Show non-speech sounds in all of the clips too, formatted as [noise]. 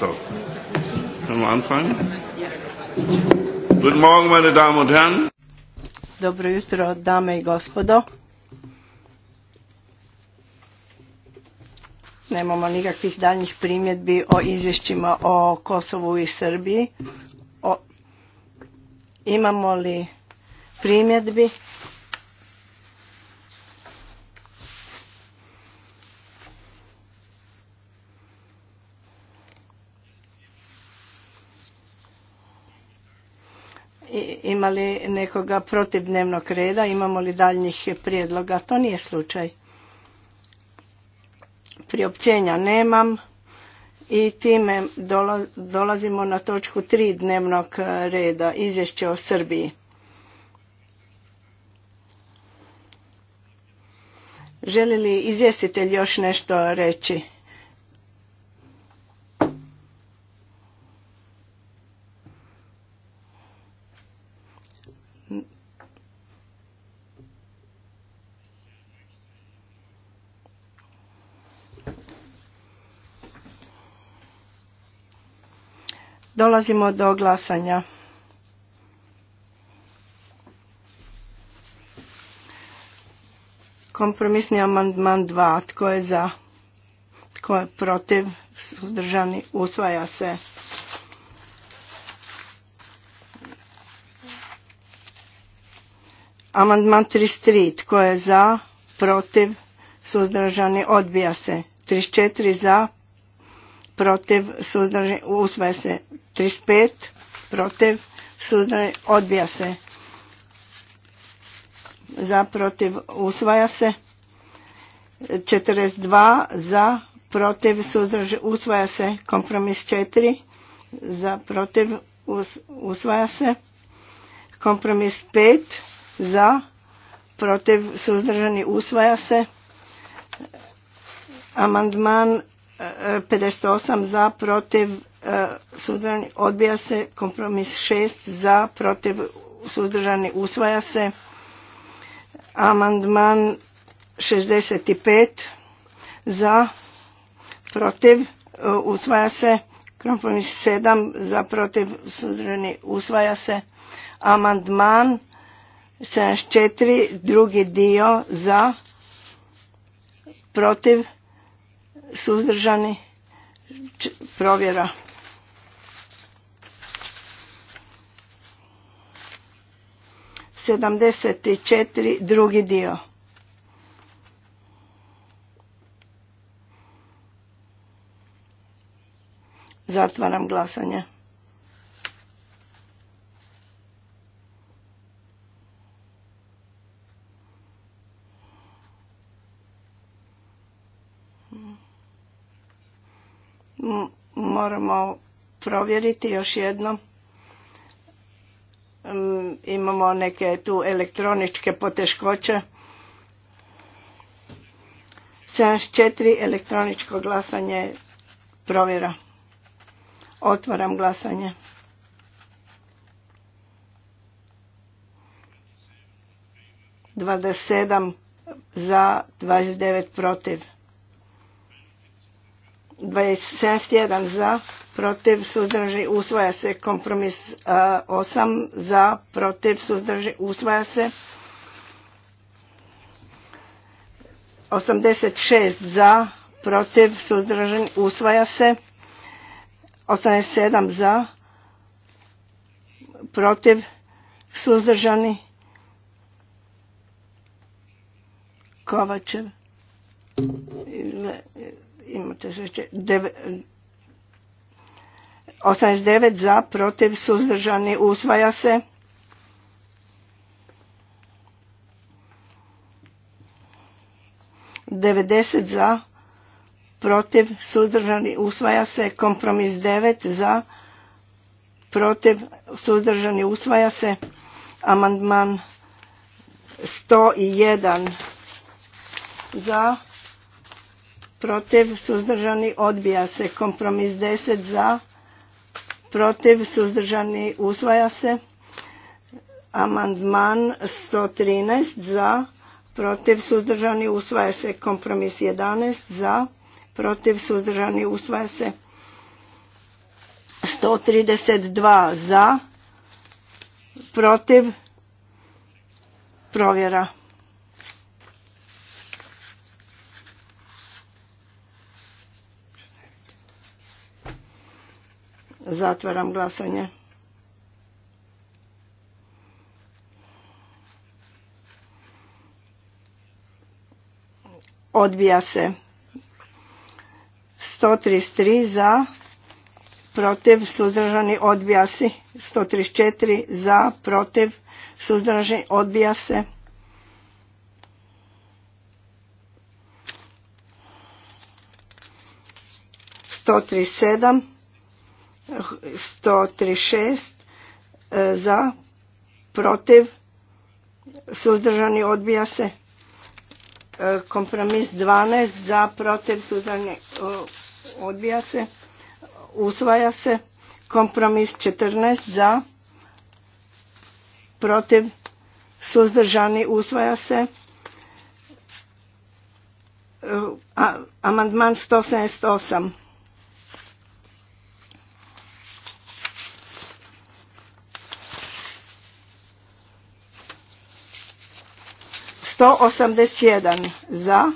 So. Guten Morgen, meine Damen und Herren. Dobro jutro, dame i gospodo. Nemamo nikakvih daljnjih primjedbi o izvješćima o Kosovu i Srbiji. O, imamo li primjedbi? Ima li nekoga protiv dnevnog reda? Imamo li daljnjih prijedloga? To nije slučaj. Priopćenja nemam i time dolazimo na točku tri dnevnog reda, izvješće o Srbiji. Želi li izvjestitelj još nešto reći? Dolazimo do glasanja. Kompromisni amandman 2. Tko je za? Tko je protiv? Suzdržani usvaja se. Amandman 33. Tko je za? Protiv? Suzdržani odbija se. 34 za, protiv, suzdržani, usvaja se. 35 protiv, suzdržani, odbija se. Za, protiv, usvaja se. 42 za, protiv, suzdržani, usvaja se. Kompromis 4 za, protiv, usvaja se. Kompromis 5 za, protiv, suzdržani, usvaja se. Amandman 58 za protiv e, suzdržani odbija se kompromis 6 za protiv suzdržani usvaja se amandman 65 za protiv e, usvaja se kompromis 7 za protiv suzdržani usvaja se amandman 74 drugi dio za protiv suzdržani, provjera. Sedamdeset četiri drugi dio. Zatvaram glasanje. ćemo provjeriti još jednom. Mm, imamo neke tu elektroničke poteškoće. 74 elektroničko glasanje provjera. Otvaram glasanje. Dvadeset sedam za, dvadeset devet protiv. 71 za, protiv suzdrži usvaja se kompromis 8 za, protiv suzdrži usvaja se 86 za, protiv suzdržan usvaja se 87 za, protiv suzdržani Kovačev imate sreće, 89 za, protiv, suzdržani, usvaja se. Devedeset za, protiv, suzdržani, usvaja se. Kompromis devet za, protiv, suzdržani, usvaja se. Amandman sto jedan za, protiv suzdržani odbija se kompromis 10 za protiv suzdržani usvaja se amandman 113 za protiv suzdržani usvaja se kompromis 11 za protiv suzdržani usvaja se 132 za protiv provjera Zatvaram glasanje. Odbija se. 133 za, protiv, suzdržani, odbija se. 134 za, protiv, suzdržani, odbija se. Sto trideset sedam 136 e, za protiv suzdržani odbija se e, kompromis 12 za protiv suzdržani odbija se usvaja se kompromis 14 za protiv suzdržani usvaja se e, amandman 178 181 za,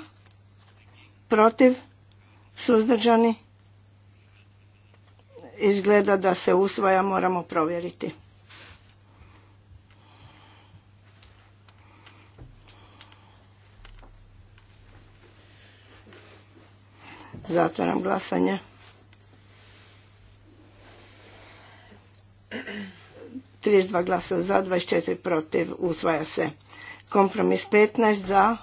protiv, suzdržani. Izgleda da se usvaja, moramo provjeriti. Zatvaram glasanje. dva glasa za, 24 protiv, usvaja se. Kompromis 15 za,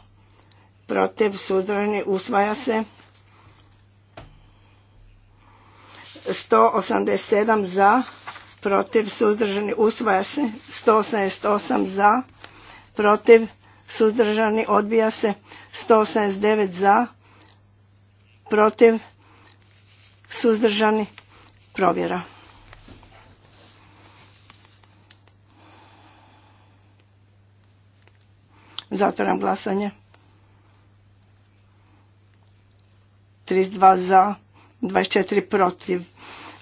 protiv, suzdržani, usvaja se. 187 za, protiv, suzdržani, usvaja se. 188 za, protiv, suzdržani, odbija se. 189 za, protiv, suzdržani, provjera. Zatvaram glasanje. 32 za, 24 protiv.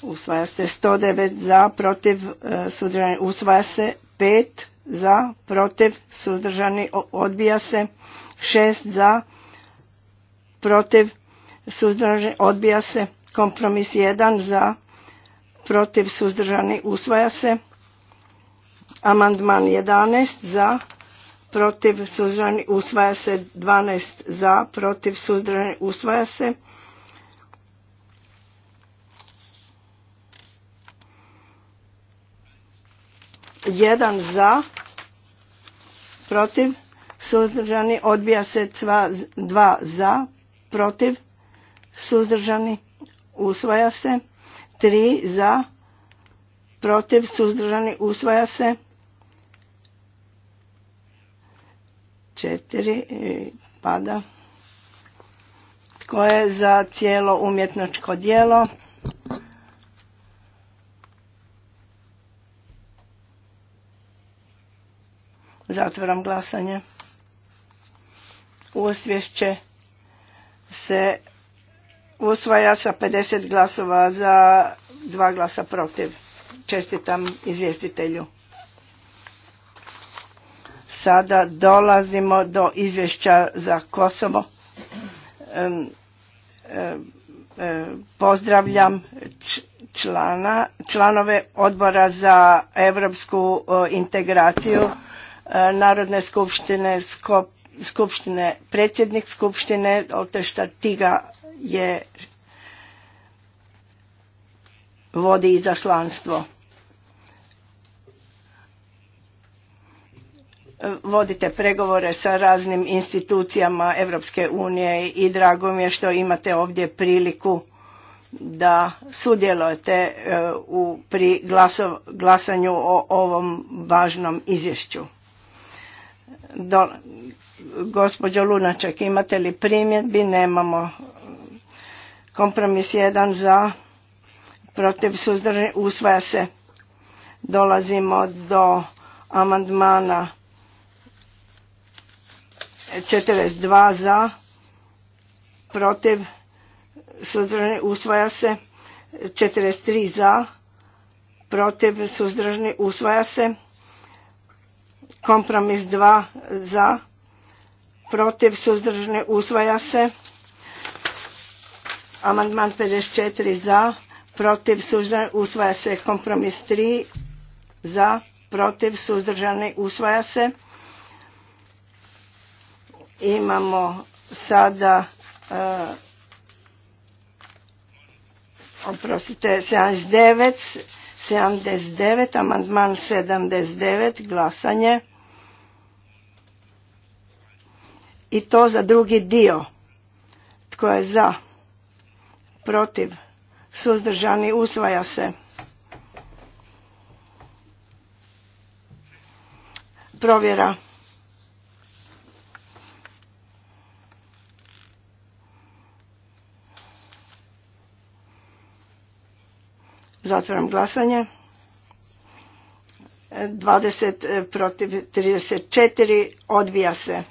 Usvaja se 109 e, za, protiv, suzdržani. Usvaja se 5 za, protiv, suzdržani. Odbija se 6 za, protiv, suzdržani. Odbija se kompromis 1 za, protiv, suzdržani. Usvaja se amandman 11 za, protiv suzdržani usvaja se 12 za protiv suzdržani usvaja se jedan za protiv suzdržani odbija se dva za protiv suzdržani usvaja se tri za protiv suzdržani usvaja se četiri e, pada. Tko je za cijelo umjetničko dijelo? Zatvaram glasanje. Usvješće se usvaja sa 50 glasova za, dva glasa protiv. Čestitam izvjestitelju. Sada dolazimo do izvješća za Kosovo. Pozdravljam člana, članove odbora za europsku integraciju e, Narodne skupštine skupštine, predsjednik skupštine Oltešta Tiga je vodi izaslanstvo. vodite pregovore sa raznim institucijama Europske unije i drago mi je što imate ovdje priliku da sudjelujete e, u, pri glasanju o ovom važnom izvješću. Do, gospođo Lunaček, imate li primjedbi? Nemamo. Kompromis jedan za, protiv usvaja se. Dolazimo do amandmana 42 za, protiv, suzdržani, usvaja se. 43 za, protiv, suzdržani, usvaja se. Kompromis 2 za, protiv, suzdržani, usvaja se. Amandman 54 za, protiv, suzdržani, usvaja se. Kompromis 3 za, protiv, suzdržani, usvaja se. Imamo sada e, oprostite, 79, 79, amandman 79, glasanje. I to za drugi dio. Tko je za? Protiv? Suzdržani usvaja se. Provjera. Zatvaram glasanje. 20 e, protiv 34 odbija se.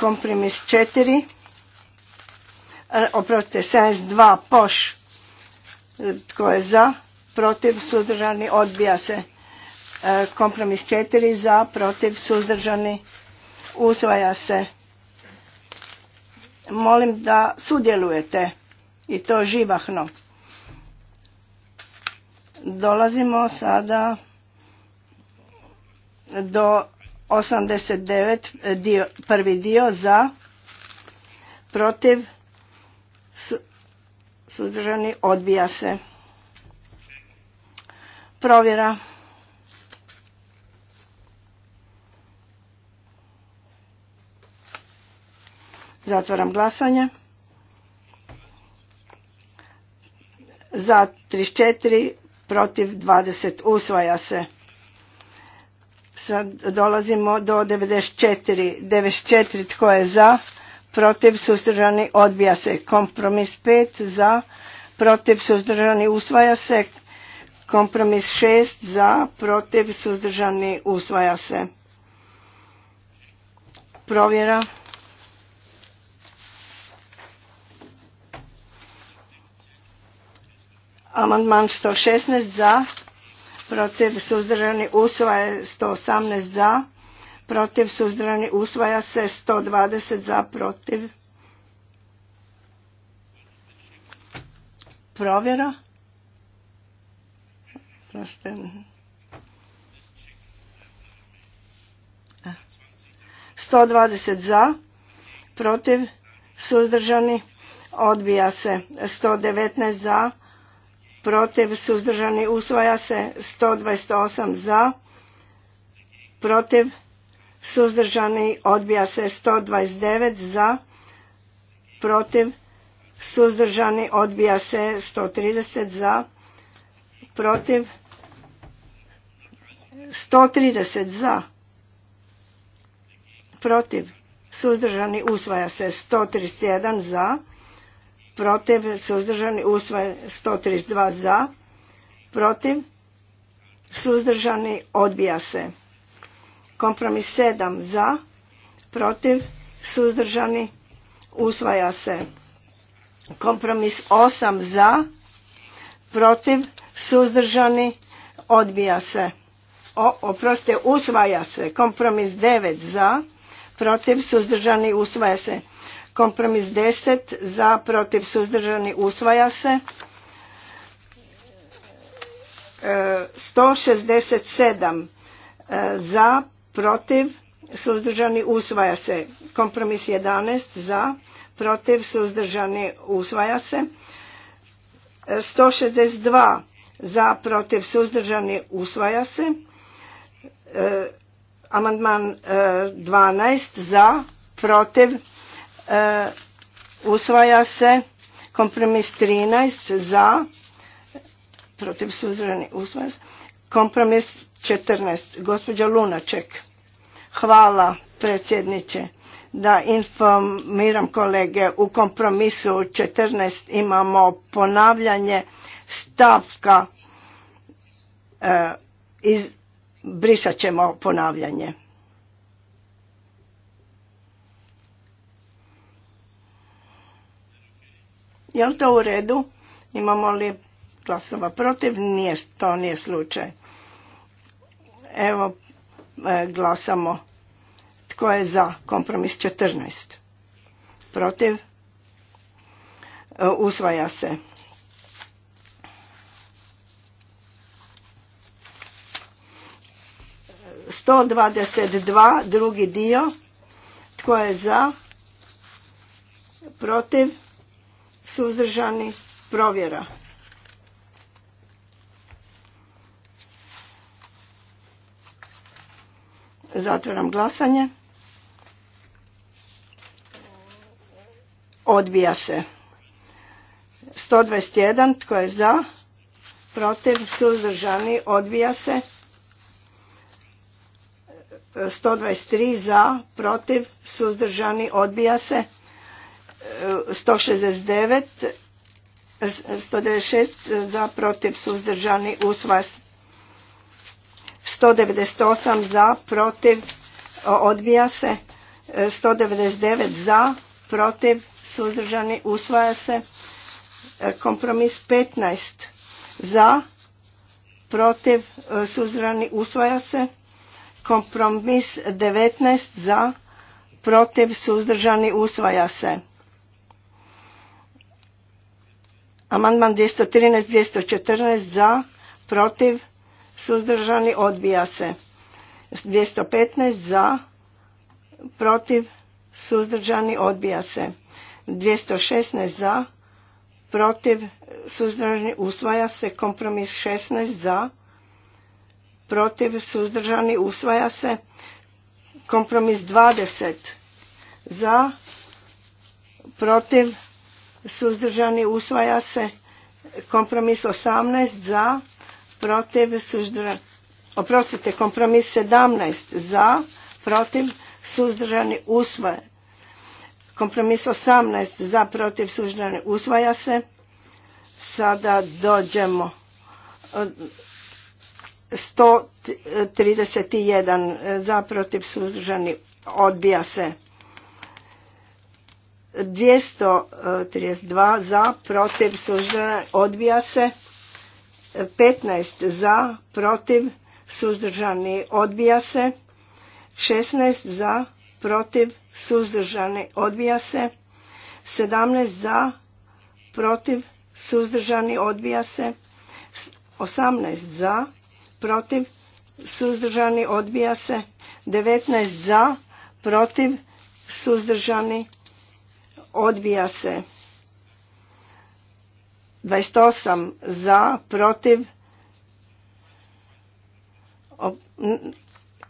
Kompromis 4. E, oprostite, 72 poš. E, tko je za? Protiv suzdržani odbija se. Kompromis 4 za, protiv suzdržani usvaja se molim da sudjelujete i to živahno. Dolazimo sada do 89 dio, prvi dio za protiv suzdržani odbija se provjera Zatvaram glasanje. Za 34, protiv 20. Usvaja se. Sad dolazimo do 94. 94 tko je za, protiv suzdržani odbija se. Kompromis 5 za, protiv suzdržani usvaja se. Kompromis 6 za, protiv suzdržani usvaja se. Provjera. Amandman 116 za, protiv suzdržani usvaja 118 za, protiv suzdržani usvaja se 120 za, protiv. Provjera. Proste. 120 za, protiv, suzdržani, odbija se. 119 za, protiv suzdržani usvaja se 128 za protiv suzdržani odbija se 129 za protiv suzdržani odbija se 130 za protiv 130 za protiv suzdržani usvaja se 131 za protiv, suzdržani, usvojen 132 za, protiv, suzdržani, odbija se. Kompromis 7 za, protiv, suzdržani, usvaja se. Kompromis 8 za, protiv, suzdržani, odbija se. O, usvaja se. Kompromis 9 za, protiv, suzdržani, usvaja se. Kompromis 10 za protiv suzdržani usvaja se. 167 e, e, za protiv suzdržani usvaja se. Kompromis 11 za protiv suzdržani usvaja se. 162 e, za protiv suzdržani usvaja se. amandman 12 za protiv E, usvaja se kompromis 13 za protiv suzrani usvaja kompromis 14 gospođa Lunaček hvala predsjedniče da informiram kolege u kompromisu 14 imamo ponavljanje stavka e, iz, brisat ćemo ponavljanje Je li to u redu? Imamo li glasova protiv? Nije, to nije slučaj. Evo, e, glasamo. Tko je za kompromis 14? Protiv? E, usvaja se. Sto dvadeset dva, drugi dio. Tko je za? Protiv? suzdržani, provjera. Zatvoram glasanje. Odbija se. 121. Tko je za? Protiv? Suzdržani? Odbija se. 123. Za? Protiv? Suzdržani? Odbija se. 169 196 za protiv suzdržani usvaja 198 za protiv odbija se 199 za protiv suzdržani usvaja se kompromis 15 za protiv suzdržani usvaja se kompromis 19 za protiv suzdržani usvaja se Amandman 213, 214 za, protiv, suzdržani, odbija se. 215 za, protiv, suzdržani, odbija se. 216 za, protiv, suzdržani, usvaja se. Kompromis 16 za, protiv, suzdržani, usvaja se. Kompromis 20 za, protiv, suzdržani usvaja se kompromis 18 za protiv suzdržani oprostite kompromis 17 za protiv suzdržani usvaja kompromis 18 za protiv suzdržani usvaja se sada dođemo 131 e, za protiv suzdržani odbija se 232 za, protiv, suzdržana, odbija se. 15 za, protiv, suzdržani, odbija se. 16 za, protiv, suzdržani, odbija se. 17 za, protiv, suzdržani, odbija se. 18 za, protiv, suzdržani, odbija se. 19 za, protiv, suzdržani, odbija se 28 za protiv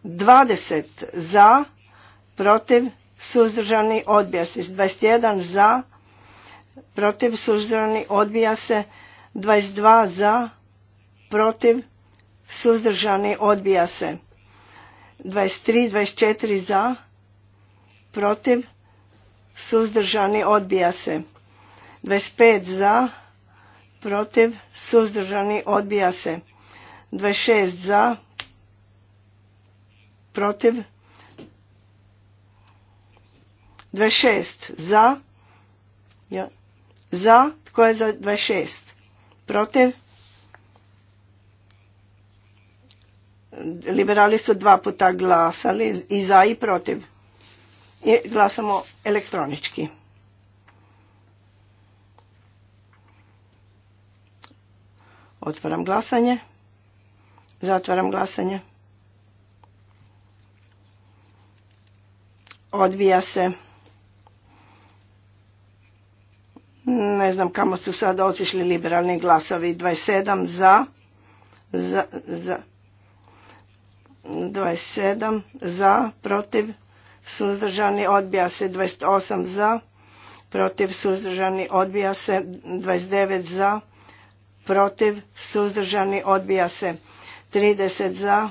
20 za protiv suzdržani odbija se 21 za protiv suzdržani odbija se 22 za protiv suzdržani odbija se 23 24 za protiv suzdržani odbija se. 25 za, protiv, suzdržani odbija se. 26 za, protiv, 26 za, za, tko je za 26, protiv, liberali su dva puta glasali i za i protiv. I Glasamo elektronički. Otvaram glasanje. Zatvaram glasanje. Odvija se. Ne znam kamo su sada otišli liberalni glasovi. 27 za. za, za 27 za, protiv, suzdržani odbija se 28 za, protiv suzdržani odbija se 29 za, protiv suzdržani odbija se 30 za,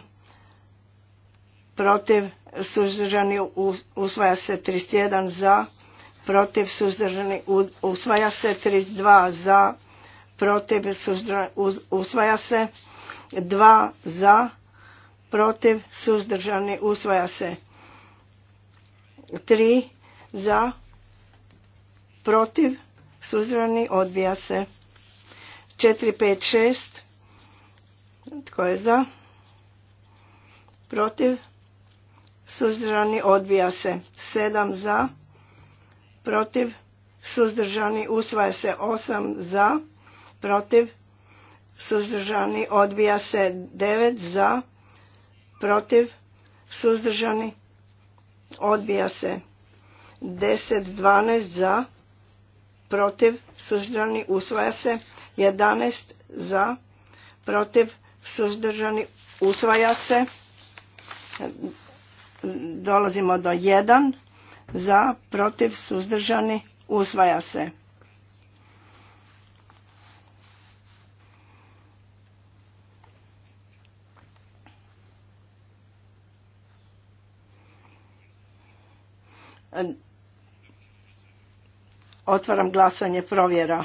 protiv suzdržani usvaja se 31 za, protiv suzdržani usvaja se 32 za, protiv suzdržani usvaja se 2 za, protiv suzdržani usvaja se 3 za, protiv, suzdržani, Odvija se. 4, 5, 6, tko je za, protiv, suzdržani, odbija se. 7 za, protiv, suzdržani, Usvaje se. 8 za, protiv, suzdržani, Odvija se. 9 za, protiv, suzdržani, odbija se 10 12 za protiv suzdržani usvaja se 11 za protiv suzdržani usvaja se dolazimo do 1 za protiv suzdržani usvaja se Otvaram glasanje provjera.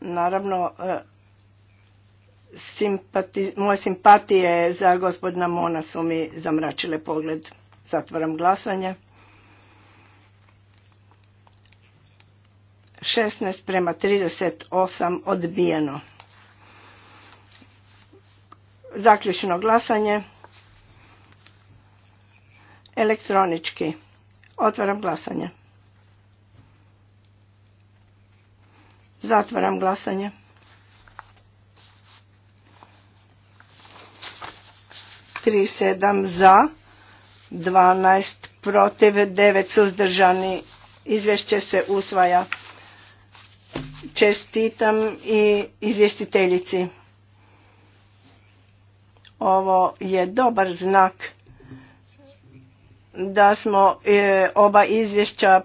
Naravno, e, moje simpatije za gospodina Mona su mi zamračile pogled. Zatvaram glasanje. 16 prema 38 odbijeno. Zaključno glasanje elektronički. Otvaram glasanje. Zatvaram glasanje. Tri sedam za, dvanaest protiv, devet suzdržani. Izvješće se usvaja. Čestitam i izvjestiteljici. Ovo je dobar znak da smo e, oba izvješća e,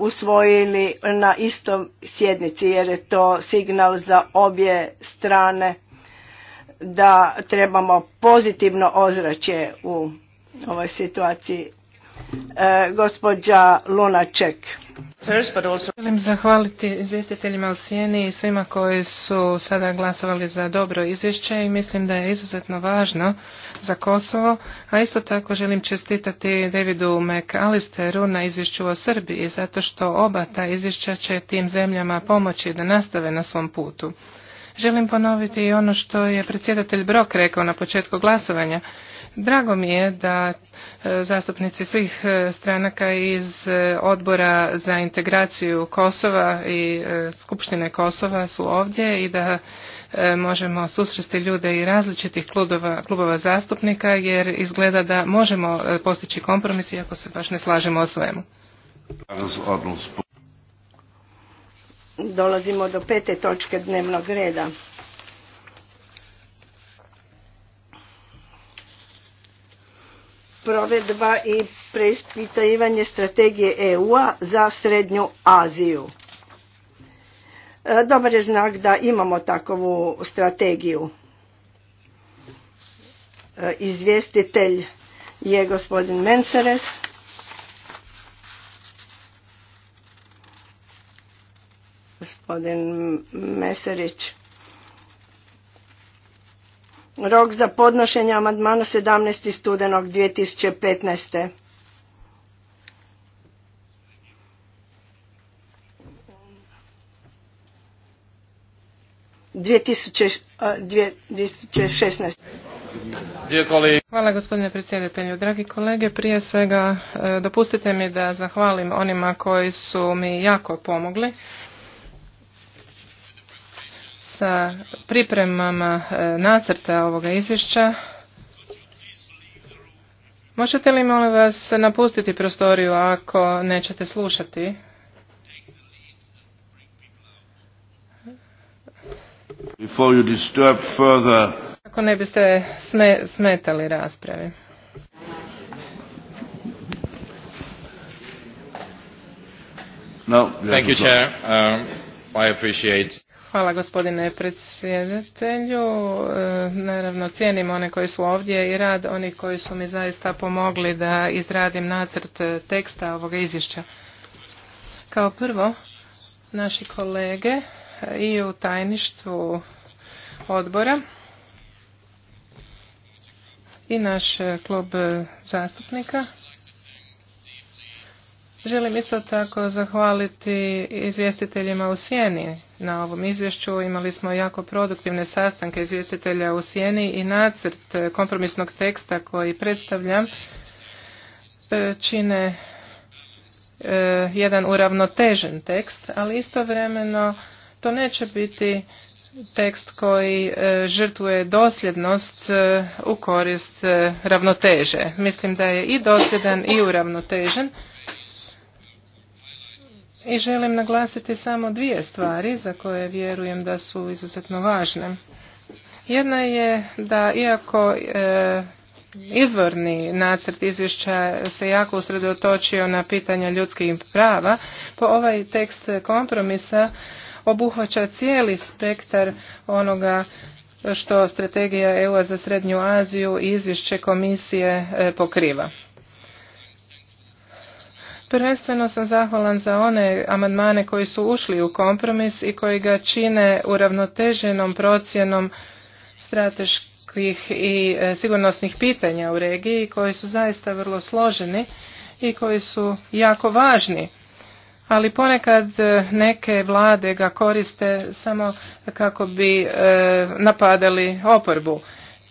usvojili na istom sjednici jer je to signal za obje strane da trebamo pozitivno ozračje u ovoj situaciji. Eh, gospođa Lunaček. Želim zahvaliti izvjestiteljima u Sijeni i svima koji su sada glasovali za dobro izvješće i mislim da je izuzetno važno za Kosovo, a isto tako želim čestitati Davidu McAllisteru na izvješću o Srbiji, zato što oba ta izvješća će tim zemljama pomoći da nastave na svom putu. Želim ponoviti i ono što je predsjedatelj Brok rekao na početku glasovanja. Drago mi je da e, zastupnici svih e, stranaka iz e, odbora za integraciju Kosova i Skupštine Kosova su ovdje i da možemo susresti ljude i različitih klubova, klubova zastupnika jer izgleda da možemo postići kompromis iako se baš ne slažemo o svemu. Dolazimo do pete točke dnevnog reda. provedba i preispitajivanje strategije EU-a za Srednju Aziju. E, dobar je znak da imamo takovu strategiju. E, izvjestitelj je gospodin Menceres. Gospodin Meserić Rok za podnošenje amandmana 17. studenog 2015. Hvala gospodine predsjedatelju. Dragi kolege, prije svega e, dopustite mi da zahvalim onima koji su mi jako pomogli sa pripremama e, nacrta ovoga izvješća. Možete li molim vas napustiti prostoriju ako nećete slušati? Ako ne biste smetali raspravi. Thank you, Chair. Um, I appreciate Hvala gospodine predsjedatelju. E, naravno cijenim one koji su ovdje i rad onih koji su mi zaista pomogli da izradim nacrt teksta ovoga izvješća. Kao prvo, naši kolege i u tajništvu odbora i naš klub zastupnika. Želim isto tako zahvaliti izvjestiteljima u Sjeni na ovom izvješću. Imali smo jako produktivne sastanke izvjestitelja u Sjeni i nacrt kompromisnog teksta koji predstavljam e, čine e, jedan uravnotežen tekst, ali istovremeno to neće biti tekst koji e, žrtvuje dosljednost u korist ravnoteže. Mislim da je i dosljedan i uravnotežen i želim naglasiti samo dvije stvari za koje vjerujem da su izuzetno važne. Jedna je da iako e, izvorni nacrt izvješća se jako usredotočio na pitanja ljudskih prava, po ovaj tekst kompromisa obuhvaća cijeli spektar onoga što strategija eu za Srednju Aziju i izvješće komisije e, pokriva. Prvenstveno sam zahvalan za one amandmane koji su ušli u kompromis i koji ga čine uravnoteženom procjenom strateških i e, sigurnosnih pitanja u regiji koji su zaista vrlo složeni i koji su jako važni. Ali ponekad e, neke vlade ga koriste samo kako bi e, napadali oporbu.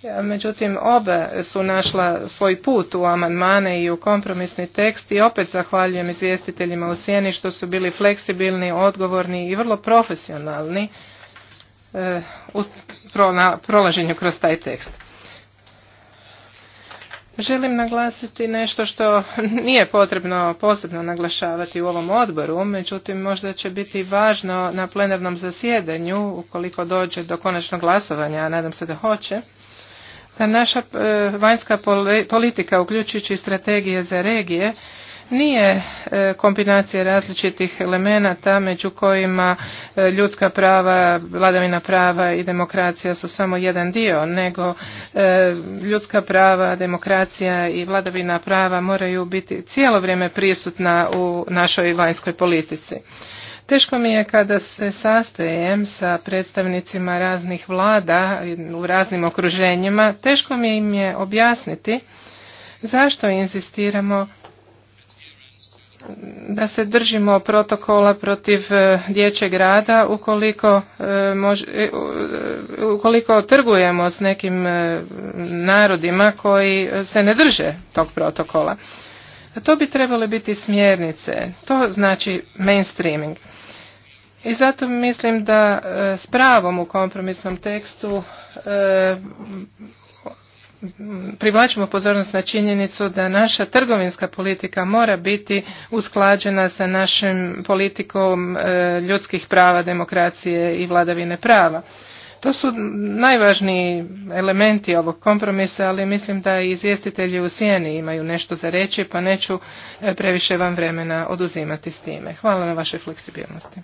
E, međutim, oba su našla svoj put u amandmane i u kompromisni tekst i opet zahvaljujem izvjestiteljima u Sjeni što su bili fleksibilni, odgovorni i vrlo profesionalni e, u prolaženju kroz taj tekst. Želim naglasiti nešto što [laughs] nije potrebno posebno naglašavati u ovom odboru, međutim možda će biti važno na plenarnom zasjedanju, ukoliko dođe do konačnog glasovanja, a nadam se da hoće, da naša e, vanjska politika, uključujući strategije za regije, nije e, kombinacija različitih elemenata među kojima e, ljudska prava, vladavina prava i demokracija su samo jedan dio, nego ljudska prava, demokracija i vladavina prava moraju biti cijelo vrijeme prisutna u našoj vanjskoj politici. Teško mi je kada se sastajem sa predstavnicima raznih vlada u raznim okruženjima, teško mi im je objasniti zašto insistiramo da se držimo protokola protiv e, dječjeg rada ukoliko, e, e, ukoliko trgujemo s nekim narodima koji se ne drže tog protokola. To bi trebale biti smjernice, to znači mainstreaming. I zato mislim da e, s pravom u kompromisnom tekstu e, privlačimo pozornost na činjenicu da naša trgovinska politika mora biti usklađena sa našim politikom e, ljudskih prava, demokracije i vladavine prava. To su najvažniji elementi ovog kompromisa, ali mislim da i izvjestitelji u sjeni imaju nešto za reći, pa neću previše vam vremena oduzimati s time. Hvala na vašoj fleksibilnosti.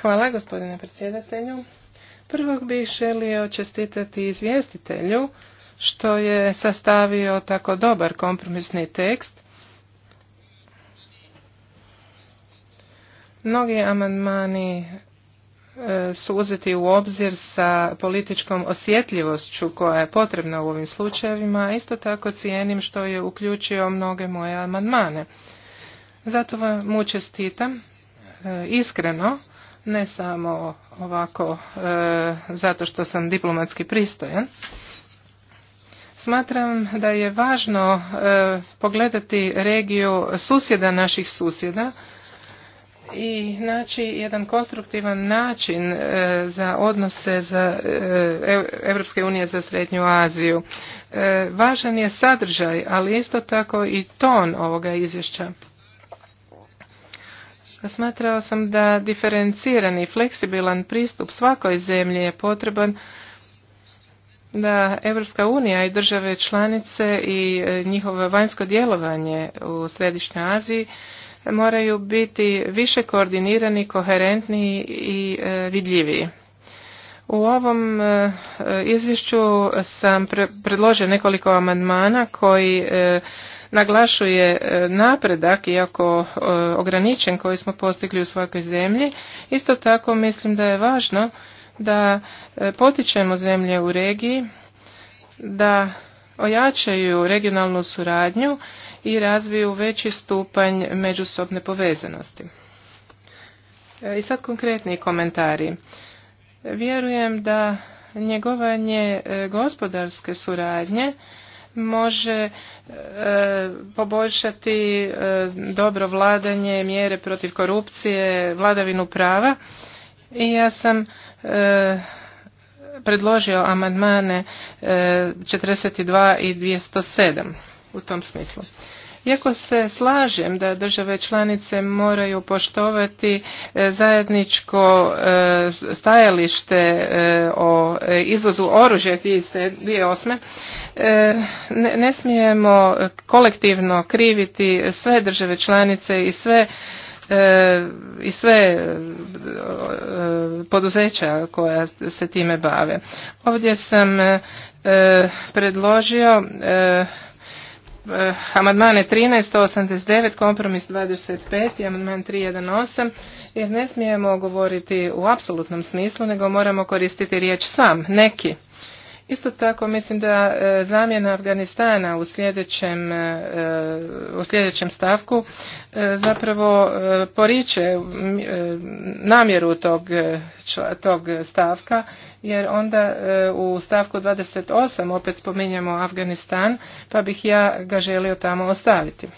Hvala gospodine predsjedatelju. Prvog bih želio čestitati izvjestitelju što je sastavio tako dobar kompromisni tekst. Mnogi amandmani e, su uzeti u obzir sa političkom osjetljivošću koja je potrebna u ovim slučajevima, a isto tako cijenim što je uključio mnoge moje amandmane. Zato vam mu čestitam E, iskreno, ne samo ovako e, zato što sam diplomatski pristojan. Smatram da je važno e, pogledati regiju susjeda naših susjeda i naći jedan konstruktivan način za odnose za e, unije za Srednju Aziju. važan je sadržaj, ali isto tako i ton ovoga izvješća. Smatrao sam da diferencirani i fleksibilan pristup svakoj zemlji je potreban da Europska unija i države članice i e, njihovo vanjsko djelovanje u Središnjoj Aziji moraju biti više koordinirani, koherentni i e, vidljiviji. U ovom e, izvješću sam predložio nekoliko amandmana koji naglašuje e, napredak, iako e, ograničen koji smo postigli u svakoj zemlji. Isto tako mislim da je važno da e, potičemo zemlje u regiji, da ojačaju regionalnu suradnju i razviju veći stupanj međusobne povezanosti. I sad konkretni komentari. Vjerujem da njegovanje gospodarske suradnje može e, poboljšati e, dobro vladanje, mjere protiv korupcije, vladavinu prava. I ja sam e, predložio amandmane 42 i 207 u tom smislu. Iako se slažem da države članice moraju poštovati e, zajedničko e, stajalište e, o izvozu oružja 2008. Ne, ne smijemo kolektivno kriviti sve države članice i sve i sve poduzeća koja se time bave. Ovdje sam predložio Eh, amandmane 13, 189, kompromis 25 i amandman 318, jer ne smijemo govoriti u apsolutnom smislu, nego moramo koristiti riječ sam, neki. Isto tako mislim da e, zamjena Afganistana u sljedećem, e, u sljedećem stavku e, zapravo poriče namjeru tog, tog stavka jer onda u stavku 28 opet spominjemo Afganistan pa bih ja ga želio tamo ostaviti.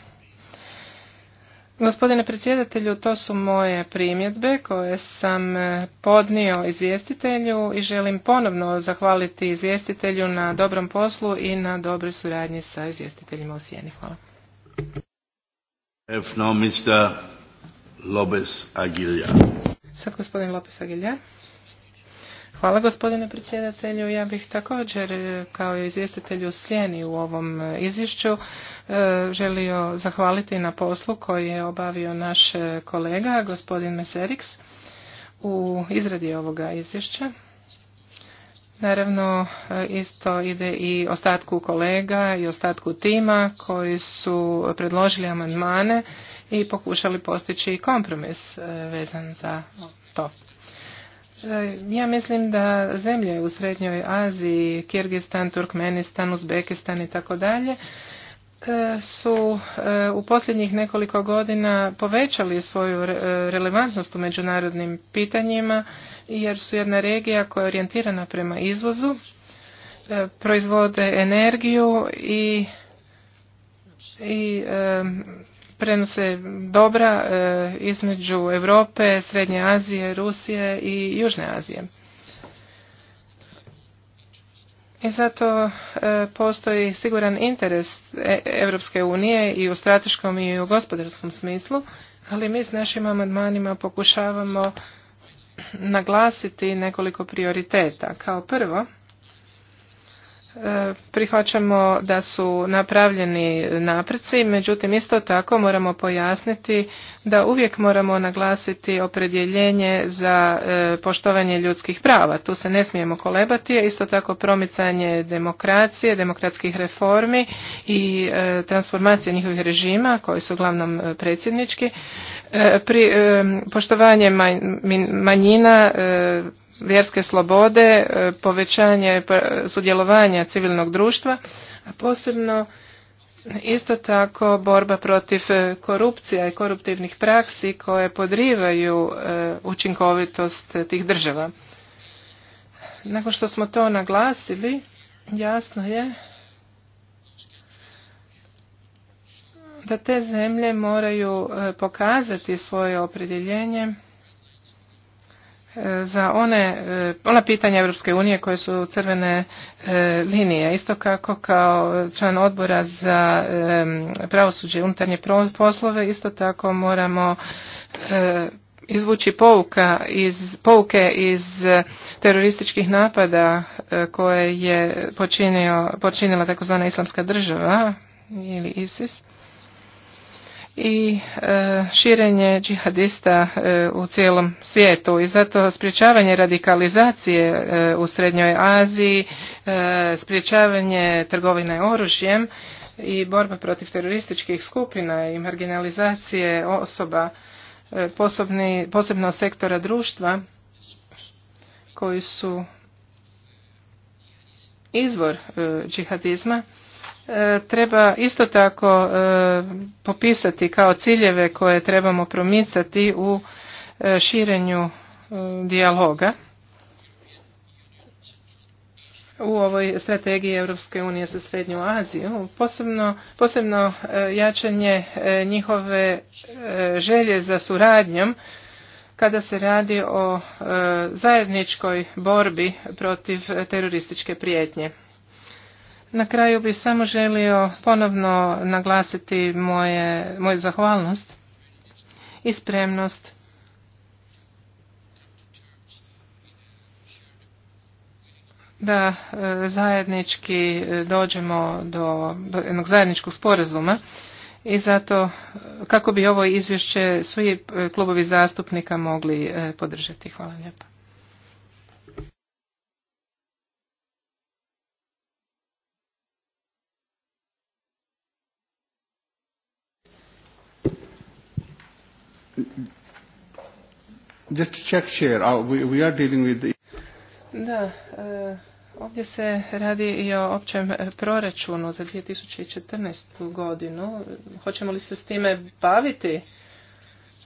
Gospodine predsjedatelju, to su moje primjedbe koje sam podnio izvjestitelju i želim ponovno zahvaliti izvjestitelju na dobrom poslu i na dobroj suradnji sa izvjestiteljima u Sijeni. Hvala. Sad gospodin Hvala gospodine predsjedatelju. Ja bih također eh, kao izvjestitelju sjeni u ovom eh, izvješću E, želio zahvaliti na poslu koji je obavio naš kolega, gospodin Meseriks, u izradi ovoga izvješća. Naravno, e, isto ide i ostatku kolega i ostatku tima koji su predložili amandmane i pokušali postići kompromis e, vezan za to. Ja mislim da zemlje u Srednjoj Aziji, Kirgistan, Turkmenistan, Uzbekistan i tako dalje, E, su e, u posljednjih nekoliko godina povećali svoju e, relevantnost u međunarodnim pitanjima jer su jedna regija koja je orijentirana prema izvozu, proizvode energiju i, i prenose dobra između Europe, Srednje Azije, Rusije i Južne Azije. I zato e, postoji siguran interes Europske unije i u strateškom i u gospodarskom smislu, ali mi s našim amandmanima pokušavamo naglasiti nekoliko prioriteta. Kao prvo, prihvaćamo da su napravljeni napreci, međutim isto tako moramo pojasniti da uvijek moramo naglasiti opredjeljenje za e, poštovanje ljudskih prava. Tu se ne smijemo kolebati, isto tako promicanje demokracije, demokratskih reformi i e, transformacije njihovih režima koji su uglavnom e, predsjednički. poštovanje manjina vjerske slobode, e, povećanje e, sudjelovanja civilnog društva, a posebno isto tako borba protiv e, korupcija i koruptivnih praksi koje podrivaju učinkovitost tih država. Nakon što smo to naglasili, jasno je da te zemlje moraju pokazati svoje opredjeljenje za one, e, ona pitanja Europske unije koje su crvene e, linije. Isto kako kao član odbora za e, pravosuđe i unutarnje poslove, isto tako moramo izvući pouka iz, pouke iz terorističkih napada koje je počinio, počinila takozvana islamska država ili ISIS i e, širenje džihadista e, u cijelom svijetu i zato sprječavanje radikalizacije e, u Srednjoj Aziji, sprječavanje trgovine oružjem i borba protiv terorističkih skupina i marginalizacije osoba, posebno sektora društva koji su izvor džihadizma E, treba isto tako e, popisati kao ciljeve koje trebamo promicati u e, širenju dijaloga u ovoj strategiji Europske unije za Srednju Aziju, posebno, posebno jačanje njihove želje za suradnjom kada se radi o zajedničkoj borbi protiv terorističke prijetnje. Na kraju bih samo želio ponovno naglasiti moje, moju zahvalnost i spremnost da e, zajednički e, dođemo do, do jednog zajedničkog sporazuma i zato e, kako bi ovo izvješće svi klubovi zastupnika mogli podržati. Hvala lijepa. Just check share. Uh, we are dealing with the... Da, uh, ovdje se radi i o općem proračunu za 2014. godinu. Hoćemo li se s time baviti?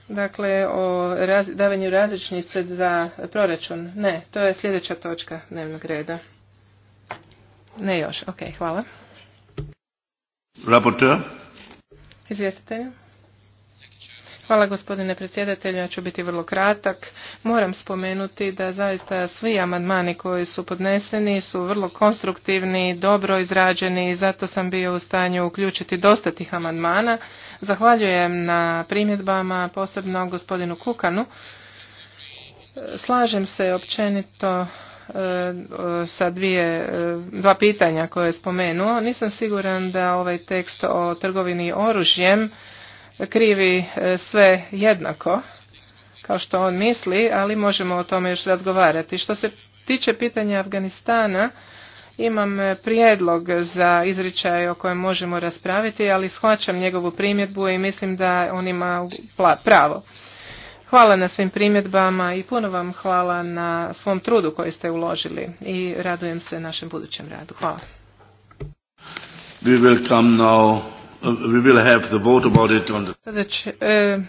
Dakle, o davanju različnice za proračun. Ne, to je sljedeća točka dnevnog reda. Ne još, ok, hvala. Raporteur? Izvjestitelju. Hvala gospodine predsjedatelju, ja ću biti vrlo kratak. Moram spomenuti da zaista svi amandmani koji su podneseni su vrlo konstruktivni, dobro izrađeni i zato sam bio u stanju uključiti dosta tih amandmana. Zahvaljujem na primjedbama, posebno gospodinu Kukanu. Slažem se općenito e, sa dvije, e, dva pitanja koje je spomenuo. Nisam siguran da ovaj tekst o trgovini oružjem krivi e, sve jednako, kao što on misli, ali možemo o tome još razgovarati. Što se tiče pitanja Afganistana, imam e, prijedlog za izričaj o kojem možemo raspraviti, ali shvaćam njegovu primjedbu i mislim da on ima pravo. Hvala na svim primjedbama i puno vam hvala na svom trudu koji ste uložili i radujem se našem budućem radu. Hvala. We now Uh, we will have the vote about it on the... 23.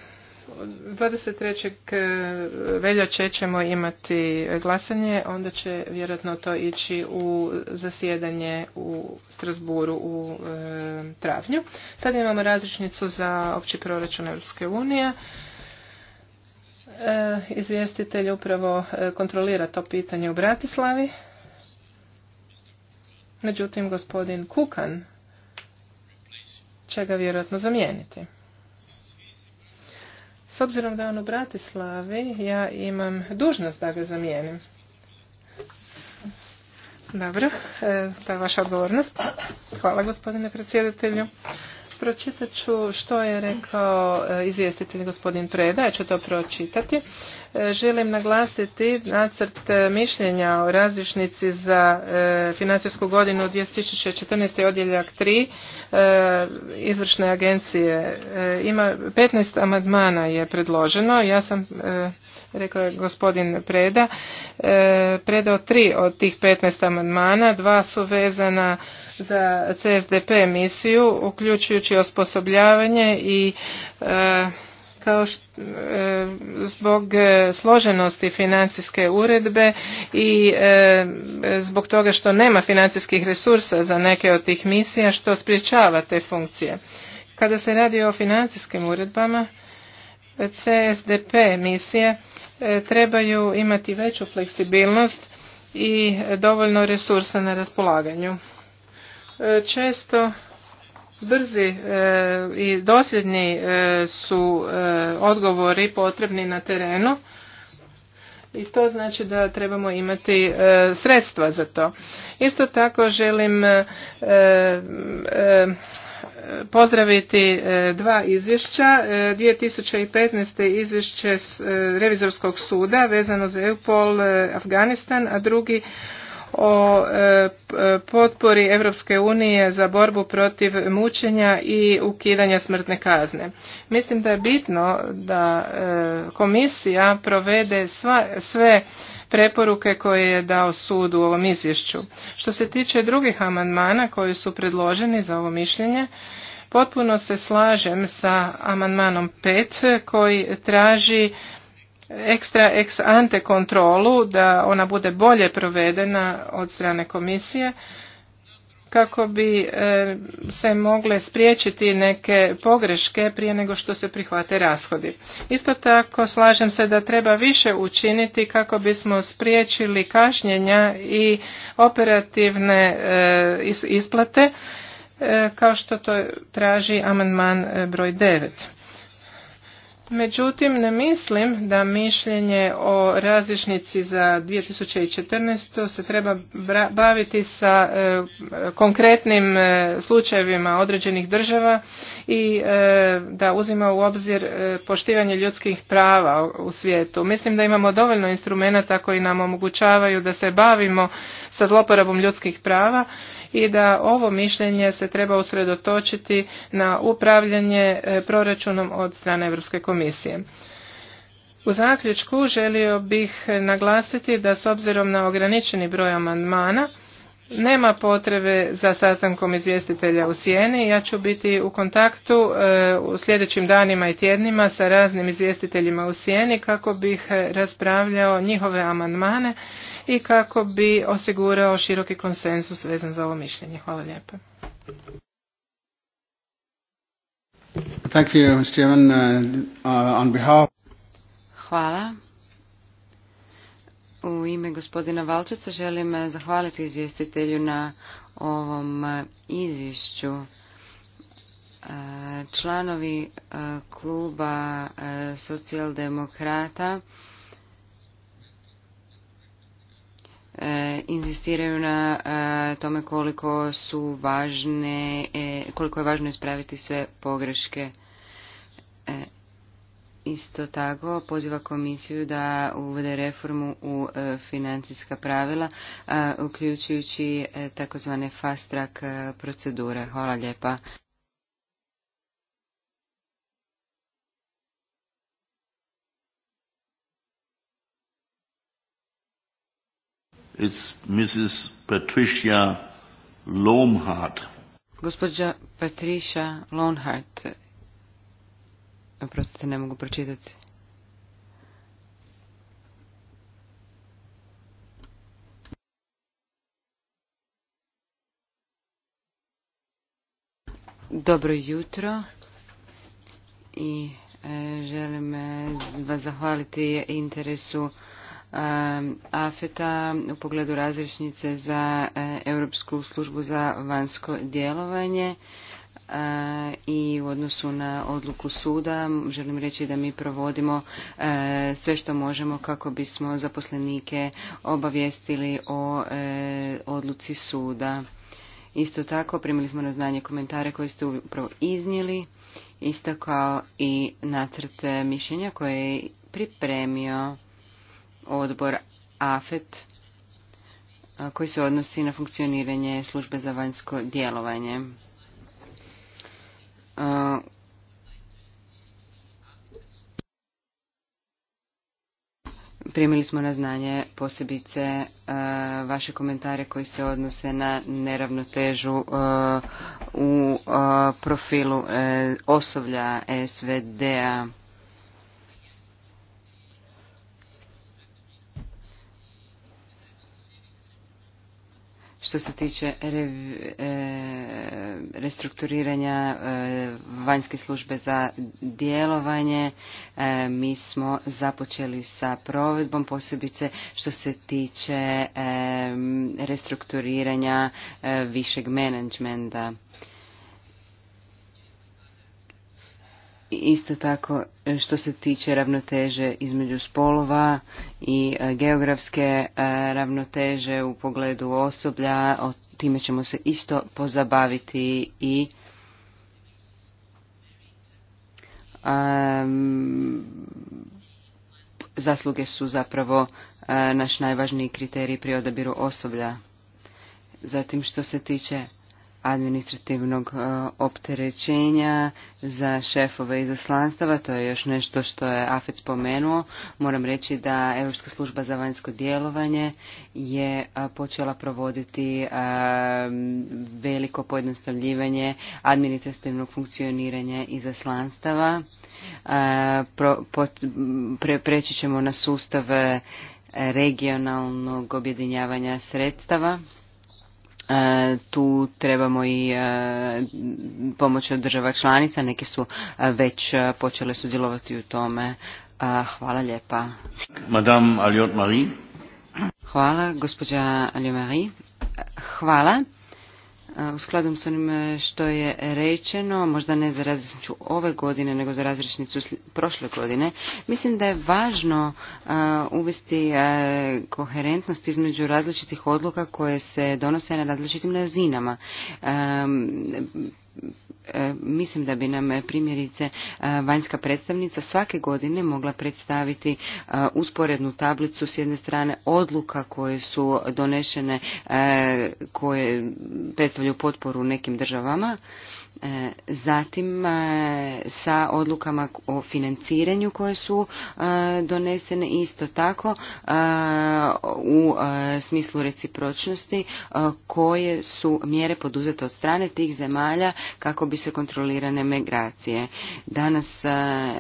E, e, veljače ćemo imati glasanje, onda će vjerojatno to ići u zasjedanje u Strasburu u e, travnju. Sad imamo različnicu za opći proračun Europske unije. izvjestitelj upravo kontrolira to pitanje u Bratislavi. Međutim, gospodin Kukan će ga vjerojatno zamijeniti. S obzirom da je on u Bratislavi, ja imam dužnost da ga zamijenim. Dobro, e, to je vaša odgovornost. Hvala gospodine predsjedatelju. Pročitat ću što je rekao e, izvjestitelj gospodin Preda, ja ću to pročitati. E, želim naglasiti nacrt e, mišljenja o različnici za financijsku godinu 2014. odjeljak 3 izvršne agencije. Ima 15 amadmana je predloženo, ja sam rekao je gospodin Preda, predao tri od tih 15 amandmana, dva su vezana za CSDP misiju, uključujući osposobljavanje i e, kao e, zbog e, složenosti financijske uredbe i zbog toga što nema financijskih resursa za neke od tih misija što sprječava te funkcije. Kada se radi o financijskim uredbama, CSDP misije trebaju imati veću fleksibilnost i dovoljno resursa na raspolaganju. E, često brzi e, i dosljedni e, su odgovori potrebni na terenu i to znači da trebamo imati sredstva za to. Isto tako želim pozdraviti dva izvješća. 2015. izvješće Revizorskog suda vezano za EUPOL Afganistan, a drugi o e, e, potpori Europske unije za borbu protiv mučenja i ukidanja smrtne kazne. Mislim da je bitno da e, komisija provede sve preporuke koje je dao sud u ovom izvješću. Što se tiče drugih amandmana koji su predloženi za ovo mišljenje, potpuno se slažem sa amandmanom 5 koji traži ekstra ex ante kontrolu da ona bude bolje provedena od strane komisije kako bi e, se mogle spriječiti neke pogreške prije nego što se prihvate rashodi. Isto tako slažem se da treba više učiniti kako bismo spriječili kašnjenja i operativne e, isplate e, kao što to traži amandman broj 9. Međutim, ne mislim da mišljenje o različnici za 2014. se treba baviti sa e, konkretnim e, slučajevima određenih država i e, da uzima u obzir poštivanje ljudskih prava u, u svijetu. Mislim da imamo dovoljno instrumenata koji nam omogućavaju da se bavimo sa zloporabom ljudskih prava i da ovo mišljenje se treba usredotočiti na upravljanje e, proračunom od strane Europske komisije. U zaključku želio bih naglasiti da s obzirom na ograničeni broj amandmana nema potrebe za sastankom izvjestitelja u Sijeni. Ja ću biti u kontaktu e, u sljedećim danima i tjednima sa raznim izvjestiteljima u Sijeni kako bih e, raspravljao njihove amandmane i kako bi osigurao široki konsensus vezan za ovo mišljenje. Hvala lijepa. Uh, uh, Hvala. U ime gospodina Valčica želim uh, zahvaliti izvjestitelju na ovom izvješću. Članovi kluba socijaldemokrata E, inzistiraju na e, tome koliko su važne, e, koliko je važno ispraviti sve pogreške. Isto tako poziva komisiju da uvede reformu u financijska pravila, uključujući takozvane fast track procedure. Hvala lijepa. is Mrs. Patricia Gospođa Patricia Lonhart. Oprostite, ne mogu pročitati. Dobro jutro i e, želim e, vas zahvaliti interesu AFETA u pogledu razrišnice za e, Europsku službu za vanjsko djelovanje e, i u odnosu na odluku suda želim reći da mi provodimo e, sve što možemo kako bismo zaposlenike obavijestili o odluci suda. Isto tako primili smo na znanje komentare koje ste upravo iznijeli, isto kao i nacrte mišljenja koje je pripremio odbor AFET koji se odnosi na funkcioniranje službe za vanjsko djelovanje. Primili smo na znanje posebice vaše komentare koji se odnose na neravnotežu u profilu e, osoblja SVD-a. što se tiče e, restrukturiranja e, vanjske službe za djelovanje. E, mi smo započeli sa provedbom posebice što se tiče restrukturiranja višeg menadžmenta. Isto tako e, što se tiče ravnoteže između spolova i e, geografske e, ravnoteže u pogledu osoblja, o time ćemo se isto pozabaviti i zasluge su zapravo naš najvažniji kriterij pri odabiru osoblja. Zatim što se tiče administrativnog e, opterećenja za šefove izaslanstava, to je još nešto što je AFET spomenuo. Moram reći da Europska služba za vanjsko djelovanje je e, počela provoditi e, veliko pojednostavljivanje administrativnog funkcioniranja izaslanstava. Preći ćemo na sustav regionalnog objedinjavanja sredstava E, tu trebamo i e, pomoć od država članica, neke su e, već počele sudjelovati u tome. Hvala lijepa. Madame Aliot Marie. Hvala, gospođa Aliot Marie. Hvala u skladu s onim e, što je rečeno, možda ne za različnicu ove godine, nego za različnicu prošle godine, mislim da je važno e, uvesti e, koherentnost između različitih odluka koje se donose na različitim razinama. E, mislim da bi nam e, primjerice e, vanjska predstavnica svake godine mogla predstaviti usporednu tablicu s jedne strane odluka koje su donešene koje predstavljaju potporu nekim državama E, zatim e, sa odlukama o financiranju koje su e, donesene isto tako u smislu recipročnosti koje su mjere poduzete od strane tih zemalja kako bi se kontrolirane migracije. Danas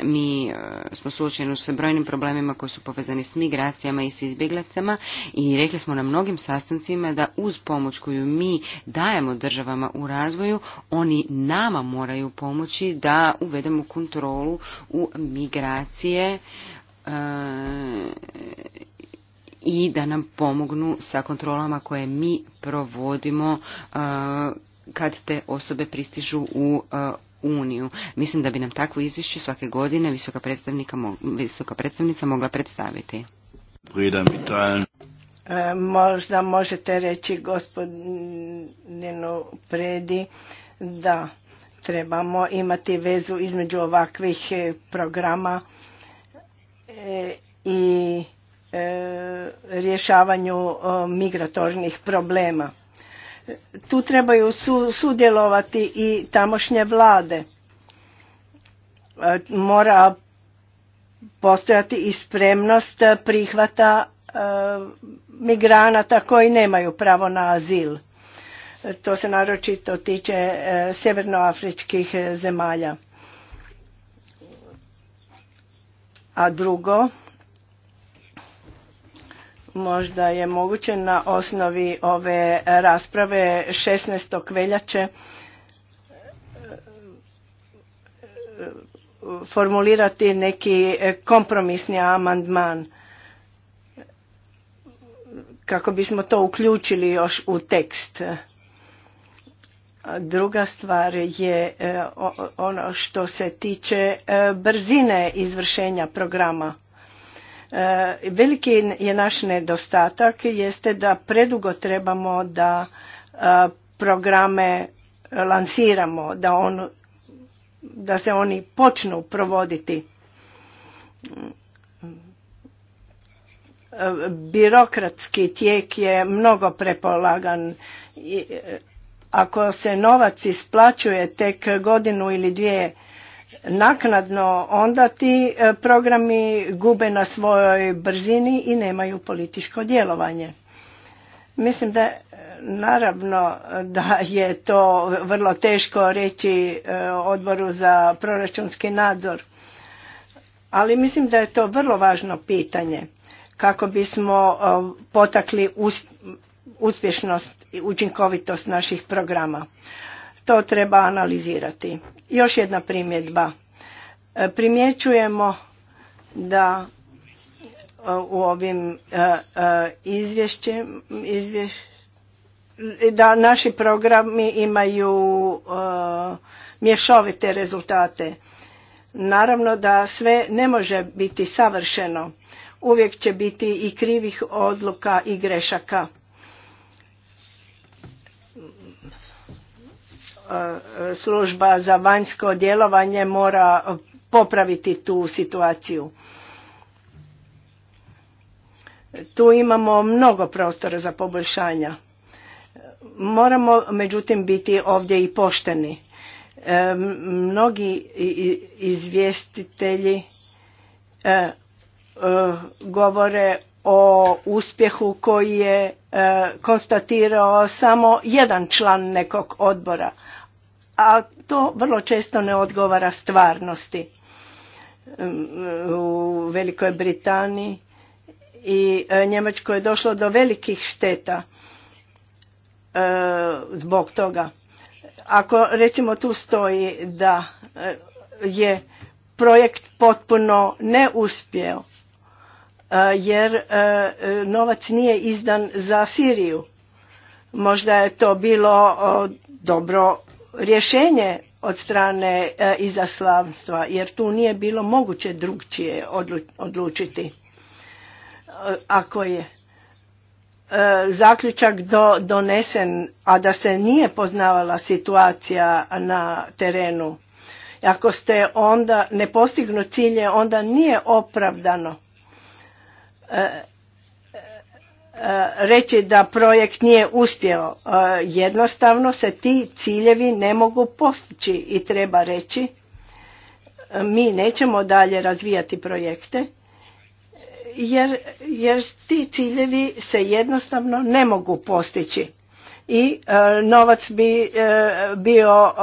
mi smo suočeni sa brojnim problemima koji su povezani s migracijama i s izbjeglacama i rekli smo na mnogim sastancima da uz pomoć koju mi dajemo državama u razvoju oni nama moraju pomoći da uvedemo kontrolu u migracije e, i da nam pomognu sa kontrolama koje mi provodimo e, kad te osobe pristižu u e, uniju. Mislim da bi nam takvo izvješće svake godine visoka, visoka predstavnica mogla predstaviti. možda možete reći gospodinu Predi da trebamo imati vezu između ovakvih e, programa e, i e, rješavanju migratornih problema. Tu trebaju sudjelovati i tamošnje vlade. Mora postojati i spremnost prihvata migranata koji nemaju pravo na azil to se naročito tiče e, sjevernoafričkih e, zemalja. A drugo, možda je moguće na osnovi ove rasprave 16. veljače e, formulirati neki kompromisni amandman kako bismo to uključili još u tekst Druga stvar je e, ono što se tiče e, brzine izvršenja programa. E, veliki je naš nedostatak jeste da predugo trebamo da programe lansiramo, da, on, da se oni počnu provoditi. Birokratski tijek je mnogo prepolagan i ako se novac isplaćuje tek godinu ili dvije naknadno, onda ti e, programi gube na svojoj brzini i nemaju političko djelovanje. Mislim da naravno da je to vrlo teško reći e, odboru za proračunski nadzor, ali mislim da je to vrlo važno pitanje kako bismo e, potakli uspješnost i učinkovitost naših programa. To treba analizirati. Još jedna primjedba. E, primjećujemo da e, u ovim e, izvješćem da naši programi imaju mješovite rezultate. Naravno da sve ne može biti savršeno. Uvijek će biti i krivih odluka i grešaka E, služba za vanjsko djelovanje mora popraviti tu situaciju. Tu imamo mnogo prostora za poboljšanja. Moramo međutim biti ovdje i pošteni. E, mnogi izvjestitelji e, govore o uspjehu koji je e, konstatirao samo jedan član nekog odbora, a to vrlo često ne odgovara stvarnosti. E, u Velikoj Britaniji i e, Njemačkoj je došlo do velikih šteta zbog toga. Ako recimo tu stoji da je projekt potpuno neuspjeo, E, jer e, novac nije izdan za Siriju. Možda je to bilo dobro rješenje od strane e, izaslavstva jer tu nije bilo moguće drugčije odlučiti. Ako je zaključak donesen, a da se nije poznavala situacija na terenu. Ako ste onda ne postignu cilje, onda nije opravdano reći da projekt nije uspjeo. E, jednostavno se ti ciljevi ne mogu postići i treba reći e, mi nećemo dalje razvijati projekte jer, jer ti ciljevi se jednostavno ne mogu postići i e, novac bi bio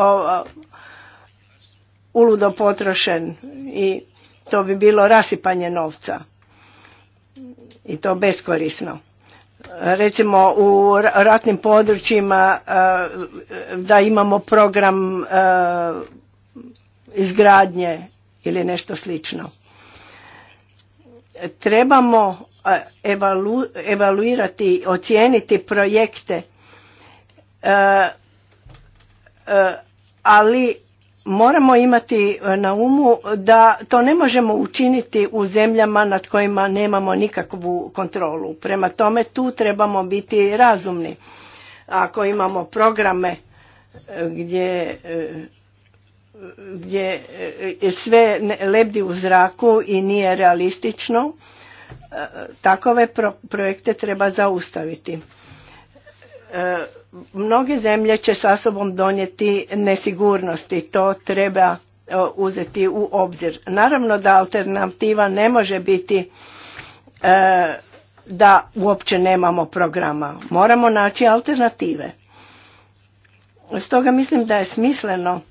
uludo potrošen i to bi bilo rasipanje novca i to beskorisno. Recimo u ratnim područjima e, da imamo program e, izgradnje ili nešto slično. Trebamo e, evaluirati, ocijeniti projekte ali moramo imati e, na umu da to ne možemo učiniti u zemljama nad kojima nemamo nikakvu kontrolu. Prema tome tu trebamo biti razumni. Ako imamo programe e, gdje e, gdje sve lebdi u zraku i nije realistično, takove projekte treba zaustaviti Mnoge zemlje će sa sobom donijeti nesigurnosti, to treba e, uzeti u obzir. Naravno da alternativa ne može biti e, da uopće nemamo programa. Moramo naći alternative. Stoga mislim da je smisleno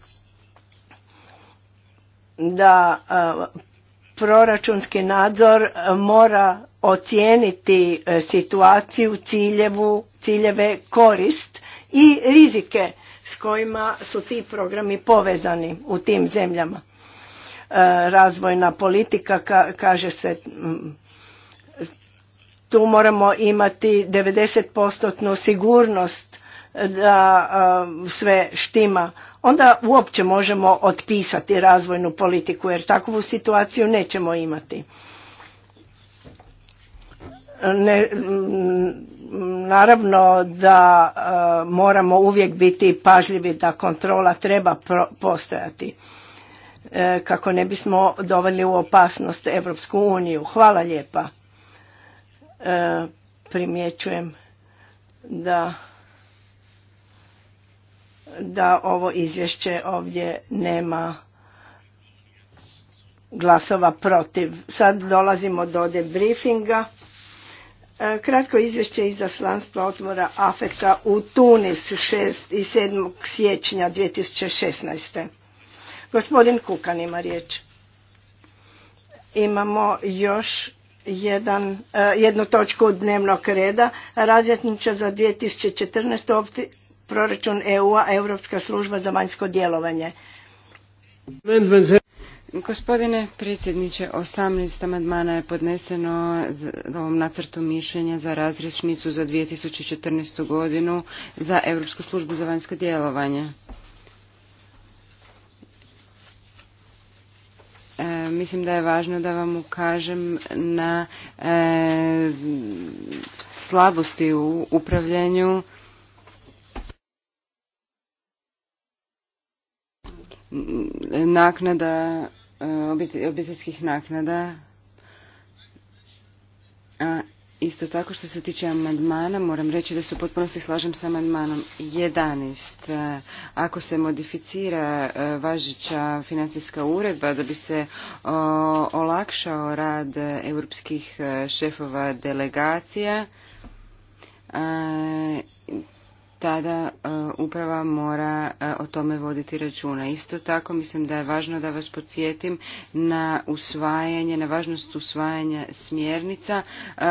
da e, proračunski nadzor mora ocijeniti e, situaciju, ciljevu, ciljeve, korist i rizike s kojima su ti programi povezani u tim zemljama. E, razvojna politika kaže se tu moramo imati 90% sigurnost da e, sve štima. Onda uopće možemo otpisati razvojnu politiku jer takvu situaciju nećemo imati. Ne, mm, naravno da e, moramo uvijek biti pažljivi da kontrola treba postojati e, kako ne bismo doveli u opasnost Europsku uniju. Hvala lijepa. E, primjećujem da da ovo izvješće ovdje nema glasova protiv. Sad dolazimo do debriefinga. E, kratko izvješće iz izaslanstva Otvora Afeka u Tunis 6. i 7. siječnja 2016. Gospodin Kukan ima riječ. Imamo još jedan, e, jednu točku dnevnog reda. Razjetniča za 2014. Opti, proračun EU-a, Europska služba za vanjsko djelovanje. Gospodine predsjedniče, 18 amandmana je podneseno ovom nacrtu mišljenja za razrešnicu za 2014. godinu za Europsku službu za vanjsko djelovanje. E, mislim da je važno da vam ukažem na e, slabosti u upravljanju naknada Eh, obiteljskih naknada. isto tako što se tiče amandmana, moram reći da se u potpunosti slažem sa amandmanom 11. Eh, ako se modificira eh, važića financijska uredba da bi se olakšao rad europskih šefova delegacija, tada e, uprava mora e, o tome voditi računa. Isto tako mislim da je važno da vas podsjetim na usvajanje, na važnost usvajanja smjernica, e,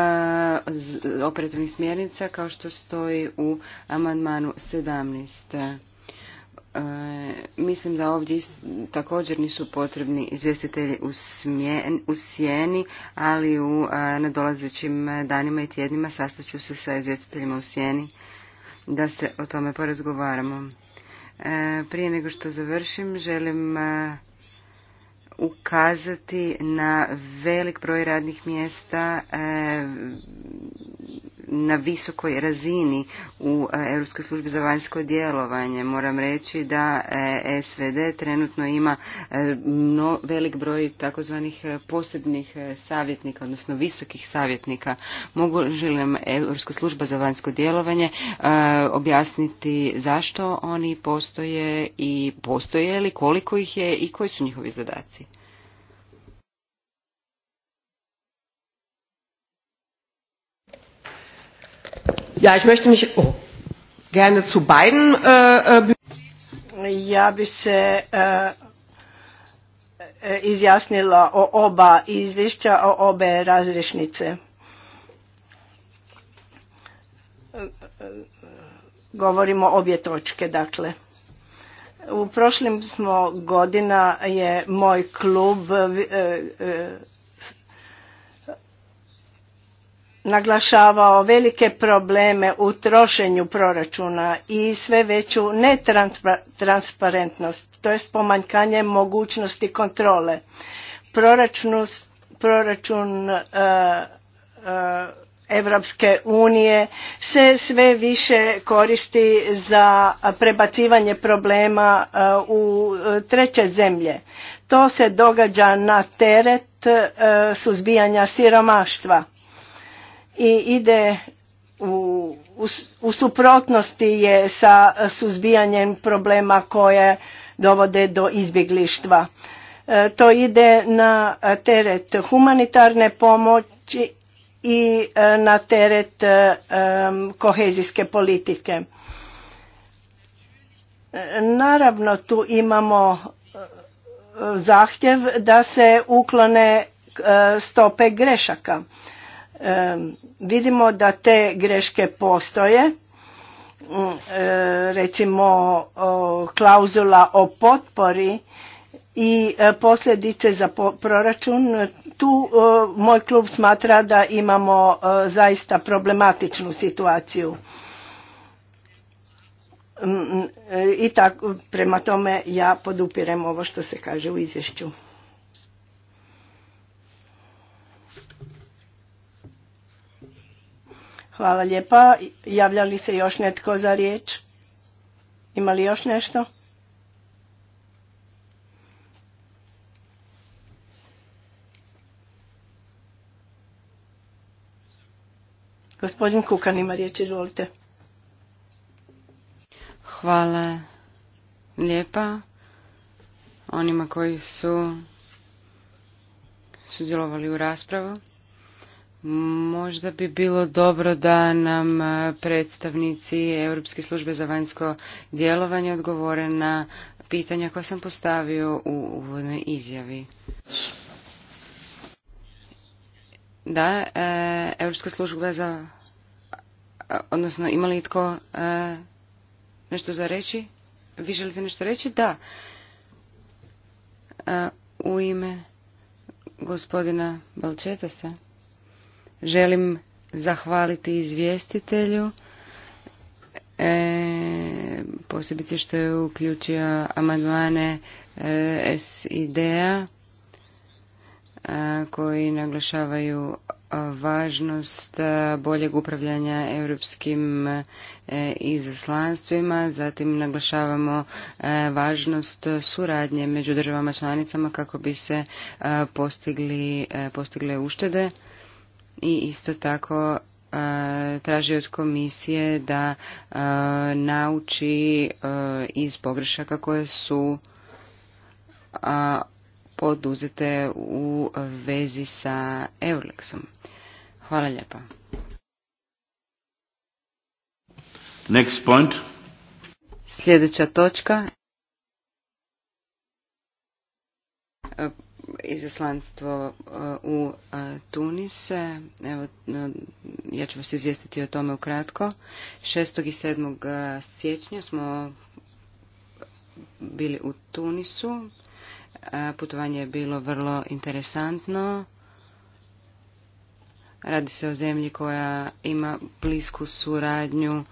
operativnih smjernica kao što stoji u amandmanu 17. mislim da ovdje također nisu potrebni izvjestitelji u, Sijeni, sjeni, ali u nadolazećim danima i tjednima sastaću se sa izvjestiteljima u sjeni da se o tome porazgovaramo. E, prije nego što završim, želim e, ukazati na velik broj radnih mjesta e, na visokoj razini u e, Europskoj službi za vanjsko djelovanje. Moram reći da e, SVD trenutno ima e, no, velik broj takozvanih posebnih savjetnika, odnosno visokih savjetnika. Mogu želim Europska služba za vanjsko djelovanje objasniti zašto oni postoje i postoje li, koliko ih je i koji su njihovi zadaci. Ja, ich möchte mich oh, gerne zu beiden äh, äh ja bi se äh, izjasnila o oba izvješća, o obe razrešnice. Govorimo obje točke, dakle. U prošlim smo godina je moj klub e, naglašavao velike probleme u trošenju proračuna i sve veću netransparentnost, to je pomanjkanje mogućnosti kontrole. Proračun, proračun e, e, unije se sve više koristi za prebacivanje problema e, u treće zemlje. To se događa na teret suzbijanja siromaštva i ide u, suprotnosti je sa suzbijanjem problema koje dovode do izbjeglištva. E, to ide na teret humanitarne pomoći i e, na teret e, kohezijske politike. Naravno tu imamo zahtjev da se uklone stope grešaka Vidimo da te greške postoje, mm, e, recimo klauzula o potpori i e, posljedice za proračun. Tu e, moj klub smatra da imamo zaista problematičnu situaciju. Mm, mm, I tako, prema tome ja podupirem ovo što se kaže u izvješću. Hvala lijepa. Javlja li se još netko za riječ? Ima li još nešto? Gospodin Kukan ima riječ, izvolite. Hvala lijepa onima koji su sudjelovali u raspravu. Možda bi bilo dobro da nam e, predstavnici Europske službe za vanjsko djelovanje odgovore na pitanja koja sam postavio u uvodnoj izjavi. Da, e, Europska služba za... E, odnosno, ima li tko nešto za reći? Vi želite nešto reći? Da. u ime gospodina Balčetasa. Želim zahvaliti izvjestitelju, e, posebice što je uključio amandmane e, e koji naglašavaju važnost e, boljeg upravljanja europskim e, izaslanstvima, zatim naglašavamo važnost suradnje među državama članicama kako bi se postigli, postigle uštede i isto tako e, traži od komisije da e, nauči e, iz pogrešaka koje su poduzete u vezi sa Eurlexom. Hvala lijepa. point. Sljedeća točka izaslanstvo eh, u eh, Tunise. Evo, eh, ja ću vas izvijestiti o tome ukratko. 6. i 7. siječnja smo bili u Tunisu. Putovanje je bilo vrlo interesantno. Radi se o zemlji koja ima blisku suradnju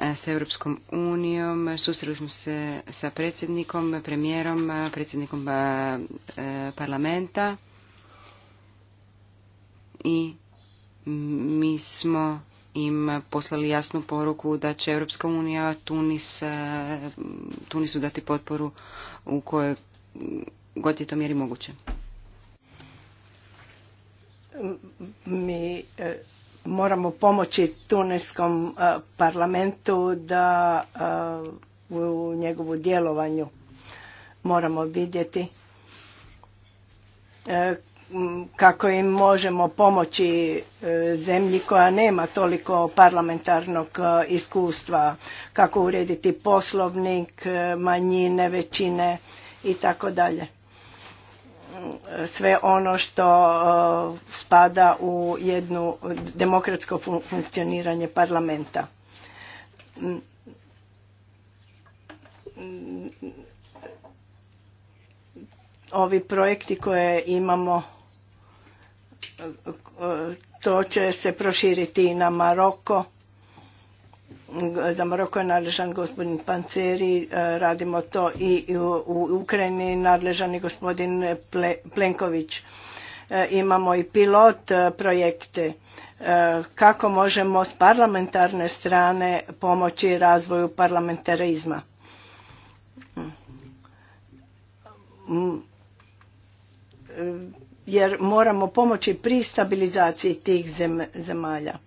s Europskom unijom, susreli smo se sa predsjednikom, premijerom, predsjednikom e, parlamenta i mi smo im poslali jasnu poruku da će Europska unija Tunis, e, Tunisu dati potporu u kojoj god je to mjeri moguće. Mi e, moramo pomoći tuneskom eh, parlamentu da eh, u njegovu djelovanju moramo vidjeti eh, kako im možemo pomoći zemlji koja nema toliko parlamentarnog iskustva, kako urediti poslovnik, manjine, većine i tako dalje sve ono što e, spada u jednu demokratsko funkcioniranje parlamenta. Mm. Mm. Ovi projekti koje imamo e, e, to će se proširiti i na Maroko za Maroko je nadležan gospodin Panceri, e, radimo to i u Ukrajini nadležan je gospodin Plenković. E, imamo i pilot e, projekte kako možemo s parlamentarne strane pomoći razvoju parlamentarizma. Mm. Mm. Jer moramo pomoći pri stabilizaciji tih zemalja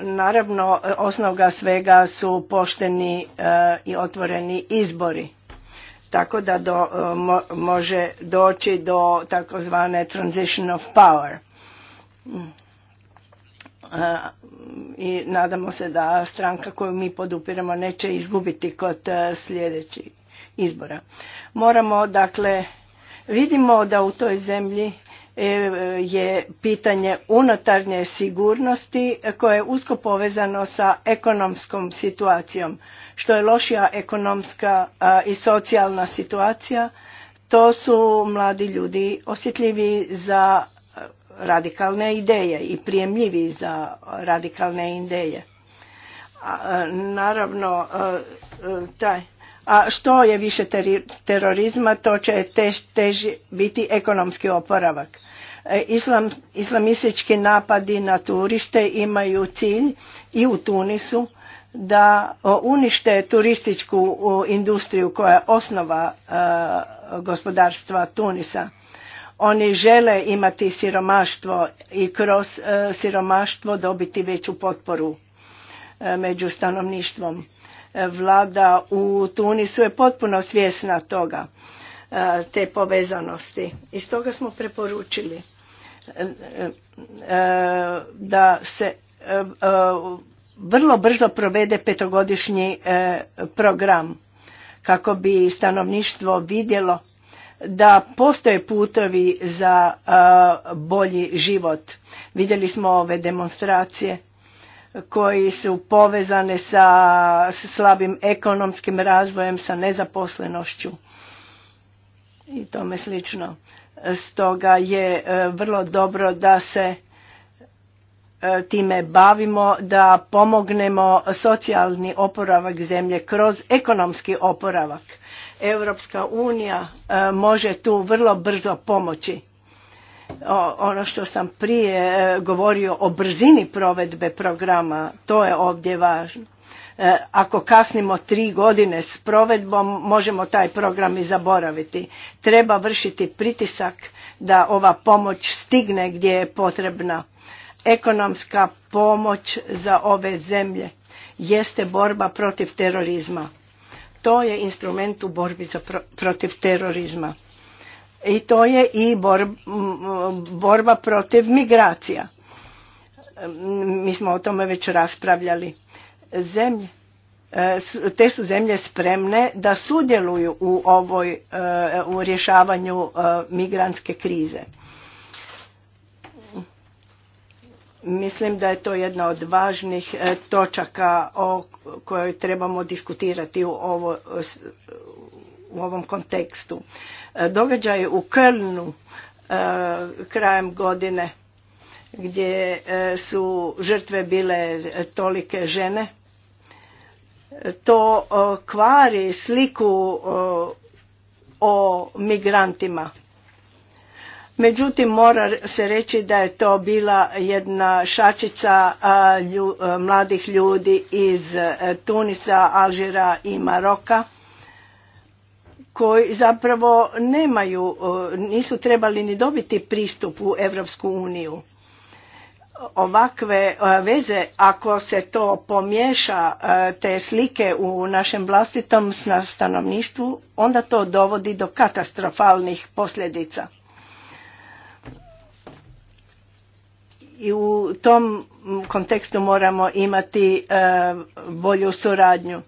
Naravno, osnovga svega su pošteni e, i otvoreni izbori. Tako da do, e, može doći do takozvane transition of power. Mm. E, I nadamo se da stranka koju mi podupiramo neće izgubiti kod sljedećih izbora. Moramo, dakle, vidimo da u toj zemlji E, je pitanje unutarnje sigurnosti koje je usko povezano sa ekonomskom situacijom. Što je lošija ekonomska i socijalna situacija, to su mladi ljudi osjetljivi za radikalne ideje i prijemljivi za radikalne ideje. Naravno, taj a što je više terorizma, to će tež, teži biti ekonomski oporavak. E, islam, islamistički napadi na turiste imaju cilj i u Tunisu da e, unište turističku industriju koja je osnova e, gospodarstva Tunisa. Oni žele imati siromaštvo i kroz siromaštvo dobiti veću potporu među stanovništvom Vlada u Tunisu je potpuno svjesna toga, e, te povezanosti. I stoga smo preporučili e, e, da se vrlo brzo provede petogodišnji program kako bi stanovništvo vidjelo da postoje putovi za bolji život. Vidjeli smo ove demonstracije koji su povezane sa slabim ekonomskim razvojem, sa nezaposlenošću i tome slično. Stoga je e, vrlo dobro da se e, time bavimo, da pomognemo socijalni oporavak zemlje kroz ekonomski oporavak. Europska unija e, može tu vrlo brzo pomoći ono što sam prije e, govorio o brzini provedbe programa, to je ovdje važno. E, ako kasnimo tri godine s provedbom, možemo taj program i zaboraviti. Treba vršiti pritisak da ova pomoć stigne gdje je potrebna. Ekonomska pomoć za ove zemlje jeste borba protiv terorizma. To je instrument u borbi za protiv terorizma i to je i borba protiv migracija. Mi smo o tome već raspravljali. Zemlje, e, te su zemlje spremne da sudjeluju u ovoj e, u rješavanju e, migrantske krize. Mislim da je to jedna od važnih točaka o kojoj trebamo diskutirati u, ovo, u ovom kontekstu. E, događaj u Kölnu e, krajem godine gdje e, su žrtve bile tolike žene. To kvari sliku o migrantima. Međutim, mora se reći da je to bila jedna šačica mladih ljudi iz Tunisa, Alžira i Maroka koji zapravo nemaju, e, nisu trebali ni dobiti pristup u Europsku uniju. Ovakve e, veze, ako se to pomiješa e, te slike u našem vlastitom stanovništvu, onda to dovodi do katastrofalnih posljedica. I u tom kontekstu moramo imati bolju suradnju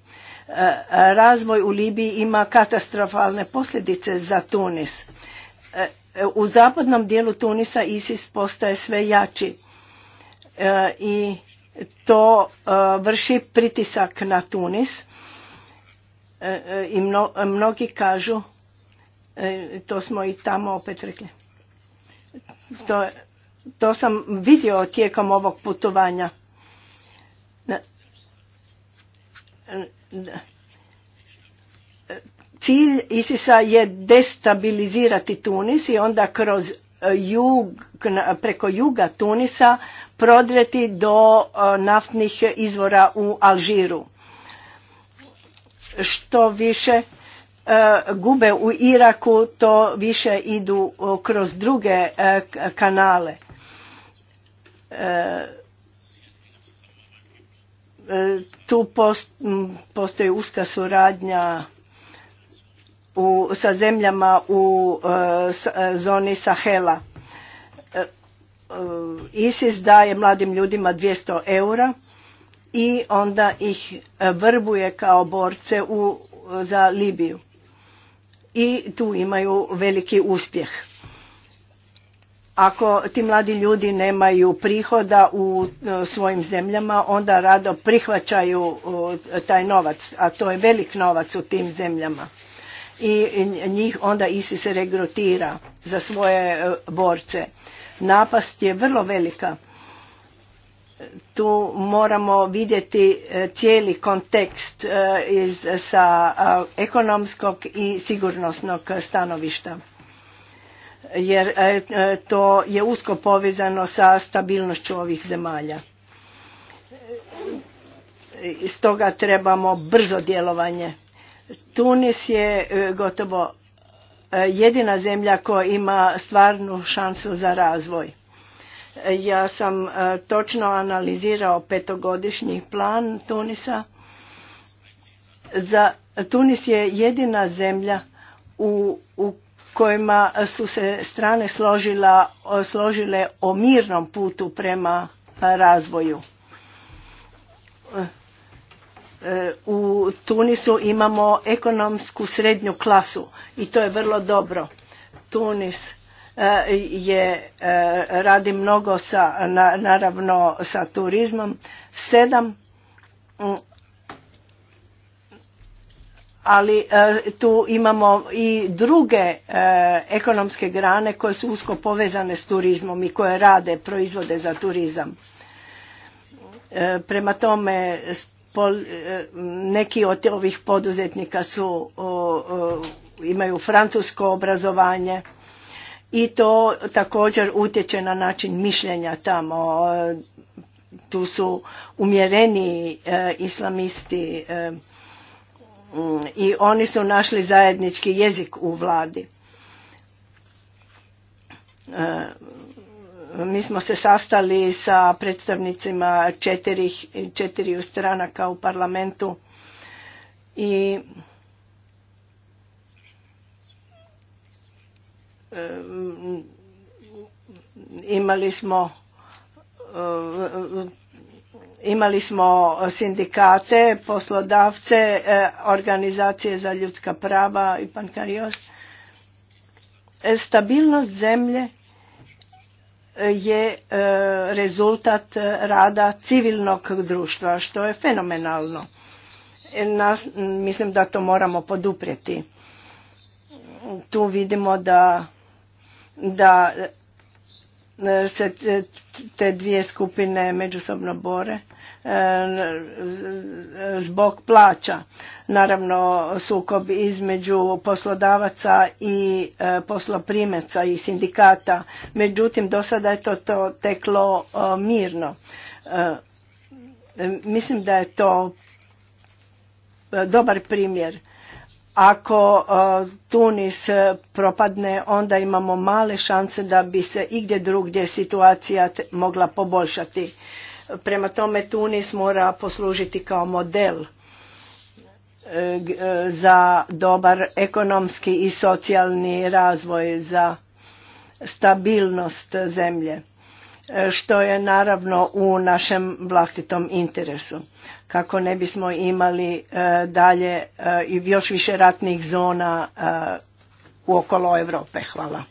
Razvoj u Libiji ima katastrofalne posljedice za Tunis. E, u zapadnom dijelu Tunisa ISIS postaje sve jači e, i to e, vrši pritisak na Tunis i mnogi kažu to smo i tamo opet rekli to, sam vidio tijekom ovog putovanja Cilj Isisa je destabilizirati Tunis i onda kroz e, jug, preko juga Tunisa prodreti do e, naftnih izvora u Alžiru. Što više e, gube u Iraku, to više idu kroz druge kanale. E, tu postoji uska suradnja u, sa zemljama u e, e, zoni Sahela. Uh, ISIS daje mladim ljudima 200 eura i onda ih vrbuje kao borce u, za Libiju. I tu imaju veliki uspjeh. Ako ti mladi ljudi nemaju prihoda u e, svojim zemljama, onda rado prihvaćaju taj novac, a to je velik novac u tim zemljama. I njih onda isi se regrutira za svoje e, borce. Napast je vrlo velika. Tu moramo vidjeti e, cijeli kontekst iz, sa ekonomskog i sigurnosnog stanovišta jer e, e, to je usko povezano sa stabilnošću ovih zemalja. Stoga trebamo brzo djelovanje. Tunis je e, gotovo jedina zemlja koja ima stvarnu šansu za razvoj. Ja sam točno analizirao petogodišnji plan Tunisa. Za, Tunis je jedina zemlja u kojima su se strane složila, složile o mirnom putu prema razvoju. E, e, u Tunisu imamo ekonomsku srednju klasu i to je vrlo dobro. Tunis e, je radi mnogo sa naravno sa turizmom sedam ali e, tu imamo i druge e, ekonomske grane koje su usko povezane s turizmom i koje rade proizvode za turizam. E, prema tome, neki od ovih poduzetnika su, imaju francusko obrazovanje i to također utječe na način mišljenja tamo. Tu su umjereni islamisti Mm, i oni su našli zajednički jezik u vladi. E, mi smo se sastali sa predstavnicima četiri, četiri stranaka u parlamentu i e, imali smo e, Imali smo e, sindikate, poslodavce, e, organizacije za ljudska prava i pankarijos. E, stabilnost zemlje je rezultat rada civilnog društva, što je fenomenalno. Nas, mislim da to moramo poduprijeti. Tu vidimo da, da se te dvije skupine međusobno bore E, zbog plaća. Naravno, sukob između poslodavaca i e, posloprimeca i sindikata. Međutim, do sada je to, to teklo e, mirno. Mislim da je to dobar primjer. Ako Tunis propadne, onda imamo male šanse da bi se igdje drugdje situacija mogla poboljšati Prema tome Tunis mora poslužiti kao model e, e, za dobar ekonomski i socijalni razvoj, za stabilnost zemlje, e, što je naravno u našem vlastitom interesu. Kako ne bismo imali dalje i još više ratnih zona u okolo Europe. Hvala.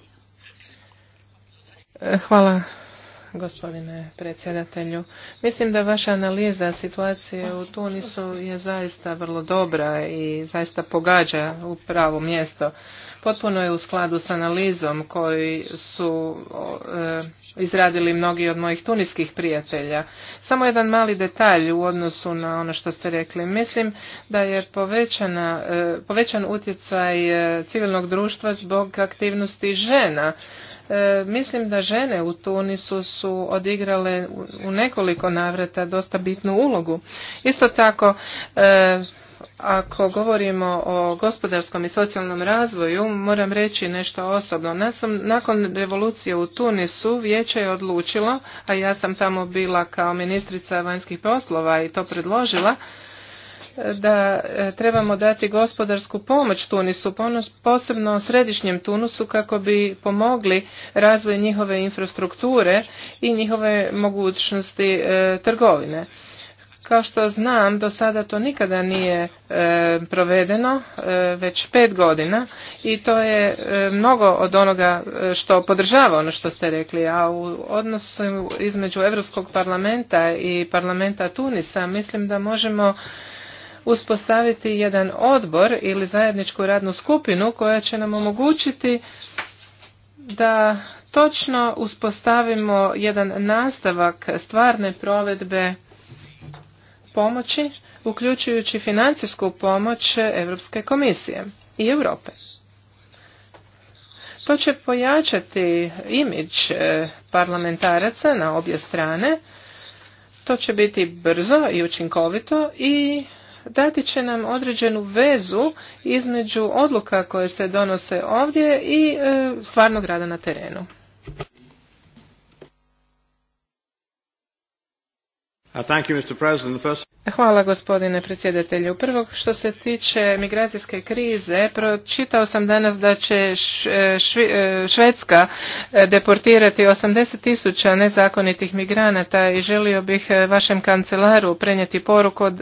Hvala gospodine predsjedatelju. Mislim da vaša analiza situacije u Tunisu je zaista vrlo dobra i zaista pogađa u pravo mjesto potpuno je u skladu s analizom koji su e, izradili mnogi od mojih tuniskih prijatelja. Samo jedan mali detalj u odnosu na ono što ste rekli. Mislim da je povećana, e, povećan utjecaj e, civilnog društva zbog aktivnosti žena. mislim da žene u Tunisu su odigrale u, u nekoliko navrata dosta bitnu ulogu. Isto tako, ako govorimo o gospodarskom i socijalnom razvoju, moram reći nešto osobno. Nakon revolucije u Tunisu vijeće je odlučilo, a ja sam tamo bila kao ministrica vanjskih poslova i to predložila, da e, trebamo dati gospodarsku pomoć Tunisu, posebno središnjem Tunusu kako bi pomogli razvoj njihove infrastrukture i njihove mogućnosti e, trgovine. Kao što znam, do sada to nikada nije e, provedeno, e, već pet godina i to je e, mnogo od onoga što podržava ono što ste rekli, a u odnosu između Europskog parlamenta i parlamenta Tunisa mislim da možemo uspostaviti jedan odbor ili zajedničku radnu skupinu koja će nam omogućiti da točno uspostavimo jedan nastavak stvarne provedbe pomoći, uključujući financijsku pomoć Europske komisije i Europe. To će pojačati imidž e, parlamentaraca na obje strane. To će biti brzo i učinkovito i dati će nam određenu vezu između odluka koje se donose ovdje i e, stvarnog rada na terenu. Uh, Hvala gospodine predsjedatelju. Prvo što se tiče migracijske krize, pročitao sam danas da će e, e, Švedska e, deportirati 80 tisuća nezakonitih migranata i želio bih vašem kancelaru prenijeti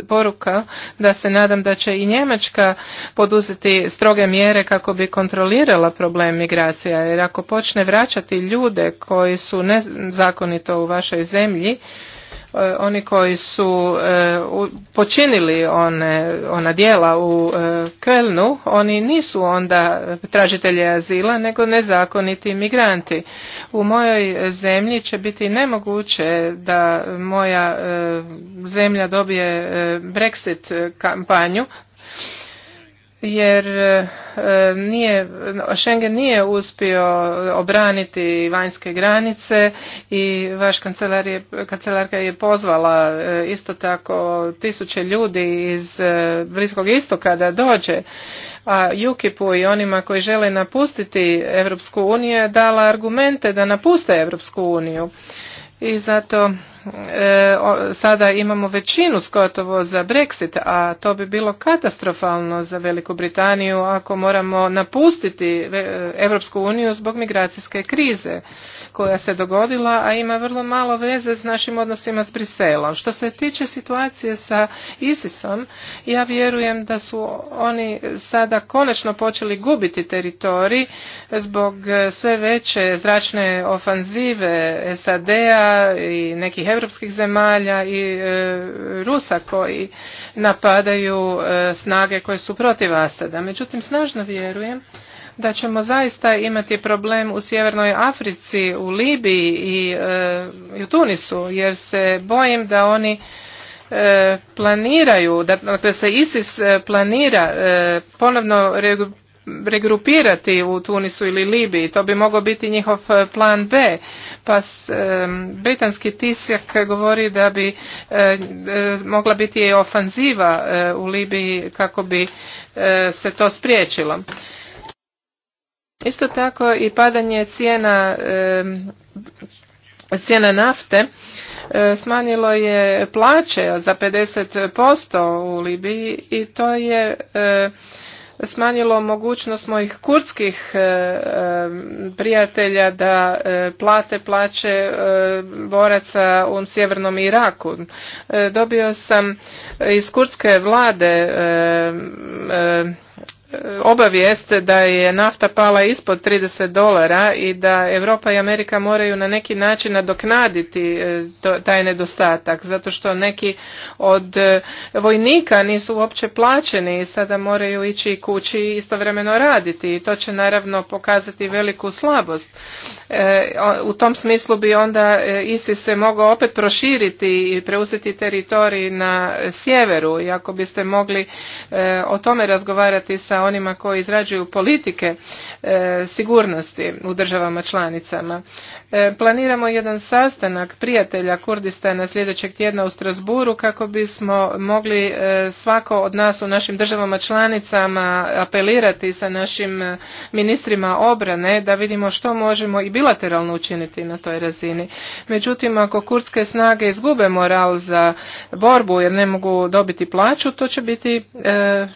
poruka da se nadam da će i Njemačka poduzeti stroge mjere kako bi kontrolirala problem migracija. Jer ako počne vraćati ljude koji su nezakonito u vašoj zemlji, E, oni koji su e, počinili ona dijela u e, Kölnu, oni nisu onda tražitelji azila, nego nezakoniti migranti. U mojoj zemlji će biti nemoguće da moja zemlja dobije Brexit kampanju, jer e, nije, Schengen nije uspio obraniti vanjske granice i vaš kancelar je, kancelarka je pozvala e, isto tako tisuće ljudi iz e, Bliskog istoka da dođe a ukip i onima koji žele napustiti Europsku uniju je dala argumente da napuste Europsku uniju i zato E, sada imamo većinu skotovo za Brexit, a to bi bilo katastrofalno za Veliku Britaniju ako moramo napustiti Europsku uniju zbog migracijske krize koja se dogodila, a ima vrlo malo veze s našim odnosima s Briselom. Što se tiče situacije sa ISISom, ja vjerujem da su oni sada konačno počeli gubiti teritorij zbog sve veće zračne ofanzive SAD-a i nekih europskih zemalja i e, Rusa koji napadaju e, snage koje su protiv Asada. Međutim, snažno vjerujem da ćemo zaista imati problem u Sjevernoj Africi, u Libiji i, e, u Tunisu, jer se bojim da oni planiraju, da se ISIS planira ponovno regrupirati u Tunisu ili Libiji. To bi mogao biti njihov plan B pa britanski tisak govori da bi e, e, mogla biti i ofanziva e, u Libiji kako bi se to spriječilo. Isto tako i padanje cijena cijena nafte smanjilo je plaće za 50% u Libiji i to je smanjilo mogućnost mojih kurdskih e, e, prijatelja da e, plate plaće boraca u sjevernom Iraku. Dobio sam iz kurdske vlade obavijest da je nafta pala ispod 30 dolara i da Europa i Amerika moraju na neki način nadoknaditi e, taj nedostatak zato što neki od e, vojnika nisu uopće plaćeni i sada moraju ići kući i istovremeno raditi i to će naravno pokazati veliku slabost. E, u tom smislu bi onda isti se mogao opet proširiti i preuzeti teritorij na sjeveru i ako biste mogli o tome razgovarati sa onima koji izrađuju politike e, sigurnosti u državama članicama. E, planiramo jedan sastanak prijatelja Kurdistana sljedećeg tjedna u Strasburu kako bismo mogli e, svako od nas u našim državama članicama apelirati sa našim ministrima obrane da vidimo što možemo i bilateralno učiniti na toj razini. Međutim, ako kurdske snage izgube moral za borbu jer ne mogu dobiti plaću, to će biti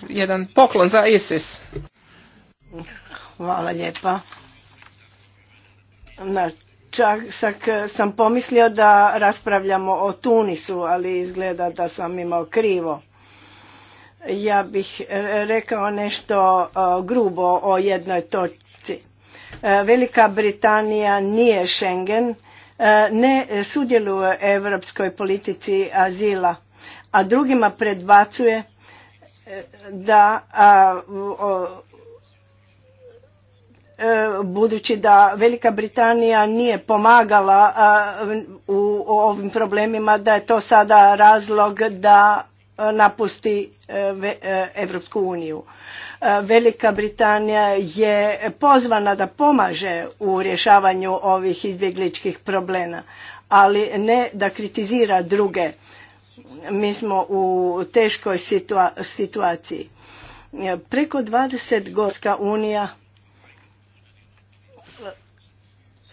jedan poklon za ISIS. Francis. Hvala lijepa. Na čak sam pomislio da raspravljamo o Tunisu, ali izgleda da sam imao krivo. Ja bih rekao nešto e, grubo o jednoj točci. E, Velika Britanija nije Schengen, e, ne sudjeluje u europskoj politici azila, a drugima predbacuje da a, e, budući da Velika Britanija nije pomagala u ovim problemima, da je to sada razlog da napusti e, e, Evropsku uniju. Velika Britanija je pozvana da pomaže u rješavanju ovih izbjegličkih problema, ali ne da kritizira druge mi smo u teškoj situaciji. Preko 20 Gorska unija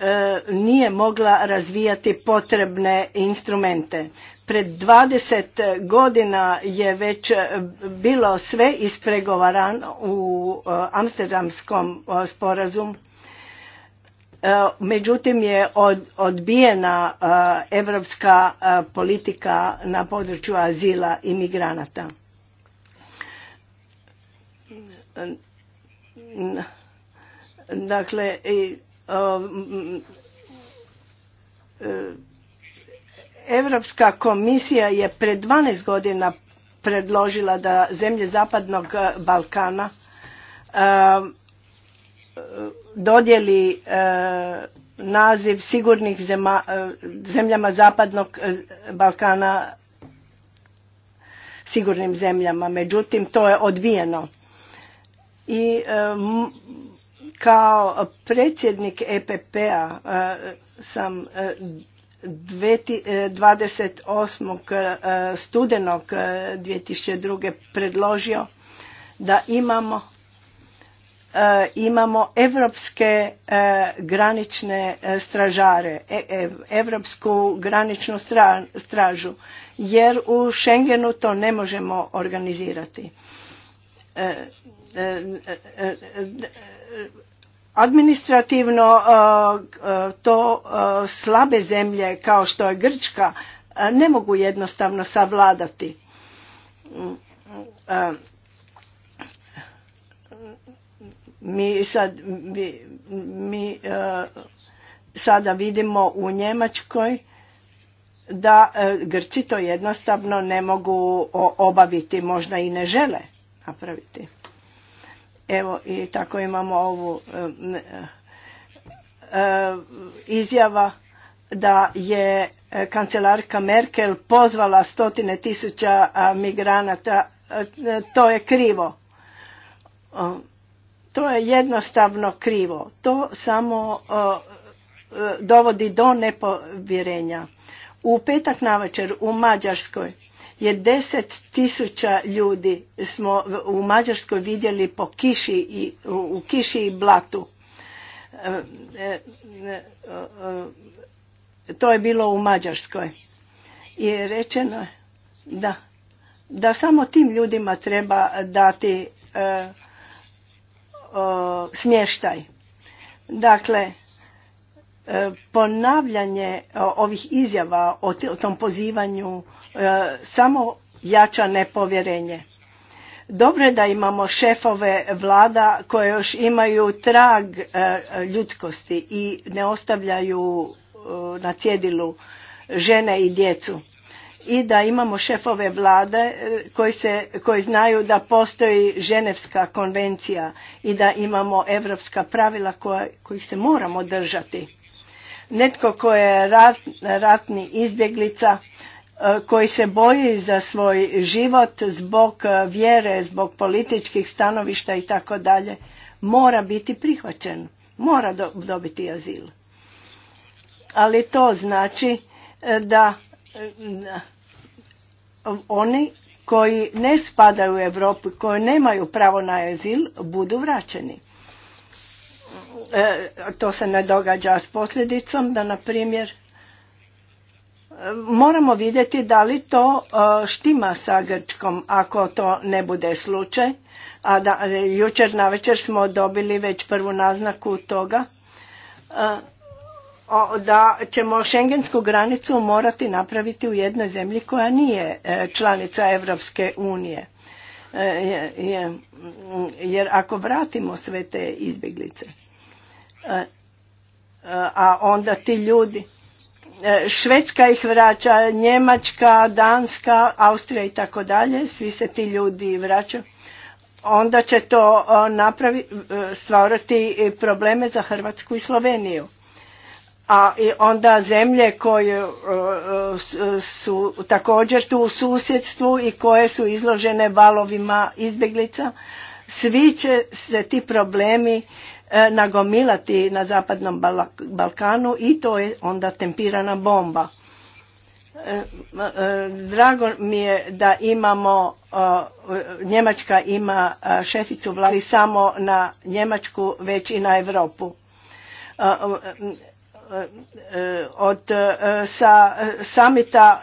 e, nije mogla razvijati potrebne instrumente. Pred 20 godina je već bilo sve ispregovarano u e, Amsterdamskom e, sporazumu E, međutim je odbijena e, evropska e, politika na području azila i migranata. Dakle, Evropska komisija je pred 12 godina predložila da zemlje Zapadnog Balkana dodjeli e, naziv sigurnih e, zemljama zapadnog e, Balkana sigurnim zemljama. Međutim, to je odvijeno. I kao predsjednik EPP-a sam 28. studenog 2002. predložio da imamo E, imamo evropske e, granične e, stražare, evropsku graničnu stražu, jer u Schengenu to ne možemo organizirati. Administrativno to slabe zemlje kao što je Grčka ne mogu jednostavno savladati mm, Mi sad mi, e, sada vidimo u Njemačkoj da e, Grci to jednostavno ne mogu obaviti, možda i ne žele napraviti. Evo i tako imamo ovu e, izjava da je kancelarka Merkel pozvala stotine tisuća migranata, to je krivo. To je jednostavno krivo. To samo e, e, dovodi do nepovjerenja. U petak navečer u Mađarskoj je deset tisuća ljudi smo u Mađarskoj vidjeli po kiši i, u kiši i blatu. E, to je bilo u Mađarskoj. I rečeno da, da samo tim ljudima treba dati smještaj. Dakle, e, ponavljanje ovih izjava o tom pozivanju e, samo jača nepovjerenje. Dobro je da imamo šefove vlada koje još imaju trag e, ljudskosti i ne ostavljaju na cjedilu žene i djecu i da imamo šefove vlade e, koji, se, koji znaju da postoji Ženevska konvencija i da imamo evropska pravila koja, kojih se moramo držati. Netko ko je ratni izbjeglica, e, koji se boji za svoj život zbog e, vjere, zbog političkih stanovišta i tako dalje, mora biti prihvaćen, mora dobiti azil. Ali to znači da oni koji ne spadaju u Europu, koji nemaju pravo na azil, budu vraćeni. E, to se ne događa s posljedicom da, na primjer, e, moramo vidjeti da li to e, štima sa Grčkom ako to ne bude slučaj. A da, jučer na večer smo dobili već prvu naznaku toga da ćemo šengensku granicu morati napraviti u jednoj zemlji koja nije e, članica Europske unije. E, jer ako vratimo sve te izbjeglice, e, a onda ti ljudi, Švedska ih vraća, Njemačka, Danska, Austrija i tako dalje, svi se ti ljudi vraćaju onda će to stvarati probleme za Hrvatsku i Sloveniju a onda zemlje koje e, su također tu u susjedstvu i koje su izložene valovima izbjeglica, svi će se ti problemi e, nagomilati na Zapadnom Balkanu i to je onda tempirana bomba. E, drago mi je da imamo, Njemačka ima šeficu vladi samo na Njemačku već i na Europu Eh, od eh, sa eh, samita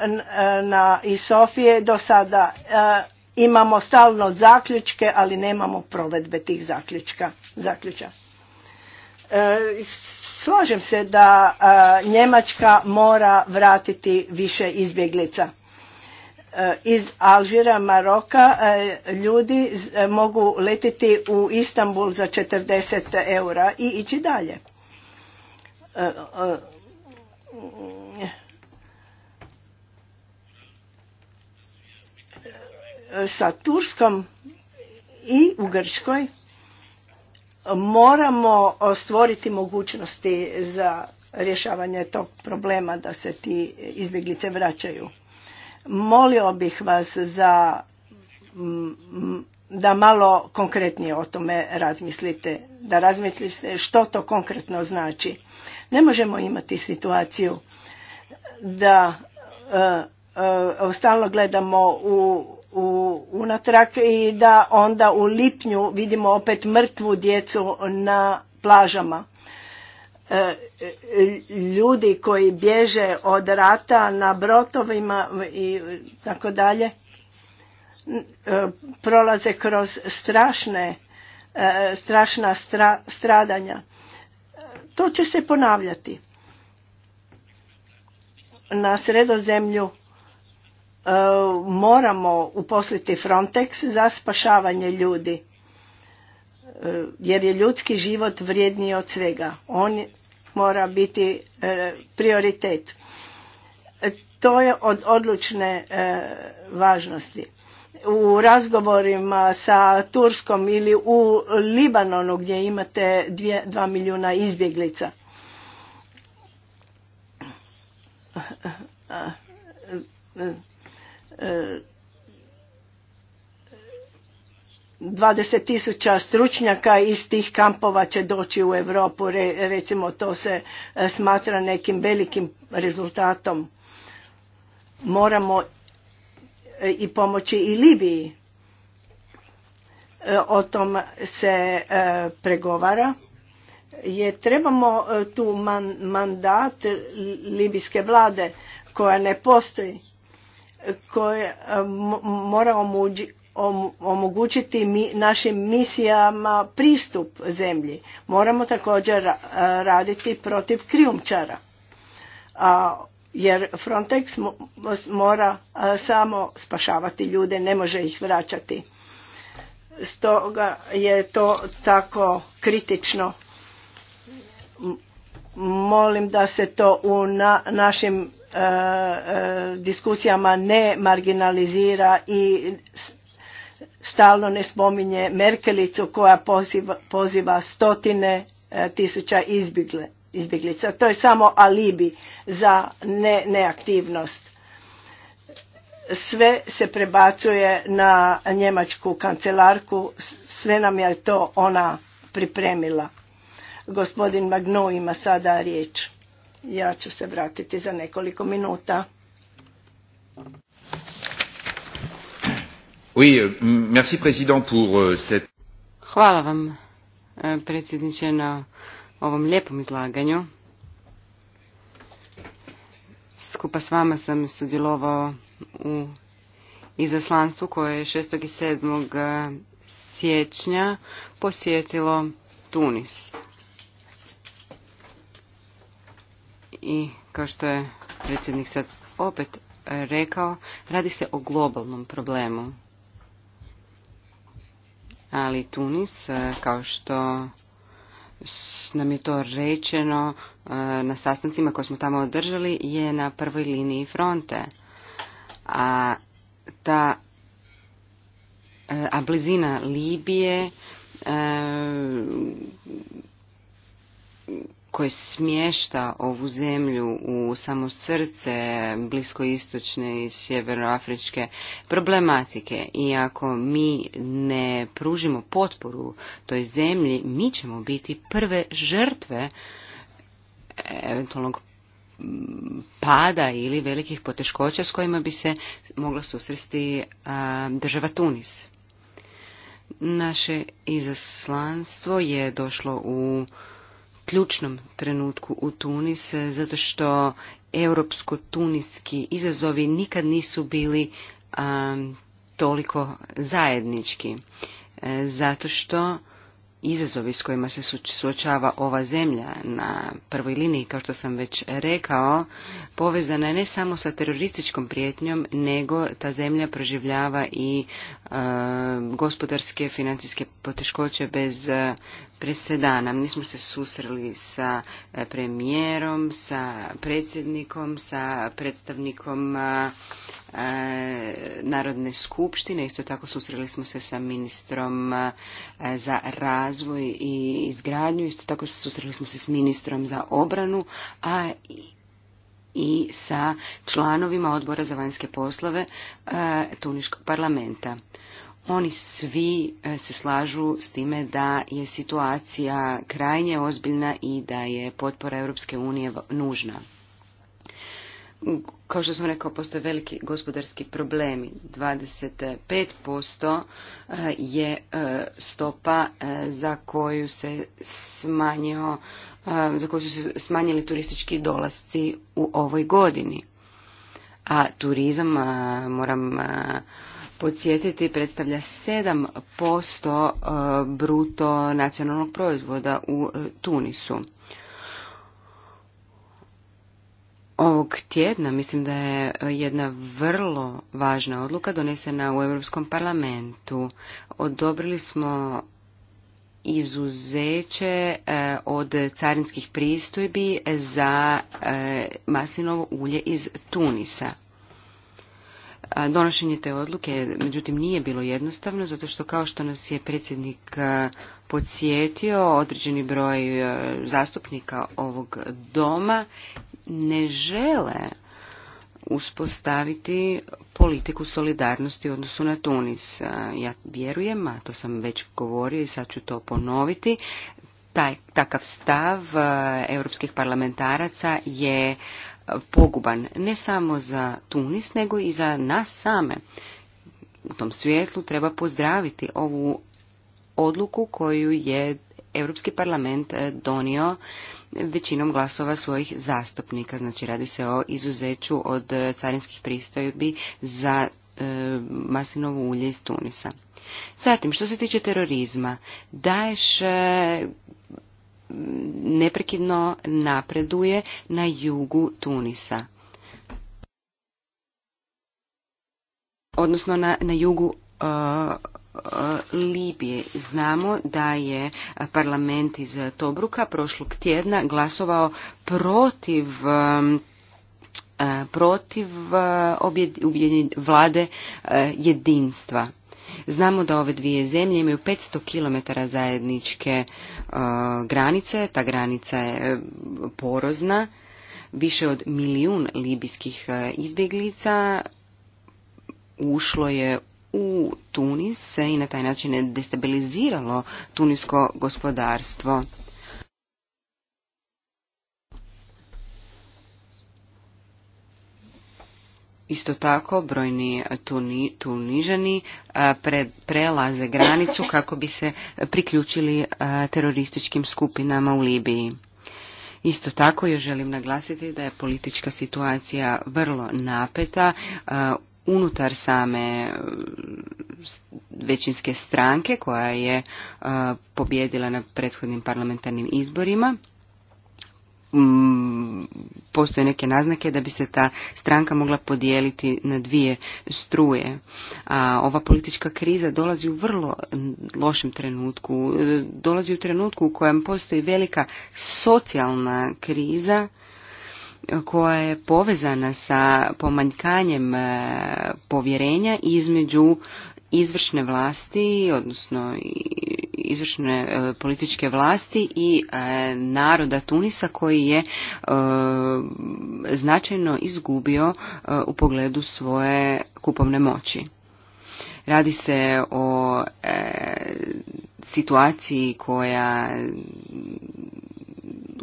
na, i Sofije do sada imamo stalno zaključke, ali nemamo provedbe tih zaključka, zaključa. Slažem se da Njemačka mora vratiti više izbjeglica. Iz Alžira, Maroka ljudi mogu letiti u Istanbul za 40 eura i ići dalje. E, e, e, sa Turskom i u Grčkoj moramo stvoriti mogućnosti za rješavanje tog problema da se ti izbjeglice vraćaju. Molio bih vas za da malo konkretnije o tome razmislite, da razmislite što to konkretno znači. Ne možemo imati situaciju da e, e stalno gledamo u, u unatrag i da onda u lipnju vidimo opet mrtvu djecu na plažama. E, ljudi koji bježe od rata na brotovima i tako dalje E, prolaze kroz strašne, e, strašna stradanja. E, to će se ponavljati. Na sredozemlju moramo uposliti Frontex za spašavanje ljudi. Jer je ljudski život vrijedniji od svega. On mora biti prioritet. To je od odlučne važnosti u razgovorima sa Turskom ili u Libanonu gdje imate dva milijuna izbjeglica. Dvadeset tisuća stručnjaka iz tih kampova će doći u Europu, recimo to se e, smatra nekim velikim rezultatom moramo E, i pomoći i Libiji. E, o tom se e, pregovara je trebamo tu mandat libijske vlade koja ne postoji koja mora omogućiti mi, našim misijama pristup zemlji. Moramo također raditi protiv krijumčara. A jer Frontex mora samo spašavati ljude, ne može ih vraćati. Stoga je to tako kritično. Molim da se to u našim e, e, diskusijama ne marginalizira i stalno ne spominje Merkelicu koja poziva, stotine e, tisuća izbjegle, izbjeglica. To je samo alibi za ne, neaktivnost. Sve se prebacuje na njemačku kancelarku, sve nam je to ona pripremila. Gospodin Magno ima sada riječ. Ja ću se vratiti za nekoliko minuta. Oui, merci euh, cette... Hvala vam eh, predsjedniče na ovom lijepom izlaganju. Skupa s vama sam sudjelovao u izaslanstvu koje je 6. i 7. Eh, siječnja posjetilo Tunis. I kao što je predsjednik sad opet rekao, radi se o globalnom problemu. Ali Tunis, eh, kao što nam je to rečeno e, na sastancima koje smo tamo održali je na prvoj liniji fronte. A ta e, a blizina Libije e, koje smješta ovu zemlju u samo srce bliskoistočne i sjevernoafričke problematike. I ako mi ne pružimo potporu toj zemlji, mi ćemo biti prve žrtve eventualnog pada ili velikih poteškoća s kojima bi se mogla susresti država Tunis. Naše izaslanstvo je došlo u ključnom trenutku u Tunis, zato što europsko tuniski izazovi nikad nisu bili toliko zajednički, e, zato što izazovi s kojima se suočava ova zemlja na prvoj liniji, kao što sam već rekao, povezana je ne samo sa terorističkom prijetnjom, nego ta zemlja proživljava i e, gospodarske, financijske poteškoće bez e, presedana. Mi smo se susreli sa e, premijerom, sa predsjednikom, sa predstavnikom e, e, Narodne skupštine, isto tako susreli smo se sa ministrom za rad razvoj i izgradnju. Isto tako susreli smo se s ministrom za obranu, a i sa članovima odbora za vanjske poslove e, Tuniškog parlamenta. Oni svi e, se slažu s time da je situacija krajnje ozbiljna i da je potpora Europske unije nužna. Kao što sam rekao, postoje veliki gospodarski problemi. 25% eh, je eh, stopa eh, za koju se smanjio, za koju su se smanjili turistički dolasci u ovoj godini. A turizam, moram podsjetiti, predstavlja 7% bruto nacionalnog proizvoda u Tunisu ovog tjedna mislim da je e, jedna vrlo važna odluka donesena u Europskom parlamentu. Odobrili smo izuzeće e, od carinskih pristojbi za e, maslinovo ulje iz Tunisa. Donošenje te odluke, međutim, nije bilo jednostavno, zato što kao što nas je predsjednik podsjetio, određeni broj zastupnika ovog doma ne žele uspostaviti politiku solidarnosti u odnosu na Tunis. Ja vjerujem, a to sam već govorio i sad ću to ponoviti, taj takav stav europskih parlamentaraca je poguban ne samo za Tunis, nego i za nas same. U tom svijetlu treba pozdraviti ovu odluku koju je Europski parlament eh, donio većinom glasova svojih zastupnika. Znači radi se o izuzeću od eh, carinskih pristojbi za e, ulje iz Tunisa. Zatim, što se tiče terorizma, Daesh neprekidno napreduje na jugu Tunisa. Odnosno na, na jugu uh, uh, Libije. Znamo da je parlament iz Tobruka prošlog tjedna glasovao protiv um, uh, protiv vlade jedinstva. Znamo da ove dvije zemlje imaju 500 km zajedničke e, granice, ta granica je e, porozna, više od milijun libijskih e, izbjeglica ušlo je u Tunis i na taj način je destabiliziralo tunisko gospodarstvo. Isto tako, brojni tuni, tunižani e, prelaze granicu kako bi se priključili e, terorističkim skupinama u Libiji. Isto tako još želim naglasiti da je politička situacija vrlo napeta e, unutar same većinske stranke koja je pobjedila na prethodnim parlamentarnim izborima. Mm, postoje neke naznake da bi se ta stranka mogla podijeliti na dvije struje. A ova politička kriza dolazi u vrlo lošem trenutku, e, dolazi u trenutku u kojem postoji velika socijalna kriza e, koja je povezana sa pomanjkanjem e, povjerenja između izvršne vlasti, odnosno izvršne e, političke vlasti i e, naroda Tunisa koji je e, značajno izgubio u pogledu svoje kupovne moći. Radi se o situaciji koja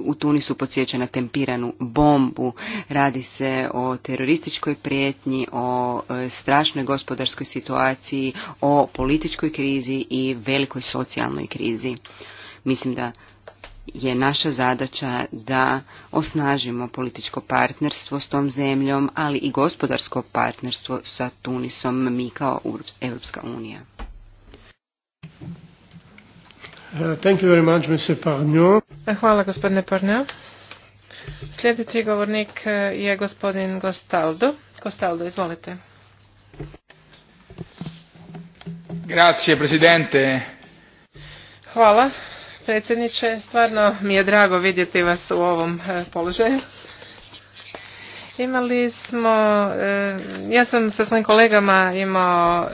u Tunisu podsjeća na tempiranu bombu. Radi se o terorističkoj prijetnji, o e, strašnoj gospodarskoj situaciji, o političkoj krizi i velikoj socijalnoj krizi. Mislim da je naša zadaća da osnažimo političko partnerstvo s tom zemljom, ali i gospodarsko partnerstvo sa Tunisom mi kao Europska unija. Uh, thank you very Hvala gospodine Parnio. Sljedeći govornik uh, je gospodin Gostaldo. Gostaldo, izvolite. Grazie, presidente. Hvala, predsjedniče. Stvarno mi je drago vidjeti vas u ovom uh, položaju. Imali smo, ja sam sa svojim kolegama imao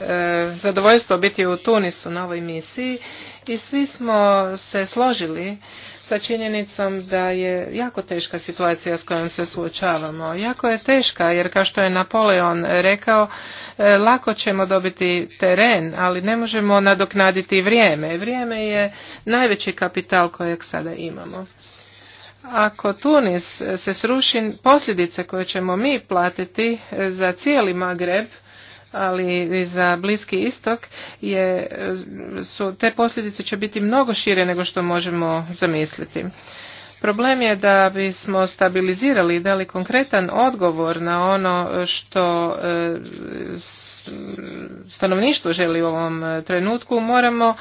zadovoljstvo biti u Tunisu na ovoj misiji i svi smo se složili sa činjenicom da je jako teška situacija s kojom se suočavamo. Jako je teška jer kao što je Napoleon rekao, e, lako ćemo dobiti teren, ali ne možemo nadoknaditi vrijeme. Vrijeme je najveći kapital kojeg sada imamo. Ako Tunis se sruši, posljedice koje ćemo mi platiti za cijeli Magreb ali i za Bliski istok je, su, te posljedice će biti mnogo šire nego što možemo zamisliti. Problem je da bismo stabilizirali dali konkretan odgovor na ono što e, stanovništvo želi u ovom e, trenutku, moramo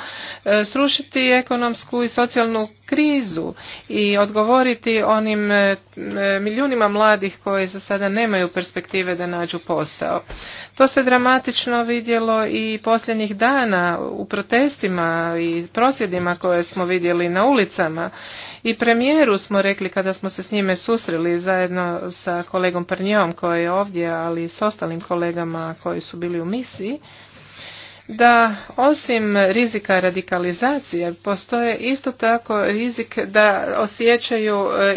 e, srušiti ekonomsku i socijalnu krizu i odgovoriti onim milijunima mladih koji za sada nemaju perspektive da nađu posao. To se dramatično vidjelo i posljednjih dana u protestima i prosvjedima koje smo vidjeli na ulicama i premijeru smo rekli kada smo se s njime susreli zajedno sa kolegom Prnjom koji je ovdje, ali i s ostalim kolegama koji su bili u misiji, da osim rizika radikalizacije postoje isto tako rizik da osjećaju e,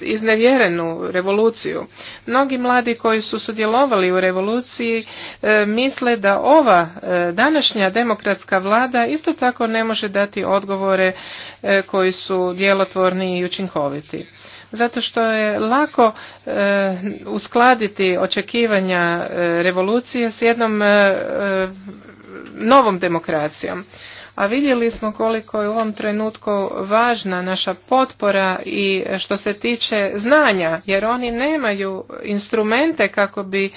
iznevjerenu revoluciju. Mnogi mladi koji su sudjelovali u revoluciji e, misle da ova e, današnja demokratska vlada isto tako ne može dati odgovore koji su djelotvorni i učinkoviti zato što je lako e, uskladiti očekivanja e, revolucije s jednom e, novom demokracijom a vidjeli smo koliko je u ovom trenutku važna naša potpora i što se tiče znanja jer oni nemaju instrumente kako bi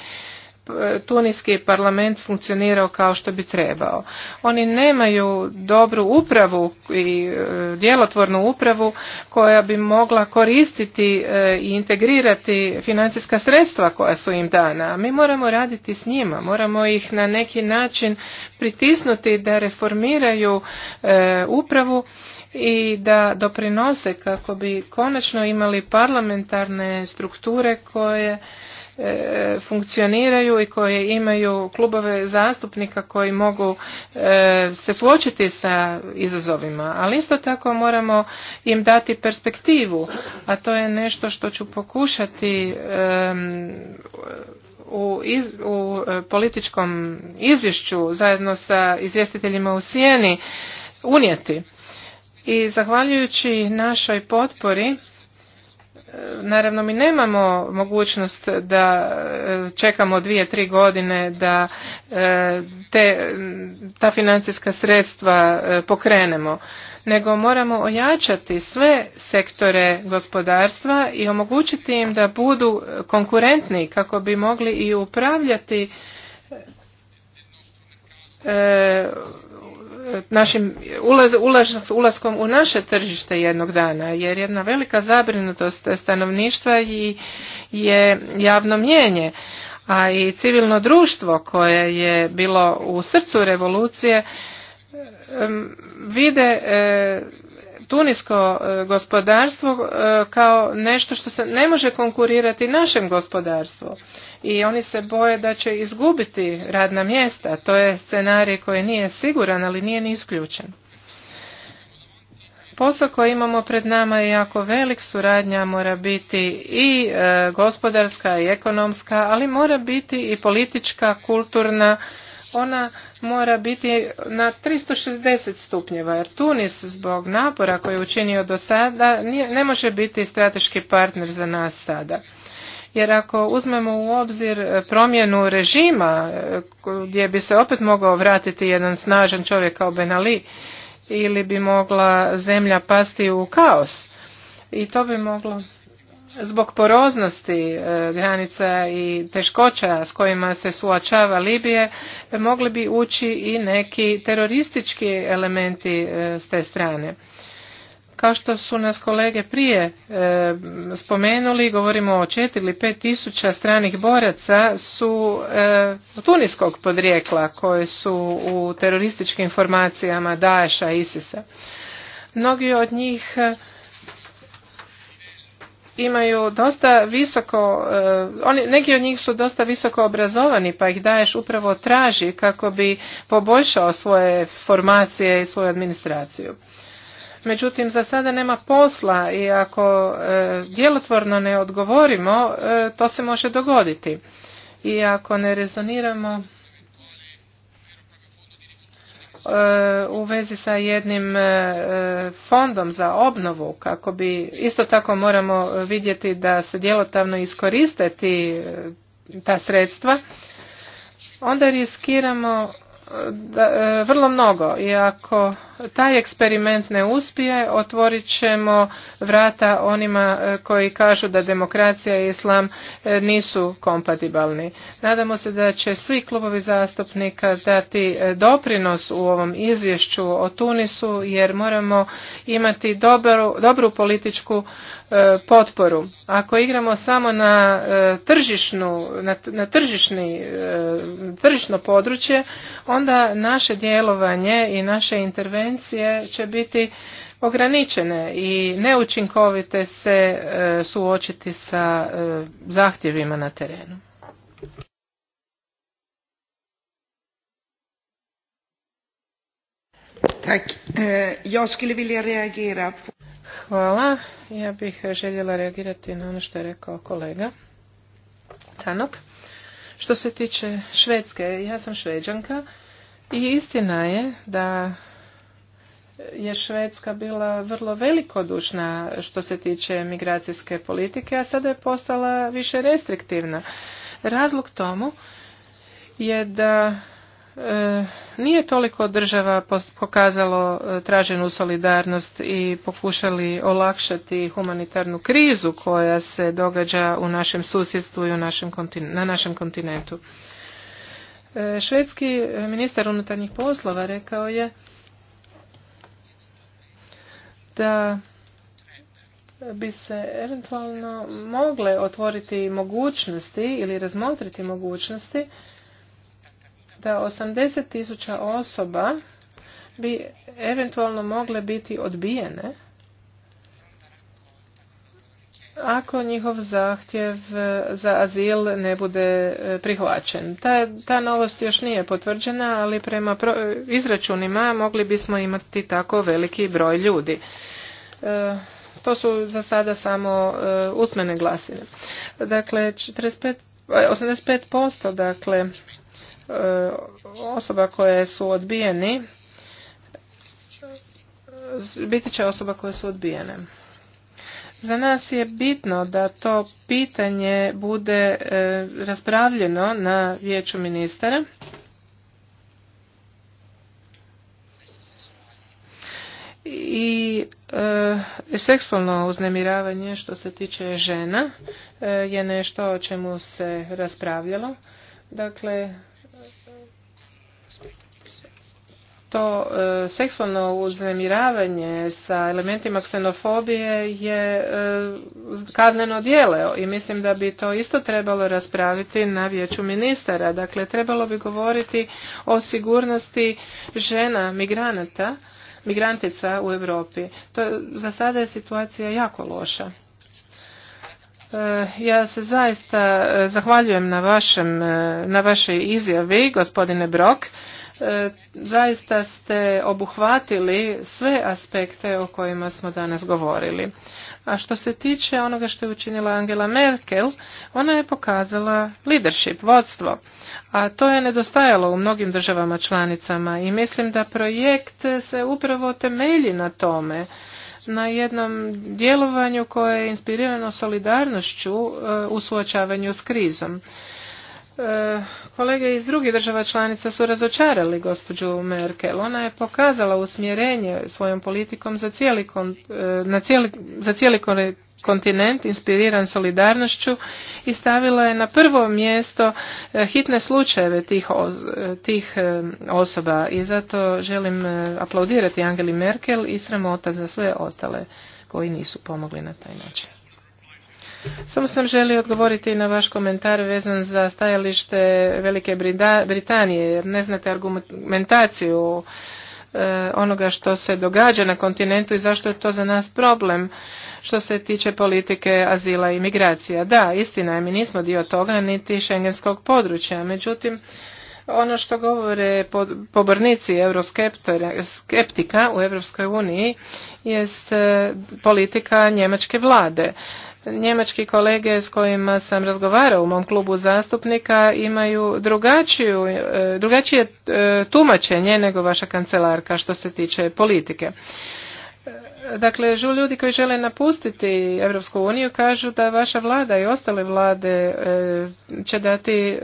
Tunijski parlament funkcionirao kao što bi trebao. Oni nemaju dobru upravu i e, djelotvornu upravu koja bi mogla koristiti e, i integrirati financijska sredstva koja su im dana. Mi moramo raditi s njima, moramo ih na neki način pritisnuti da reformiraju e, upravu i da doprinose kako bi konačno imali parlamentarne strukture koje funkcioniraju i koje imaju klubove zastupnika koji mogu e, se suočiti sa izazovima, ali isto tako moramo im dati perspektivu, a to je nešto što ću pokušati u, u e, političkom izvješću zajedno sa izvjestiteljima u Sijeni unijeti. I zahvaljujući našoj potpori Naravno, mi nemamo mogućnost da e, čekamo dvije, tri godine da e, te, ta financijska sredstva e, pokrenemo, nego moramo ojačati sve sektore gospodarstva i omogućiti im da budu konkurentni kako bi mogli i upravljati našim ulaskom u naše tržište jednog dana jer jedna velika zabrinutost stanovništva i je javno mnjenje a i civilno društvo koje je bilo u srcu revolucije vide e, tunisko e, gospodarstvo e, kao nešto što se ne može konkurirati našem gospodarstvu i oni se boje da će izgubiti radna mjesta. To je scenarij koji nije siguran, ali nije ni isključen. Posao koji imamo pred nama je jako velik, suradnja mora biti i e, gospodarska i ekonomska, ali mora biti i politička, kulturna, ona mora biti na 360 stupnjeva, jer Tunis zbog napora koji je učinio do sada ne može biti strateški partner za nas sada jer ako uzmemo u obzir e, promjenu režima e, gdje bi se opet mogao vratiti jedan snažan čovjek kao Ali ili bi mogla zemlja pasti u kaos i to bi moglo zbog poroznosti e, granica i teškoća s kojima se suočava Libije mogli bi ući i neki teroristički elementi s te strane. Kao što su nas kolege prije e, spomenuli, govorimo o četiri ili 5 tisuća stranih boraca su e, tuniskog podrijekla koje su u terorističkim formacijama Daesha, Isisa. Mnogi od njih e, imaju dosta visoko, e, oni, neki od njih su dosta visoko obrazovani pa ih daješ upravo traži kako bi poboljšao svoje formacije i svoju administraciju međutim za sada nema posla i ako e, djelotvorno ne odgovorimo e, to se može dogoditi i ako ne rezoniramo e, u vezi sa jednim fondom za obnovu kako bi isto tako moramo vidjeti da se djelotavno iskoriste ta sredstva onda riskiramo E, vrlo mnogo i ako taj eksperiment ne uspije otvorit ćemo vrata onima e, koji kažu da demokracija i islam e, nisu kompatibilni. Nadamo se da će svi klubovi zastupnika dati doprinos u ovom izvješću o Tunisu jer moramo imati dobru, dobru političku E, potporu. Ako igramo samo na e, tržišnu, na, tržišni, e, tržišno područje, onda naše djelovanje i naše intervencije će biti ograničene i neučinkovite se suočiti sa zahtjevima na terenu. Tack. Jag skulle vilja reagera Hvala. Ja bih željela reagirati na ono što je rekao kolega Tanok. Što se tiče Švedske, ja sam Šveđanka i istina je da je Švedska bila vrlo velikodušna što se tiče migracijske politike, a sada je postala više restriktivna. Razlog tomu je da E, nije toliko država pokazalo e, traženu solidarnost i pokušali olakšati humanitarnu krizu koja se događa u našem susjedstvu i na našem kontinentu. E, švedski ministar unutarnjih poslova rekao je da bi se eventualno mogle otvoriti mogućnosti ili razmotriti mogućnosti da 80 tisuća osoba bi eventualno mogle biti odbijene ako njihov zahtjev za azil ne bude e, prihvaćen. Ta, ta novost još nije potvrđena, ali prema izračunima mogli bismo imati tako veliki broj ljudi. E, to su za sada samo e, usmene glasine. Dakle, 45, 85% dakle E, osoba koje su odbijeni biti će osoba koje su odbijene. Za nas je bitno da to pitanje bude e, raspravljeno na vijeću ministara. i e, seksualno uznemiravanje što se tiče žena je nešto o čemu se raspravljalo. Dakle, to e, seksualno uznemiravanje sa elementima ksenofobije je e, kazneno djelo i mislim da bi to isto trebalo raspraviti na vijeću ministara. Dakle, trebalo bi govoriti o sigurnosti žena migranata, migrantica u Europi. To za sada je situacija jako loša. E, ja se zaista zahvaljujem na, na vašoj izjavi, gospodine Brok. E, zaista ste obuhvatili sve aspekte o kojima smo danas govorili. A što se tiče onoga što je učinila Angela Merkel, ona je pokazala leadership, vodstvo. A to je nedostajalo u mnogim državama članicama i mislim da projekt se upravo temelji na tome na jednom djelovanju koje je inspirirano solidarnošću e, u suočavanju s krizom. E, kolege iz drugih država članica su razočarali gospođu Merkel. Ona je pokazala usmjerenje svojom politikom za cijeli, e, na za cijeli kontinent inspiriran solidarnošću i stavila je na prvo mjesto e, hitne slučajeve tih, tih osoba i zato želim aplaudirati Angeli Merkel i sramota za sve ostale koji nisu pomogli na taj način. Samo sam želio odgovoriti na vaš komentar vezan za stajalište Velike Britanije, jer ne znate argumentaciju e, onoga što se događa na kontinentu i zašto je to za nas problem što se tiče politike azila i migracija. Da, istina je, mi nismo dio toga, niti šengenskog područja. Međutim, ono što govore pobornici skeptika u Europskoj uniji jest e, politika njemačke vlade. Njemački kolege s kojima sam razgovarao u mom klubu zastupnika imaju drugačiju, e, drugačije e, tumačenje nego vaša kancelarka što se tiče politike. Dakle, ljudi koji žele napustiti Europsku uniju kažu da vaša vlada i ostale vlade e, će dati e,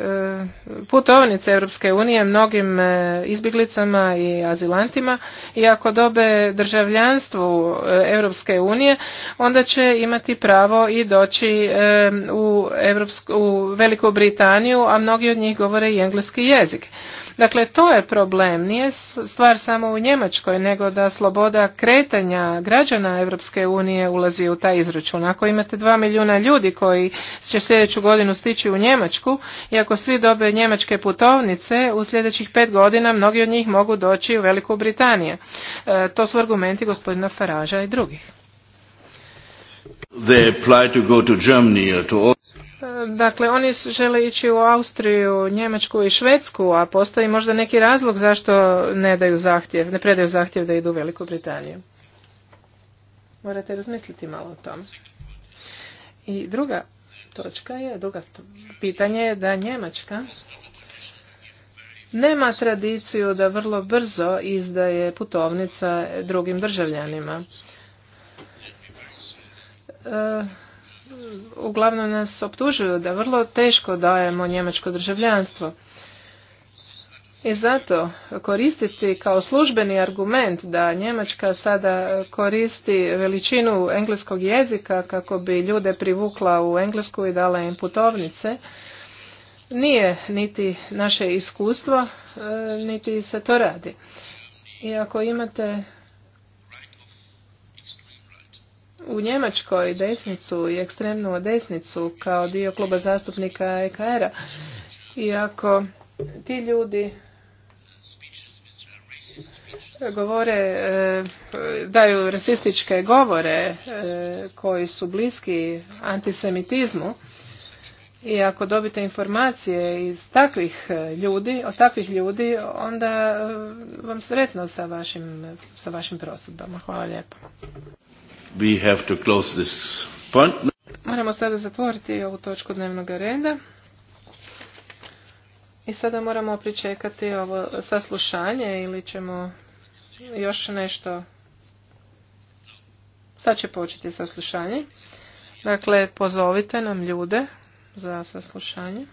putovnice Europske unije mnogim e, izbjeglicama i azilantima i ako dobe državljanstvo Europske unije, onda će imati pravo i doći u, Evropsku, u Veliku Britaniju, a mnogi od njih govore i engleski jezik. Dakle, to je problem. Nije stvar samo u Njemačkoj, nego da sloboda kretanja građana Europske unije ulazi u taj izračun. Ako imate dva milijuna ljudi koji će sljedeću godinu stići u Njemačku, i ako svi dobe njemačke putovnice, u sljedećih pet godina mnogi od njih mogu doći u Veliku Britaniju. E, to su argumenti gospodina Faraža i drugih. Dakle, oni žele ići u Austriju, Njemačku i Švedsku, a postoji možda neki razlog zašto ne daju zahtjev, ne predaju zahtjev da idu u Veliku Britaniju. Morate razmisliti malo o tom. I druga točka je, druga pitanje je da Njemačka nema tradiciju da vrlo brzo izdaje putovnica drugim državljanima. E, uglavnom nas optužuju da vrlo teško dajemo njemačko državljanstvo. I zato koristiti kao službeni argument da Njemačka sada koristi veličinu engleskog jezika kako bi ljude privukla u englesku i dala im putovnice, nije niti naše iskustvo, e, niti se to radi. I ako imate u Njemačkoj desnicu i ekstremnu desnicu kao dio kluba zastupnika EKR-a. Iako ti ljudi govore, eh, daju rasističke govore eh, koji su bliski antisemitizmu i ako dobite informacije iz takvih eh, ljudi, od takvih ljudi, onda vam sretno sa vašim, sa vašim prosudbama. Hvala lijepo. Moramo sada zatvoriti ovu točku dnevnog reda. I sada moramo pričekati ovo saslušanje ili ćemo još nešto... Sad će početi saslušanje. Dakle, pozovite nam ljude za saslušanje.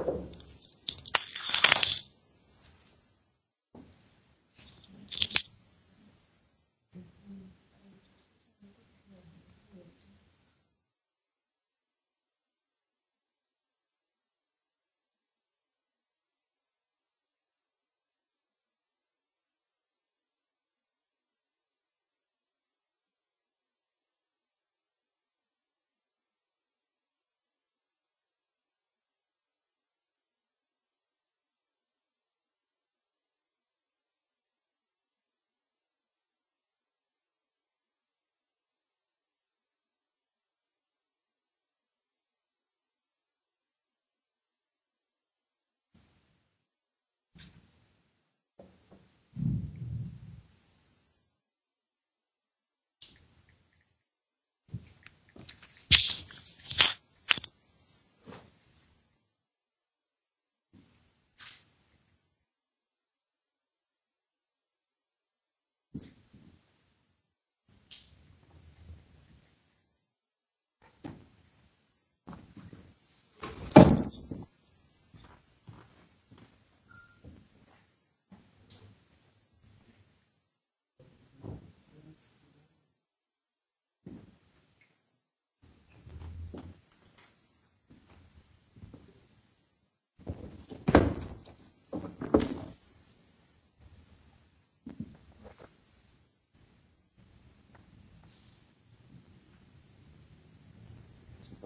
Hvala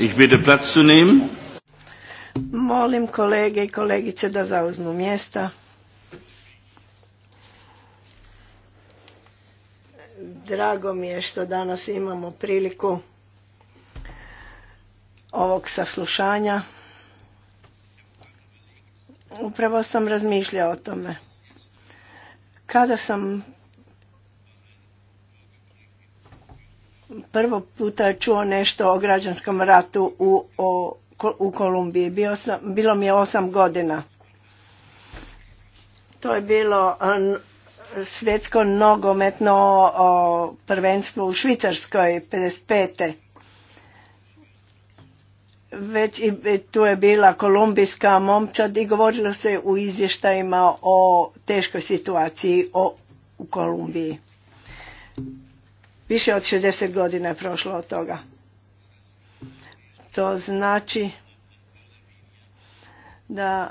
Ich bitte Molim kolege i kolegice da zauzmu mjesta. Drago mi je što danas imamo priliku ovog saslušanja. Upravo sam razmišljao o tome. Kada sam prvo puta čuo nešto o građanskom ratu u, u Kolumbiji. Bio sam, bilo mi je osam godina. To je bilo svjetsko nogometno prvenstvo u Švicarskoj 55. Već tu je bila kolumbijska momčad i govorilo se u izvještajima o teškoj situaciji o, u Kolumbiji. Više od 60 godina je prošlo od toga. To znači da e,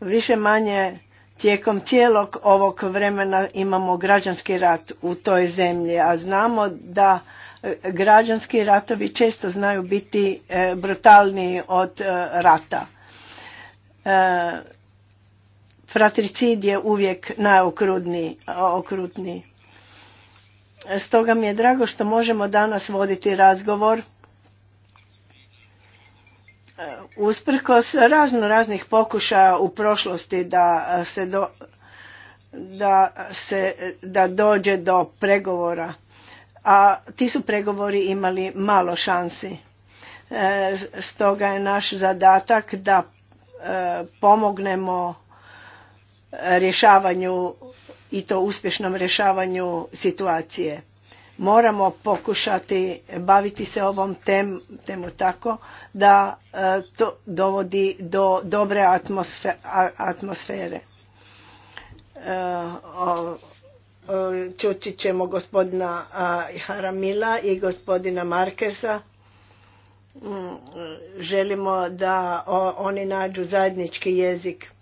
više manje tijekom cijelog ovog vremena imamo građanski rat u toj zemlji, a znamo da e, građanski ratovi često znaju biti e, brutalniji od rata. Fratricid je uvijek najokrutniji. Stoga mi je drago što možemo danas voditi razgovor e, usprkos razno raznih pokušaja u prošlosti da se da se da dođe do pregovora a ti su pregovori imali malo šansi e, stoga je naš zadatak da e, pomognemo rješavanju i to uspješnom rješavanju situacije. Moramo pokušati baviti se ovom tem, temu tako da e, to dovodi do dobre atmosfere. E, Čući ćemo gospodina Haramila i gospodina Markesa mm, e, želimo da oni nađu zajednički jezik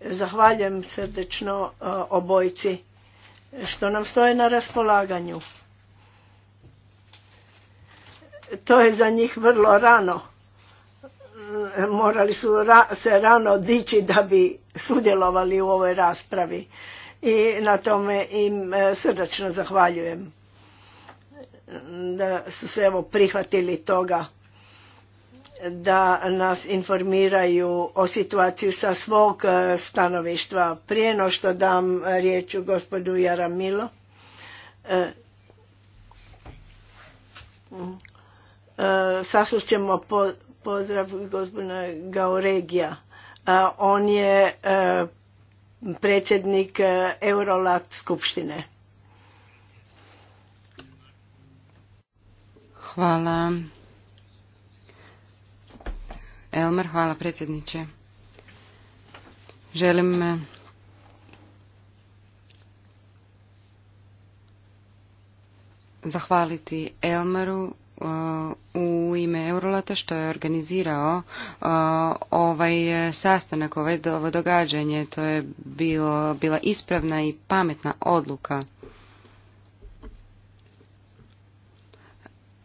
Zahvaljujem srdečno e, obojci što nam stoje na raspolaganju. To je za njih vrlo rano. E, morali su se rano dići da bi sudjelovali u ovoj raspravi i na tome im e, srdačno zahvaljujem da su se evo prihvatili toga da nas informiraju o situaciji sa svog e, stanovištva. Prije no što dam riječ u gospodu Jaramilo, e, e, saslušćemo pozdrav gospodina Gauregija. On je predsjednik Eurolat skupštine. Hvala Elmar, hvala predsjedniče. Želim eh, zahvaliti Elmaru eh, u ime Eurolata što je organizirao eh, ovaj sastanak, ovaj događanje. To je bila ispravna i pametna odluka.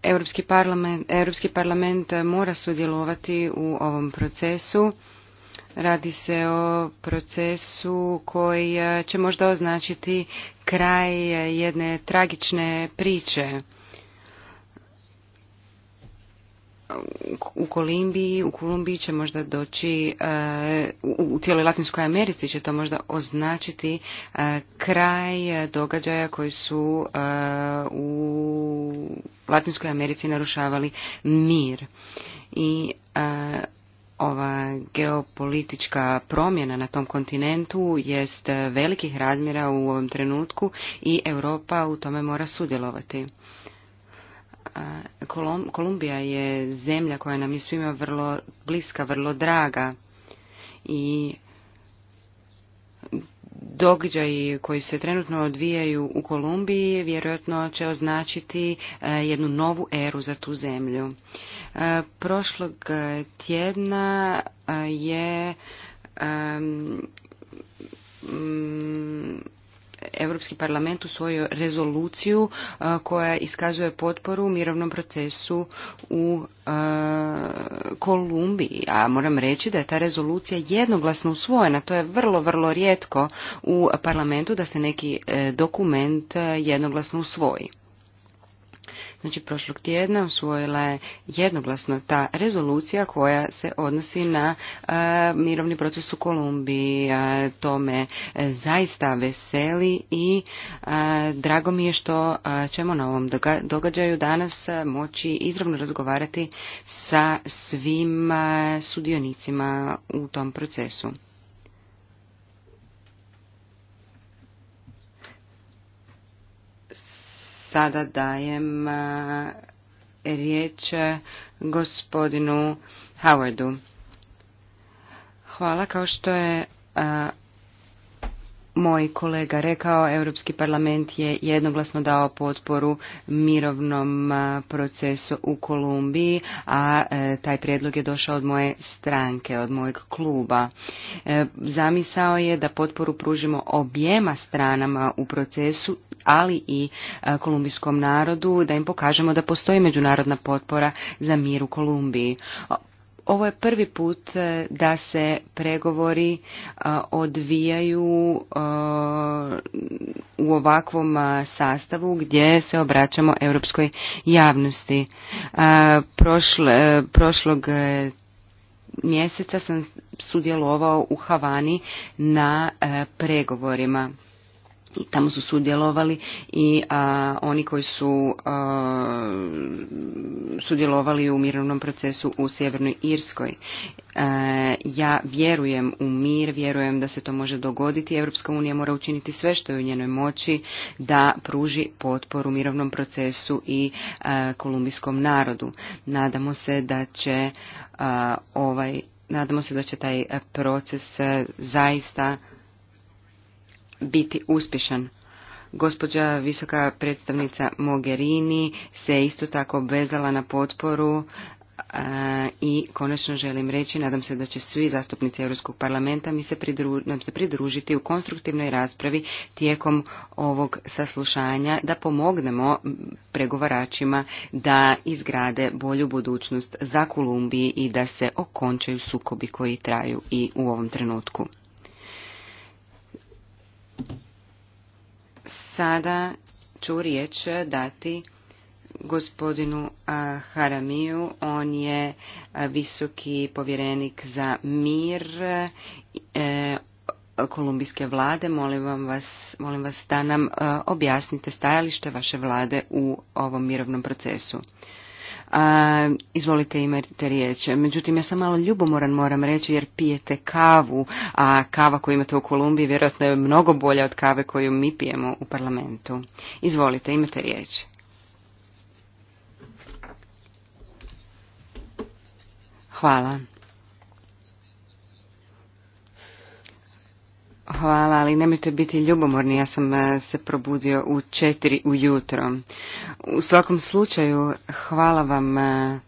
Europski parlament, Europski parlament eh, mora sudjelovati u ovom procesu. Radi se o procesu koji eh, će možda označiti kraj eh, jedne tragične priče. u Kolumbiji, u Kolumbiji će možda doći, e, u cijeloj Latinskoj Americi će to možda označiti e, kraj događaja koji su e, u Latinskoj Americi narušavali mir. I ova geopolitička promjena na tom kontinentu jest velikih razmjera u ovom trenutku i Europa u tome mora sudjelovati. Kolumbija je zemlja koja nam je svima vrlo bliska, vrlo draga i događaji koji se trenutno odvijaju u Kolumbiji vjerojatno će označiti e, jednu novu eru za tu zemlju. E, prošlog tjedna e, je Europski parlament usvojio rezoluciju e, koja iskazuje potporu mirovnom procesu u e, Kolumbiji. A moram reći da je ta rezolucija jednoglasno usvojena. To je vrlo, vrlo rijetko u parlamentu da se neki e, dokument jednoglasno usvoji. Znači, prošlog tjedna usvojila je jednoglasno ta rezolucija koja se odnosi na e, mirovni proces u Kolumbiji. A, e, to me e, zaista veseli i drago mi je što ćemo na ovom događaju danas moći izravno razgovarati sa svim sudionicima u tom procesu. sada dajem riječ gospodinu Howardu. Hvala, kao što je moj kolega rekao, Europski parlament je jednoglasno dao potporu mirovnom procesu u Kolumbiji, a e, taj prijedlog je došao od moje stranke, od mojeg kluba. E, zamisao je da potporu pružimo objema stranama u procesu, ali i kolumbijskom narodu, da im pokažemo da postoji međunarodna potpora za mir u Kolumbiji. Ovo je prvi put e, da se pregovori e, odvijaju e, u ovakvom sastavu gdje se obraćamo europskoj javnosti. prošlog mjeseca sam sudjelovao u Havani na pregovorima tamo su sudjelovali i oni koji su sudjelovali u mirovnom procesu u Sjevernoj Irskoj. E, ja vjerujem u mir, vjerujem da se to može dogoditi. Europska unija mora učiniti sve što je u njenoj moći da pruži potporu mirovnom procesu i kolumbijskom narodu. Nadamo se da će ovaj Nadamo se da će taj proces e, zaista biti uspješan. Gospođa visoka predstavnica Mogherini se isto tako obvezala na potporu e, i konačno želim reći, nadam se da će svi zastupnici Europskog parlamenta mi se nam se pridružiti u konstruktivnoj raspravi tijekom ovog saslušanja da pomognemo pregovaračima da izgrade bolju budućnost za Kolumbiji i da se okončaju sukobi koji traju i u ovom trenutku. Sada ću riječ dati gospodinu Haramiju. On je visoki povjerenik za mir e, kolumbijske vlade. Molim, vas, molim vas da nam objasnite stajalište vaše vlade u ovom mirovnom procesu izvolite imate riječ. Međutim, ja sam malo ljubomoran moram reći jer pijete kavu, a kava koju imate u Kolumbiji vjerojatno je mnogo bolja od kave koju mi pijemo u parlamentu. Izvolite, imate riječ. Hvala. Hvala, ali nemojte biti ljubomorni, ja sam e, se probudio u četiri ujutro. U svakom slučaju, hvala vam e,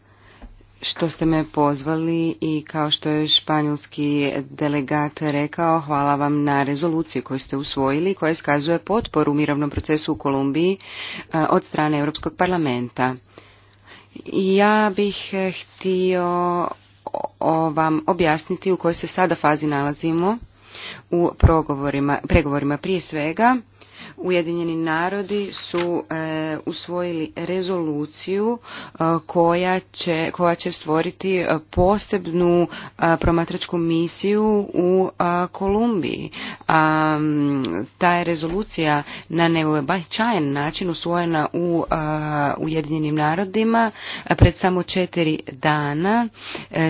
što ste me pozvali i kao što je španjolski delegat rekao, hvala vam na rezoluciji koju ste usvojili koja iskazuje potporu mirovnom procesu u Kolumbiji e, od strane Europskog parlamenta. Ja bih htio vam objasniti u kojoj se sada fazi nalazimo u pregovorima prije svega Ujedinjeni narodi su e, usvojili rezoluciju e, koja, će, koja će stvoriti e, posebnu promatračku misiju u Kolumbiji. A, ta je rezolucija na neuobičajen način usvojena u Ujedinjenim narodima pred samo četiri dana.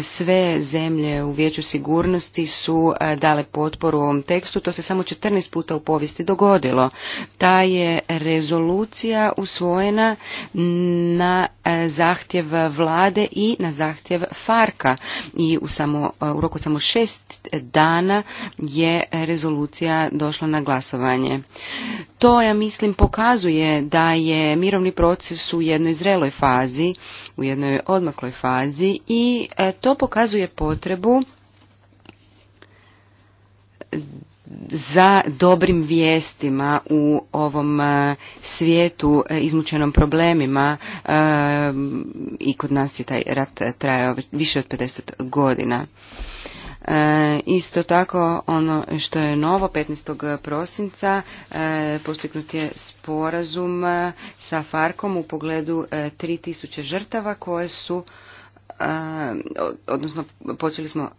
Sve zemlje u Vijeću sigurnosti su dale potporu ovom tekstu. To se samo 14 puta u povijesti dogodilo. Ta je rezolucija usvojena na e, zahtjev vlade i na zahtjev Farka i u, samo, e, u roku samo šest dana je rezolucija došla na glasovanje. To, ja mislim, pokazuje da je mirovni proces u jednoj zreloj fazi, u jednoj odmakloj fazi i e, to pokazuje potrebu za dobrim vijestima u ovom e, svijetu e, izmučenom problemima e, i kod nas je taj rat trajao više od 50 godina. isto tako ono što je novo 15. prosinca e, postignut je sporazum sa Farkom u pogledu e, 3000 žrtava koje su odnosno počeli smo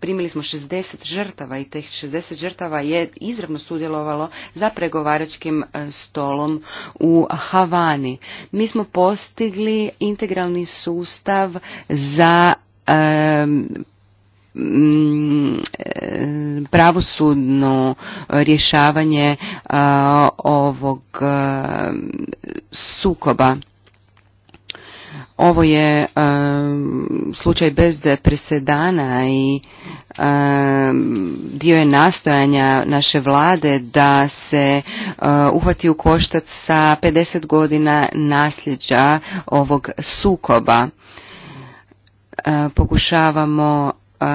primili smo 60 žrtava i teh 60 žrtava je izravno sudjelovalo za pregovaračkim e, stolom u Havani. Mi smo postigli integralni sustav za e, e, pravosudno rješavanje ovog sukoba ovo je slučaj bez presedana i dio je nastojanja naše vlade da se e, uhvati u koštac sa 50 godina nasljeđa ovog sukoba. E, pokušavamo E,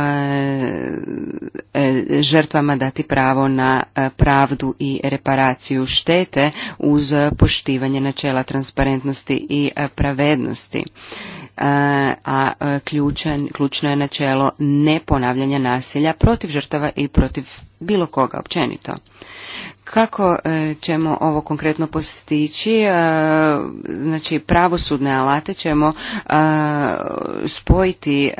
e, žrtvama dati pravo na e, pravdu i reparaciju štete uz poštivanje načela transparentnosti i pravednosti. A ključan, ključno je načelo neponavljanja nasilja protiv žrtava i protiv bilo koga općenito. Kako ćemo ovo konkretno postići? Znači pravosudne alate ćemo spojiti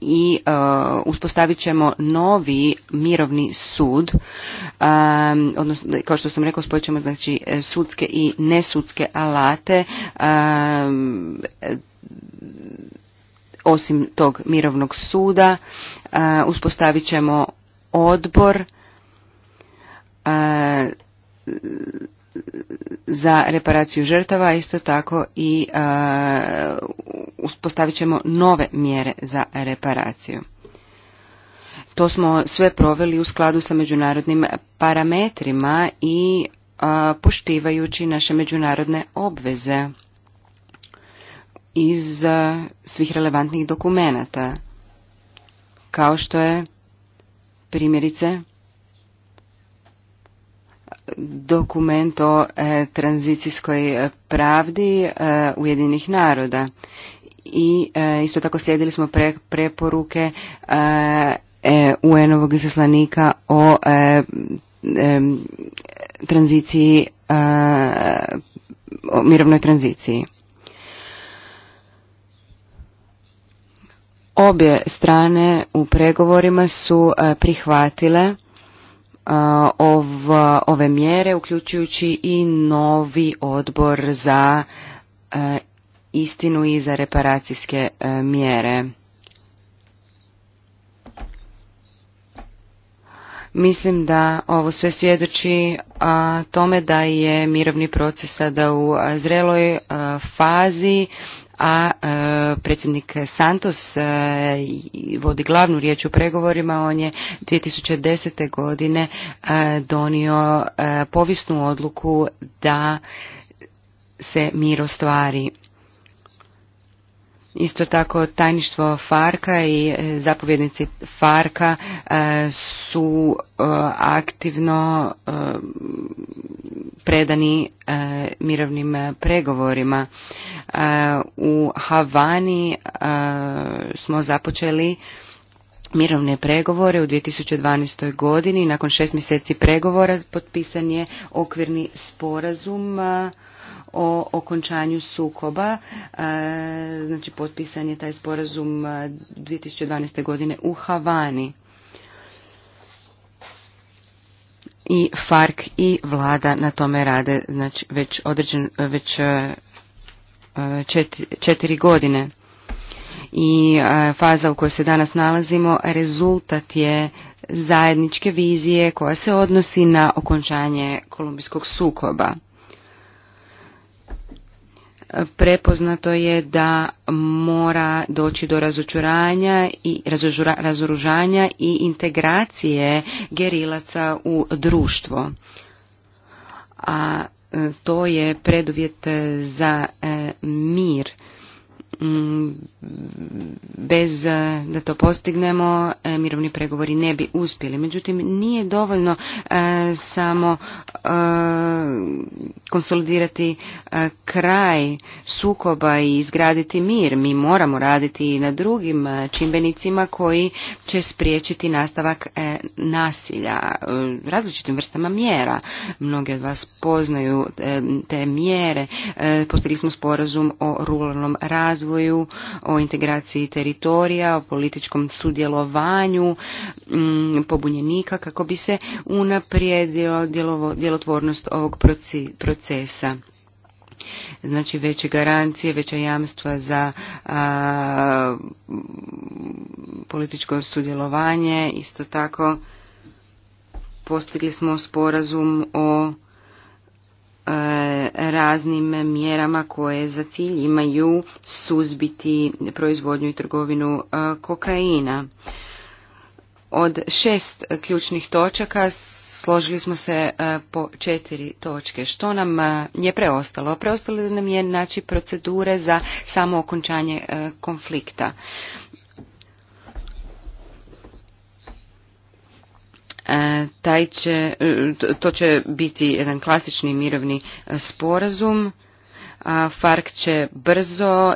i uh, uspostavit ćemo novi mirovni sud, e, odnosno kao što sam rekao spojit ćemo znači, sudske i nesudske alate, e, osim tog mirovnog suda uspostavit ćemo odbor za reparaciju žrtava, isto tako i e, uspostavit ćemo nove mjere za reparaciju. To smo sve proveli u skladu sa međunarodnim parametrima i e, poštivajući naše međunarodne obveze iz e, svih relevantnih dokumenata, kao što je primjerice dokument o e, tranzicijskoj e, pravdi e, naroda. I e, isto tako slijedili smo preporuke UN-ovog izaslanika o tranziciji, o mirovnoj tranziciji. Obje strane u pregovorima su prihvatile ov, ove mjere, uključujući i novi odbor za e, istinu i za reparacijske e, mjere. Mislim da ovo sve svjedoči a, tome da je mirovni proces sada u zreloj fazi a e, predsjednik Santos e, vodi glavnu riječ u pregovorima. On je 2010. godine e, donio povisnu odluku da se mir ostvari Isto tako tajništvo Farka i e, zapovjednici Farka e, su e, aktivno predani mirovnim pregovorima. U Havani smo započeli mirovne pregovore u 2012. godini. Nakon šest mjeseci pregovora potpisan je okvirni sporazum o okončanju sukoba. E, znači, potpisan je taj sporazum 2012. E, godine u Havani. I FARC i vlada na tome rade znači, već, određen, već e, četiri godine. I faza u kojoj se danas nalazimo rezultat je zajedničke vizije koja se odnosi na okončanje kolumbijskog sukoba prepoznato je da mora doći do razočuranja i razoružanja i integracije gerilaca u društvo. A e, to je preduvjet za e, mir Mm, bez eh, da to postignemo eh, mirovni pregovori ne bi uspjeli. Međutim, nije dovoljno eh, samo konsolidirati kraj sukoba i izgraditi mir. Mi moramo raditi i na drugim čimbenicima koji će spriječiti nastavak nasilja različitim vrstama mjera. Mnogi od vas poznaju te mjere. Postigli smo sporazum o ruralnom razvoju o integraciji teritorija, o političkom sudjelovanju mm, pobunjenika kako bi se unaprijedila djelotvornost ovog procesa znači veće garancije, veća jamstva za političko sudjelovanje. Isto tako postigli smo sporazum o E, raznim mjerama koje za cilj imaju suzbiti proizvodnju i trgovinu e, kokaina. Od šest ključnih točaka složili smo se e, po četiri točke. Što nam je preostalo? Preostalo nam je naći procedure za samo okončanje konflikta. E, taj će, e, to će biti jedan klasični mirovni e, sporazum, a Fark će brzo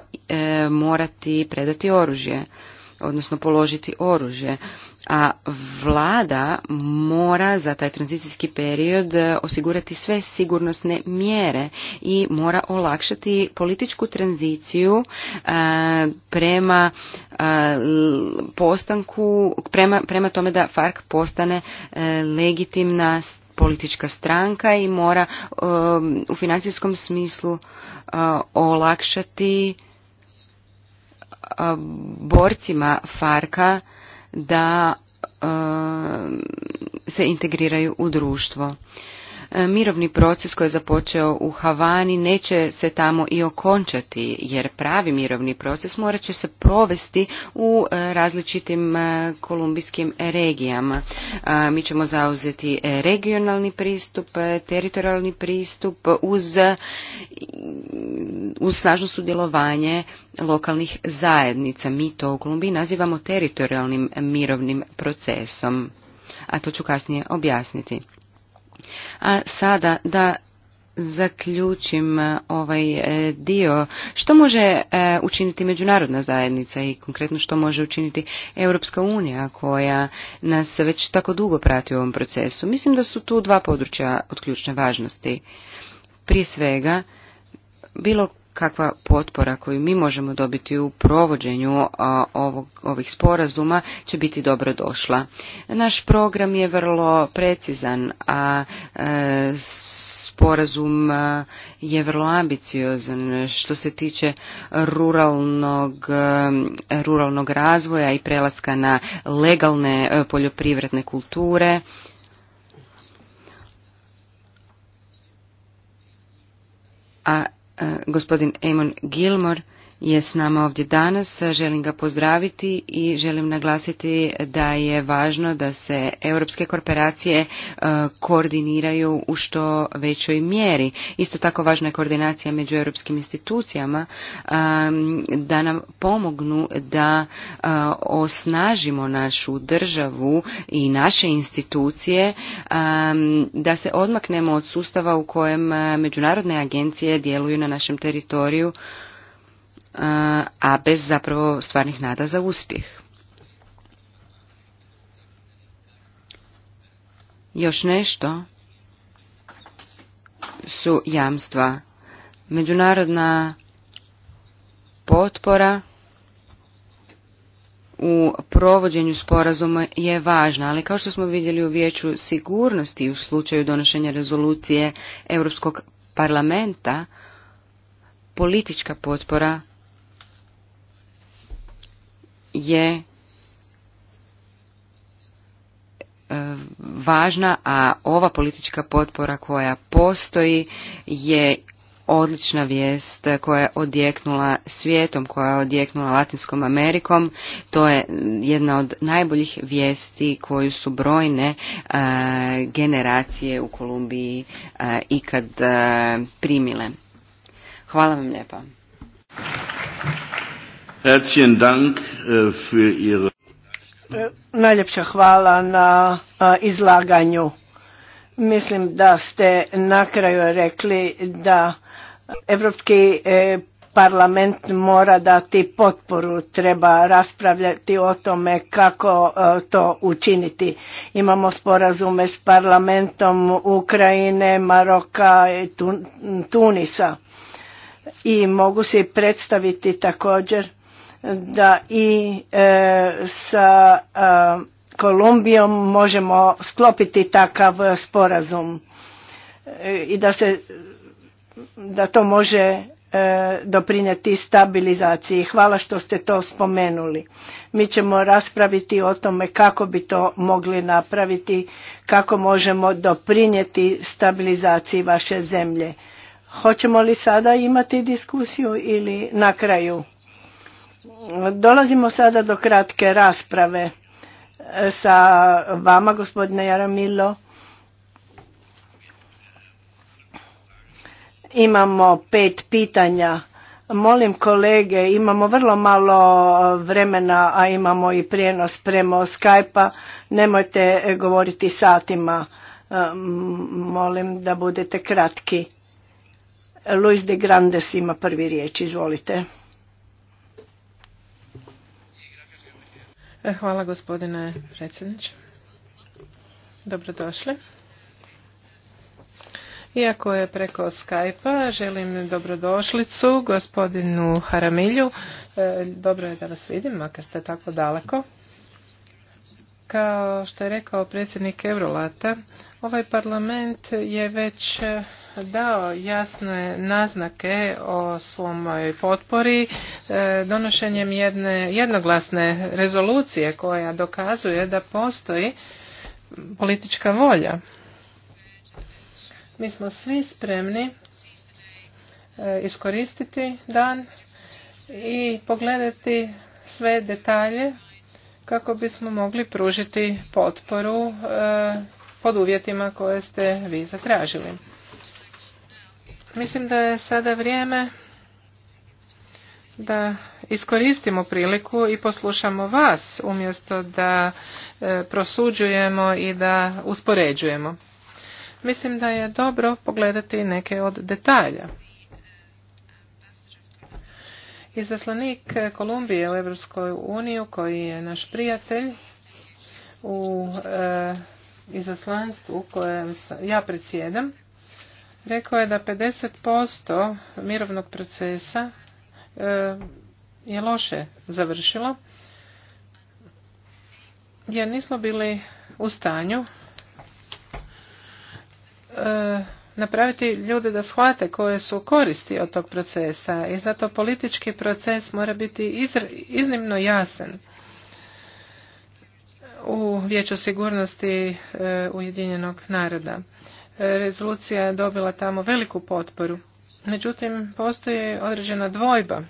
morati predati oružje, odnosno položiti oružje a vlada mora za taj tranzicijski period e, osigurati sve sigurnosne mjere i mora olakšati političku tranziciju e, prema e, postanku prema, prema tome da Fark postane legitimna politička stranka i mora u financijskom smislu olakšati borcima Farka da e, se integriraju u društvo. E, mirovni proces koji je započeo u Havani neće se tamo i okončati, jer pravi mirovni proces morat će se provesti u e, različitim e, kolumbijskim regijama. Mi ćemo zauzeti regionalni pristup, teritorijalni pristup uz, uz snažno sudjelovanje lokalnih zajednica. Mi to u Kolumbiji nazivamo teritorijalnim mirovnim procesom, a to ću kasnije objasniti. A sada da zaključim e, ovaj e, dio. Što može e, učiniti međunarodna zajednica i konkretno što može učiniti Europska unija koja nas već tako dugo prati u ovom procesu? Mislim da su tu dva područja od ključne važnosti. Prije svega, bilo kakva potpora koju mi možemo dobiti u provođenju ovih sporazuma će biti dobro došla. Naš program je vrlo precizan, a e, sporazum e, je vrlo ambiciozan što se tiče ruralnog, e, razvoja i prelaska na legalne poljoprivredne kulture. A gospodin eamon Gilmore je s nama ovdje danas. Želim ga pozdraviti i želim naglasiti da je važno da se europske korporacije e, koordiniraju u što većoj mjeri. Isto tako važna je koordinacija među europskim institucijama da nam pomognu da osnažimo našu državu i naše institucije da se odmaknemo od sustava u kojem međunarodne agencije djeluju na našem teritoriju a bez zapravo stvarnih nada za uspjeh. Još nešto su jamstva. Međunarodna potpora u provođenju sporazuma je važna, ali kao što smo vidjeli u vijeću sigurnosti u slučaju donošenja rezolucije Europskog parlamenta, politička potpora je e, važna, a ova politička potpora koja postoji je odlična vijest koja je odjeknula svijetom, koja je odjeknula Latinskom Amerikom. To je jedna od najboljih vijesti koju su brojne e, generacije u Kolumbiji e, ikad primile. Hvala vam lijepa. Herzlichen Dank äh, für e, Najljepša hvala na izlaganju. Mislim da ste na kraju rekli da Evropski e, parlament mora dati potporu, treba raspravljati o tome kako e, to učiniti. Imamo sporazume s parlamentom Ukrajine, Maroka i Tunisa i mogu se predstaviti također da i e, sa e, Kolumbijom možemo sklopiti takav sporazum e, i da se da to može doprinijeti stabilizaciji. Hvala što ste to spomenuli. Mi ćemo raspraviti o tome kako bi to mogli napraviti, kako možemo doprinijeti stabilizaciji vaše zemlje. Hoćemo li sada imati diskusiju ili na kraju? Dolazimo sada do kratke rasprave e, sa vama, gospodine Jaramilo. Imamo pet pitanja. Molim kolege, imamo vrlo malo e, vremena, a imamo i prijenos prema Skype-a. Nemojte govoriti satima. E, molim da budete kratki. Luis de Grandes ima prvi riječ, izvolite. E, hvala gospodine predsjedniče. Dobrodošli. Iako je preko Skype-a, želim dobrodošlicu gospodinu Haramilju. E, dobro je da vas vidim, makar ste tako daleko. Kao što je rekao predsjednik Eurolata, ovaj parlament je već dao jasne naznake o svojoj potpori e, donošenjem jedne jednoglasne rezolucije koja dokazuje da postoji politička volja. Mi smo svi spremni e, iskoristiti dan i pogledati sve detalje kako bismo mogli pružiti potporu e, pod uvjetima koje ste vi zatražili. Mislim da je sada vrijeme da iskoristimo priliku i poslušamo vas umjesto da e, prosuđujemo i da uspoređujemo. Mislim da je dobro pogledati neke od detalja. Izaslanik Kolumbije u EU uniju koji je naš prijatelj u e, izaslanstvu kojem ja predsjedam Rekao je da 50% mirovnog procesa e, je loše završilo jer nismo bili u stanju e, napraviti ljude da shvate koje su koristi od tog procesa i zato politički proces mora biti iznimno jasan u Vijeću sigurnosti e, Ujedinjenog naroda rezolucija je dobila tamo veliku potporu. Međutim, postoji određena dvojba.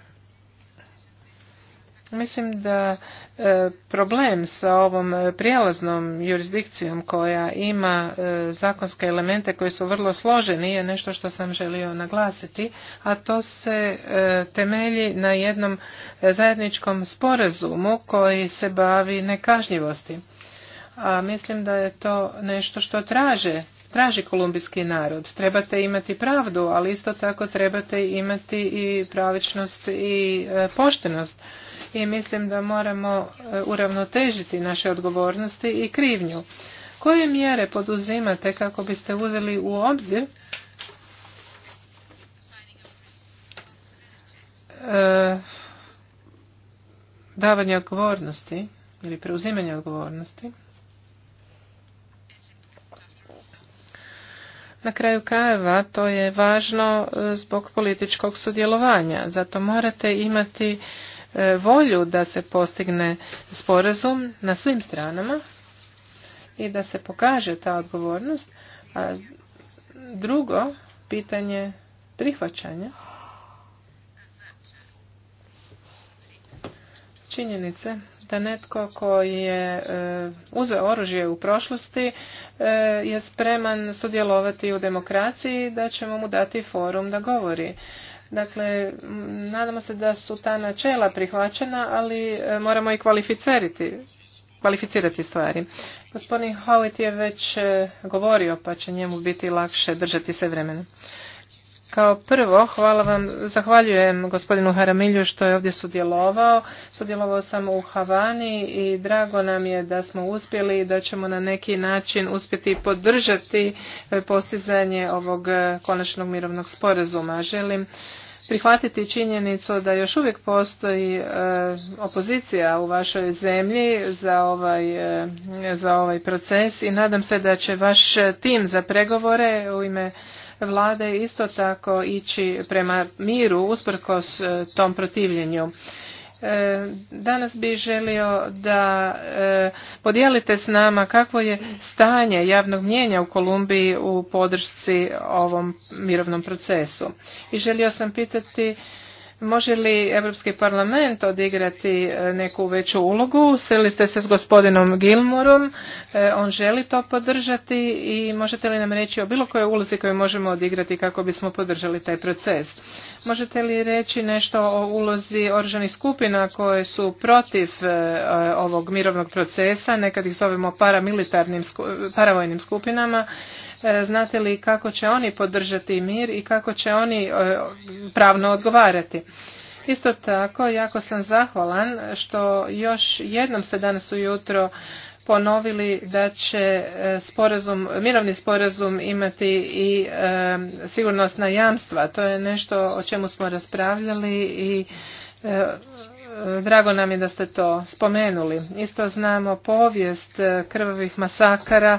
Mislim da e, problem sa ovom prijelaznom jurisdikcijom koja ima e, zakonske elemente koji su vrlo složeni je nešto što sam želio naglasiti, a to se e, temelji na jednom zajedničkom sporazumu koji se bavi nekažnjivosti. A mislim da je to nešto što traže traži kolumbijski narod. Trebate imati pravdu, ali isto tako trebate imati i pravičnost i e, poštenost. I mislim da moramo e, uravnotežiti naše odgovornosti i krivnju. Koje mjere poduzimate kako biste uzeli u obzir e, davanje odgovornosti ili preuzimanje odgovornosti? Na kraju krajeva to je važno e, zbog političkog sudjelovanja, zato morate imati e, volju da se postigne sporazum na svim stranama i da se pokaže ta odgovornost. A drugo pitanje prihvaćanja činjenice da netko koji je e, uzeo oružje u prošlosti e, je spreman sudjelovati u demokraciji da ćemo mu dati forum da govori. Dakle, nadamo se da su ta načela prihvaćena, ali e, moramo i kvalificirati, kvalificirati stvari. Gospodin Howitt je već govorio, pa će njemu biti lakše držati se vremena. Kao prvo, hvala vam, zahvaljujem gospodinu Haramilju što je ovdje sudjelovao. Sudjelovao sam u Havani i drago nam je da smo uspjeli i da ćemo na neki način uspjeti podržati e, postizanje ovog e, konačnog mirovnog sporazuma. Želim prihvatiti činjenicu da još uvijek postoji e, opozicija u vašoj zemlji za ovaj, za ovaj proces i nadam se da će vaš tim za pregovore u ime vlade isto tako ići prema miru usprkos e, tom protivljenju. E, danas bih želio da e, podijelite s nama kakvo je stanje javnog mnjenja u Kolumbiji u podršci ovom mirovnom procesu. I želio sam pitati Može li Europski parlament odigrati e, neku veću ulogu? Sreli ste se s gospodinom Gilmorom, e, on želi to podržati i možete li nam reći o bilo kojoj ulozi koju možemo odigrati kako bismo podržali taj proces? Možete li reći nešto o ulozi oružanih skupina koje su protiv e, ovog mirovnog procesa, nekad ih zovemo paramilitarnim, paravojnim skupinama, E, znate li kako će oni podržati mir i kako će oni e, pravno odgovarati. Isto tako, jako sam zahvalan što još jednom ste danas ujutro ponovili da će e, sporazum, mirovni sporazum imati i e, sigurnosna jamstva. To je nešto o čemu smo raspravljali i drago nam je da ste to spomenuli. Isto znamo povijest krvavih masakara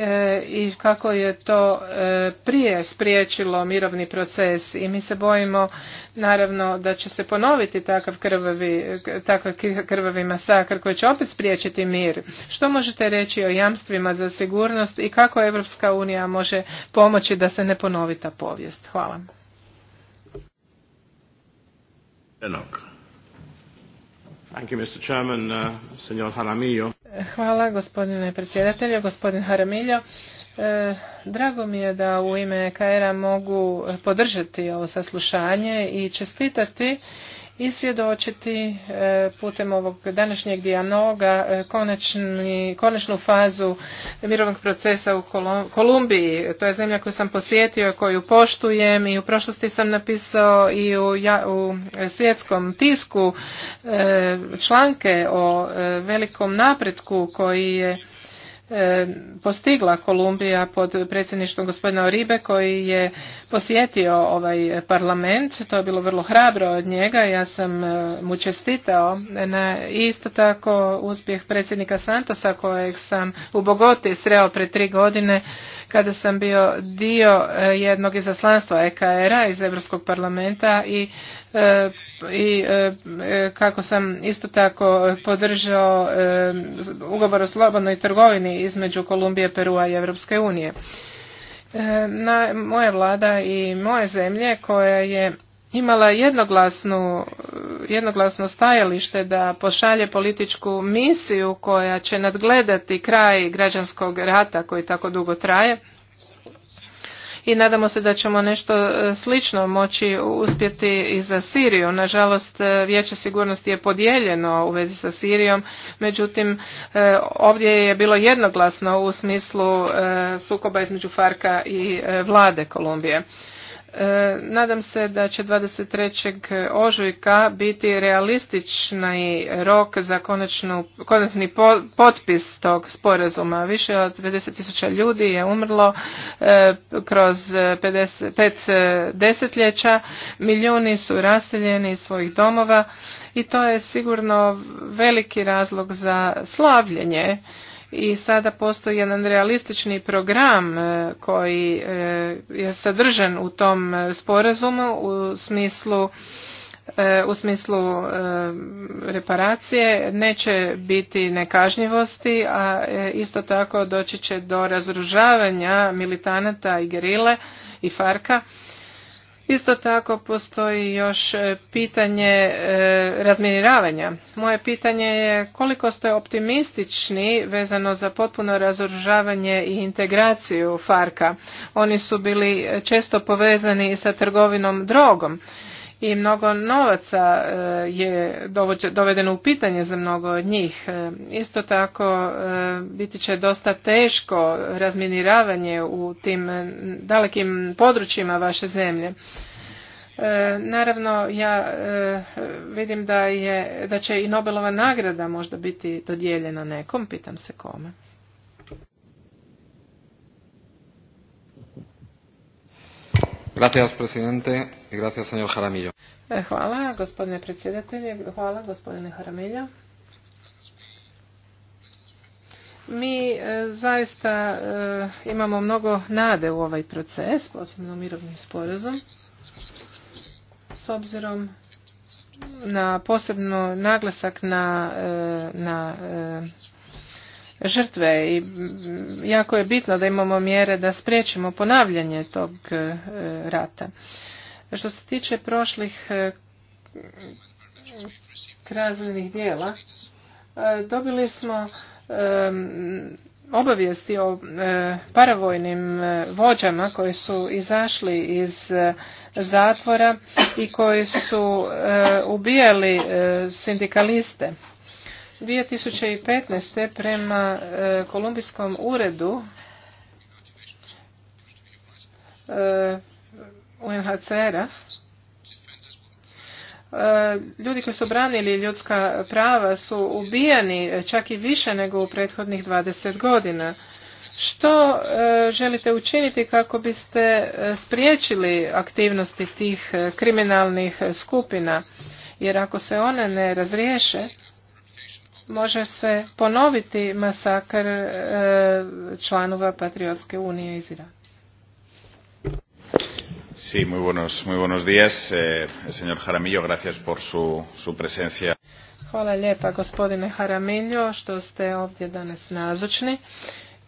E, i kako je to e, prije spriječilo mirovni proces i mi se bojimo naravno da će se ponoviti takav krvavi, takav krvavi masakr koji će opet spriječiti mir. Što možete reći o jamstvima za sigurnost i kako Evropska unija može pomoći da se ne ponovi ta povijest? Hvala. Thank you, Mr. Chairman, uh, Hvala gospodine predsjedatelju, gospodin Haramiljo. E, drago mi je da u ime kr mogu podržati ovo saslušanje i čestitati i e, putem ovog današnjeg dijanoga e, konačnu fazu mirovnog procesa u Kolumbiji. To je zemlja koju sam posjetio, koju poštujem i u prošlosti sam napisao i u, u svjetskom tisku e, članke o velikom napretku koji je E, postigla Kolumbija pod predsjedništvom gospodina Oribe koji je posjetio ovaj parlament. To je bilo vrlo hrabro od njega. Ja sam e, mu čestitao na isto tako uspjeh predsjednika Santosa kojeg sam u Bogoti sreo pred tri godine kada sam bio dio e, jednog izaslanstva EKR-a iz Europskog parlamenta i e, i e, kako sam isto tako podržao ugovor o slobodnoj trgovini između Kolumbije, Perua i Europske unije. Na, moja vlada i moje zemlje koja je imala jednoglasnu, jednoglasno stajalište da pošalje političku misiju koja će nadgledati kraj građanskog rata koji tako dugo traje i nadamo se da ćemo nešto e, slično moći uspjeti i za Siriju. Nažalost, e, Vijeće sigurnosti je podijeljeno u vezi sa Sirijom, međutim e, ovdje je bilo jednoglasno u smislu sukoba između Farka i vlade Kolumbije. E, nadam se da će 23. ožujka biti realistični rok za konačni potpis tog sporazuma. Više od 50.000 ljudi je umrlo e, kroz 50, pet e, desetljeća, milijuni su raseljeni iz svojih domova i to je sigurno veliki razlog za slavljenje i sada postoji jedan realistični program e, koji e, je sadržan u tom e, sporazumu u smislu u smislu reparacije neće biti nekažnjivosti, a isto tako doći će do razružavanja militanata i gerile i farka Isto tako postoji još e, pitanje e, razminiravanja. Moje pitanje je koliko ste optimistični vezano za potpuno razoružavanje i integraciju Farka. Oni su bili e, često povezani sa trgovinom drogom i mnogo novaca e, je dovedeno u pitanje za mnogo od njih. E, isto tako e, biti će dosta teško razminiravanje u tim dalekim područjima vaše zemlje. Naravno, ja vidim da, je, da će i Nobelova nagrada možda biti dodijeljena nekom, pitam se kome. E, hvala, gospodine predsjedatelje. Hvala, gospodine Jaramillo. Mi e, zaista e, imamo mnogo nade u ovaj proces, posebno mirovnim sporazum, s obzirom na posebno naglasak na, na žrtve i jako je bitno da imamo mjere da spriječimo ponavljanje tog e, rata. Što se tiče prošlih e, kaznenih dijela, e, dobili smo obavijesti o paravojnim vođama koji su izašli iz zatvora i koji su ubijali sindikaliste 2015. prema e, Kolumbijskom uredu e, UNHCR-a e, ljudi koji su branili ljudska prava su ubijani čak i više nego u prethodnih 20 godina. Što želite učiniti kako biste spriječili aktivnosti tih kriminalnih skupina? Jer ako se one ne razriješe, može se ponoviti masakr e, članova Patriotske unije iz Irana. Sí, muy buenos, muy buenos días, eh, señor Jaramillo, gracias por su, su presencia. Hvala lijepa gospodine Haramiljo što ste ovdje danas nazočni.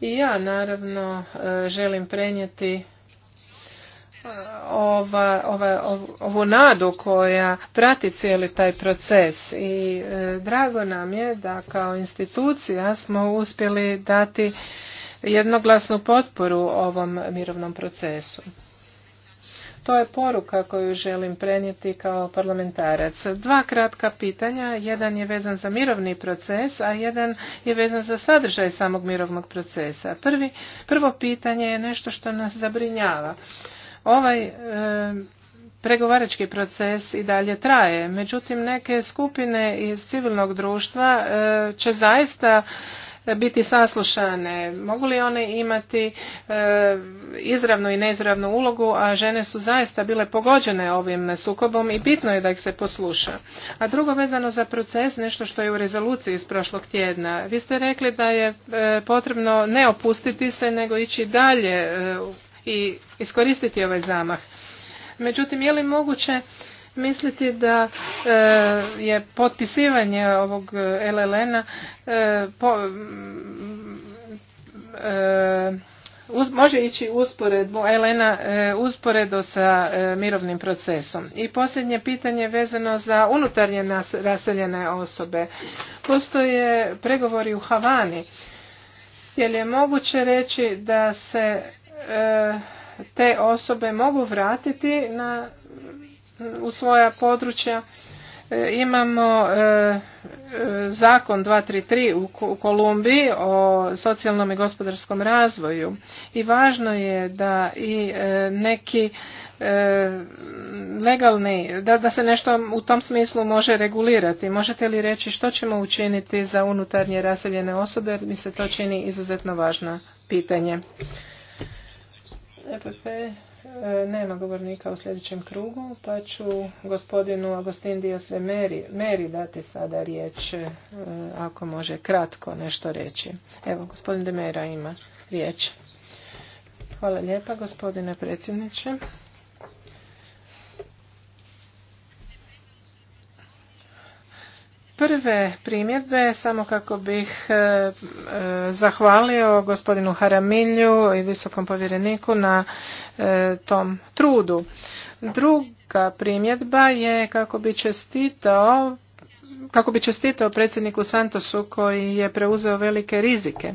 I ja naravno e, želim prenijeti ova, ova, ovu nadu koja prati cijeli taj proces i e, drago nam je da kao institucija smo uspjeli dati jednoglasnu potporu ovom mirovnom procesu. To je poruka koju želim prenijeti kao parlamentarac. Dva kratka pitanja, jedan je vezan za mirovni proces, a jedan je vezan za sadržaj samog mirovnog procesa. Prvi, prvo pitanje je nešto što nas zabrinjava. Ovaj e, pregovarački proces i dalje traje. Međutim, neke skupine iz civilnog društva e, će zaista biti saslušane, mogu li one imati e, izravnu i neizravnu ulogu, a žene su zaista bile pogođene ovim sukobom i bitno je da ih se posluša. A drugo vezano za proces, nešto što je u rezoluciji iz prošlog tjedna. Vi ste rekli da je potrebno ne opustiti se, nego ići dalje e, i iskoristiti ovaj zamah. Međutim, je li moguće misliti da e, je potpisivanje ovog e, LLN-a e, mm, može ići usporedbu Elena usporedo sa mirovnim procesom. I posljednje pitanje vezano za unutarnje nas, raseljene osobe. Postoje pregovori u Havani. Je li je moguće reći da se E, te osobe mogu vratiti na, u svoja područja. E, imamo e, zakon 233 u Kolumbiji o socijalnom i gospodarskom razvoju i važno je da i neki legalni, da, da se nešto u tom smislu može regulirati. Možete li reći što ćemo učiniti za unutarnje raseljene osobe jer mi se to čini izuzetno važno pitanje. EPP e, nema govornika u sljedećem krugu, pa ću gospodinu Agostin Dios de Meri, Meri dati sada riječ, e, ako može kratko nešto reći. Evo, gospodin de Mera ima riječ. Hvala lijepa, gospodine predsjedniče. prve primjedbe, samo kako bih e, e, zahvalio gospodinu Haramilju i visokom povjereniku na e, tom trudu. Druga primjedba je kako bi čestitao kako bi čestitao predsjedniku Santosu koji je preuzeo velike rizike.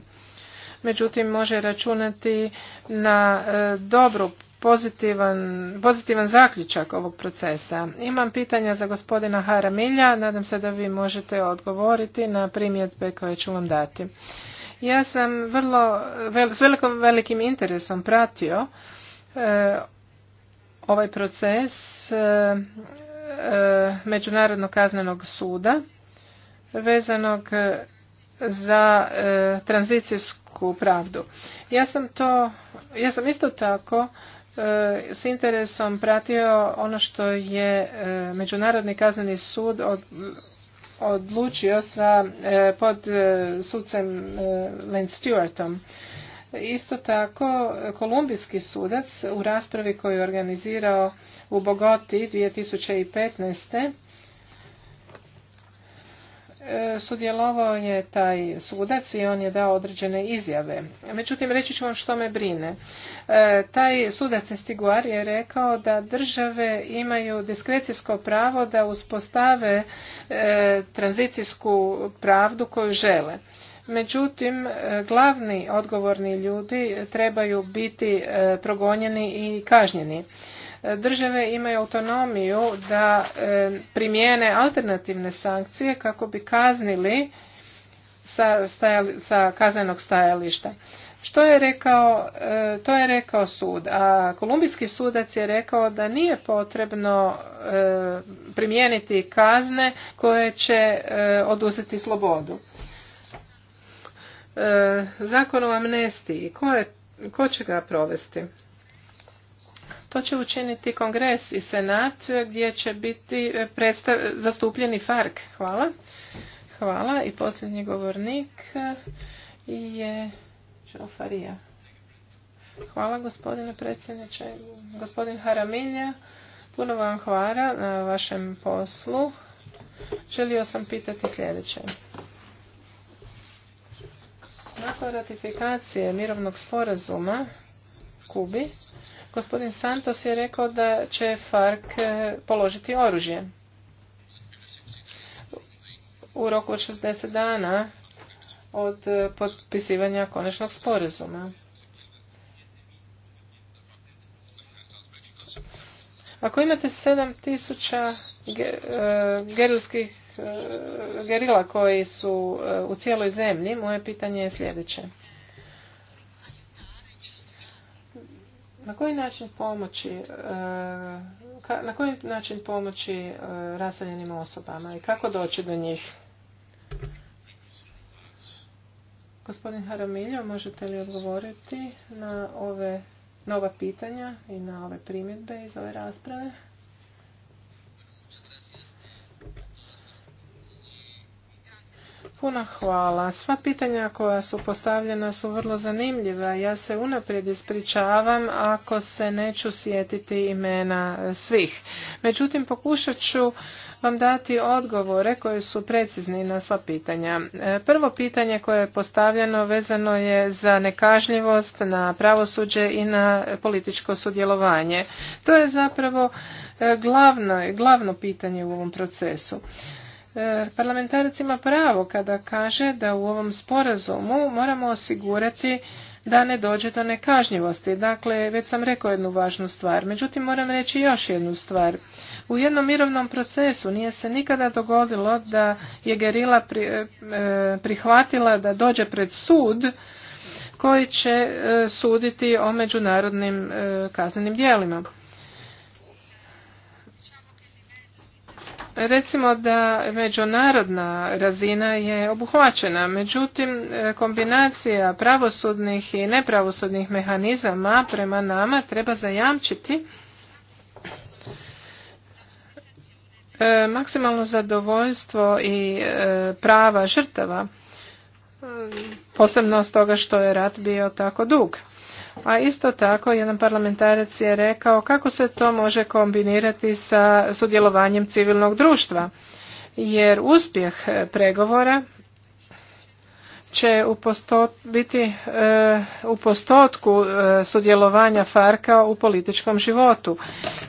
Međutim, može računati na dobru pozitivan, pozitivan zaključak ovog procesa. Imam pitanja za gospodina Milja. nadam se da vi možete odgovoriti na primjedbe koje ću vam dati. Ja sam vrlo, s velikom velikim interesom pratio eh, ovaj proces e, Međunarodnog kaznenog suda vezanog za tranzicijsku pravdu. Ja sam to, ja sam isto tako s interesom pratio ono što je e, Međunarodni kazneni sud odlučio sa e, pod e, sucem Len Stewartom. Isto tako, kolumbijski sudac u raspravi koju je organizirao u Bogoti 2015 sudjelovao je taj sudac i on je dao određene izjave. Međutim, reći ću vam što me brine. E, taj sudac Estiguar je rekao da države imaju diskrecijsko pravo da uspostave e, tranzicijsku pravdu koju žele. Međutim, e, glavni odgovorni ljudi trebaju biti progonjeni i kažnjeni države imaju autonomiju da e, primijene alternativne sankcije kako bi kaznili sa, sa kaznenog stajališta. Što je rekao, e, to je rekao sud, a kolumbijski sudac je rekao da nije potrebno e, primijeniti kazne koje će oduzeti slobodu. Zakon o amnestiji, ko, je, ko će ga provesti? To će učiniti kongres i senat gdje će biti e, zastupljeni FARC. Hvala. Hvala. I posljednji govornik e, je Žofarija. Hvala gospodine predsjedniče. Gospodin Haramilja, puno vam hvala na vašem poslu. Želio sam pitati sljedeće. Nakon ratifikacije mirovnog sporazuma Kubi, Gospodin Santos je rekao da će FARC e, položiti oružje. U roku od 60 dana od e, potpisivanja konačnog sporazuma. Ako imate 7000 e, gerilskih gerila koji su u cijeloj zemlji, moje pitanje je sljedeće. Na koji način pomoći e, na koji način pomoći e, raseljenim osobama i kako doći do njih? Gospodin Haramiljo, možete li odgovoriti na ove nova pitanja i na ove primjedbe iz ove rasprave? Puno hvala. Sva pitanja koja su postavljena su vrlo zanimljiva. Ja se unaprijed ispričavam ako se neću sjetiti imena svih. Međutim, pokušat ću vam dati odgovore koje su precizni na sva pitanja. E, prvo pitanje koje je postavljeno vezano je za nekažljivost na pravosuđe i na političko sudjelovanje. To je zapravo e, glavno pitanje u ovom procesu. E, parlamentarac ima pravo kada kaže da u ovom sporazumu moramo osigurati da ne dođe do nekažnjivosti. Dakle, već sam rekao jednu važnu stvar. Međutim, moram reći još jednu stvar. U jednom mirovnom procesu nije se nikada dogodilo da je gerila e, e, prihvatila da dođe pred sud koji će suditi o međunarodnim kaznenim dijelima. Recimo da međunarodna razina je obuhvaćena, međutim e, kombinacija pravosudnih i nepravosudnih mehanizama prema nama treba zajamčiti e, maksimalno zadovoljstvo i e, prava žrtava, posebno s toga što je rat bio tako dug. A isto tako jedan parlamentarac je rekao kako se to može kombinirati sa sudjelovanjem civilnog društva. Jer uspjeh pregovora će u biti e, u postotku e, sudjelovanja Farka u političkom životu.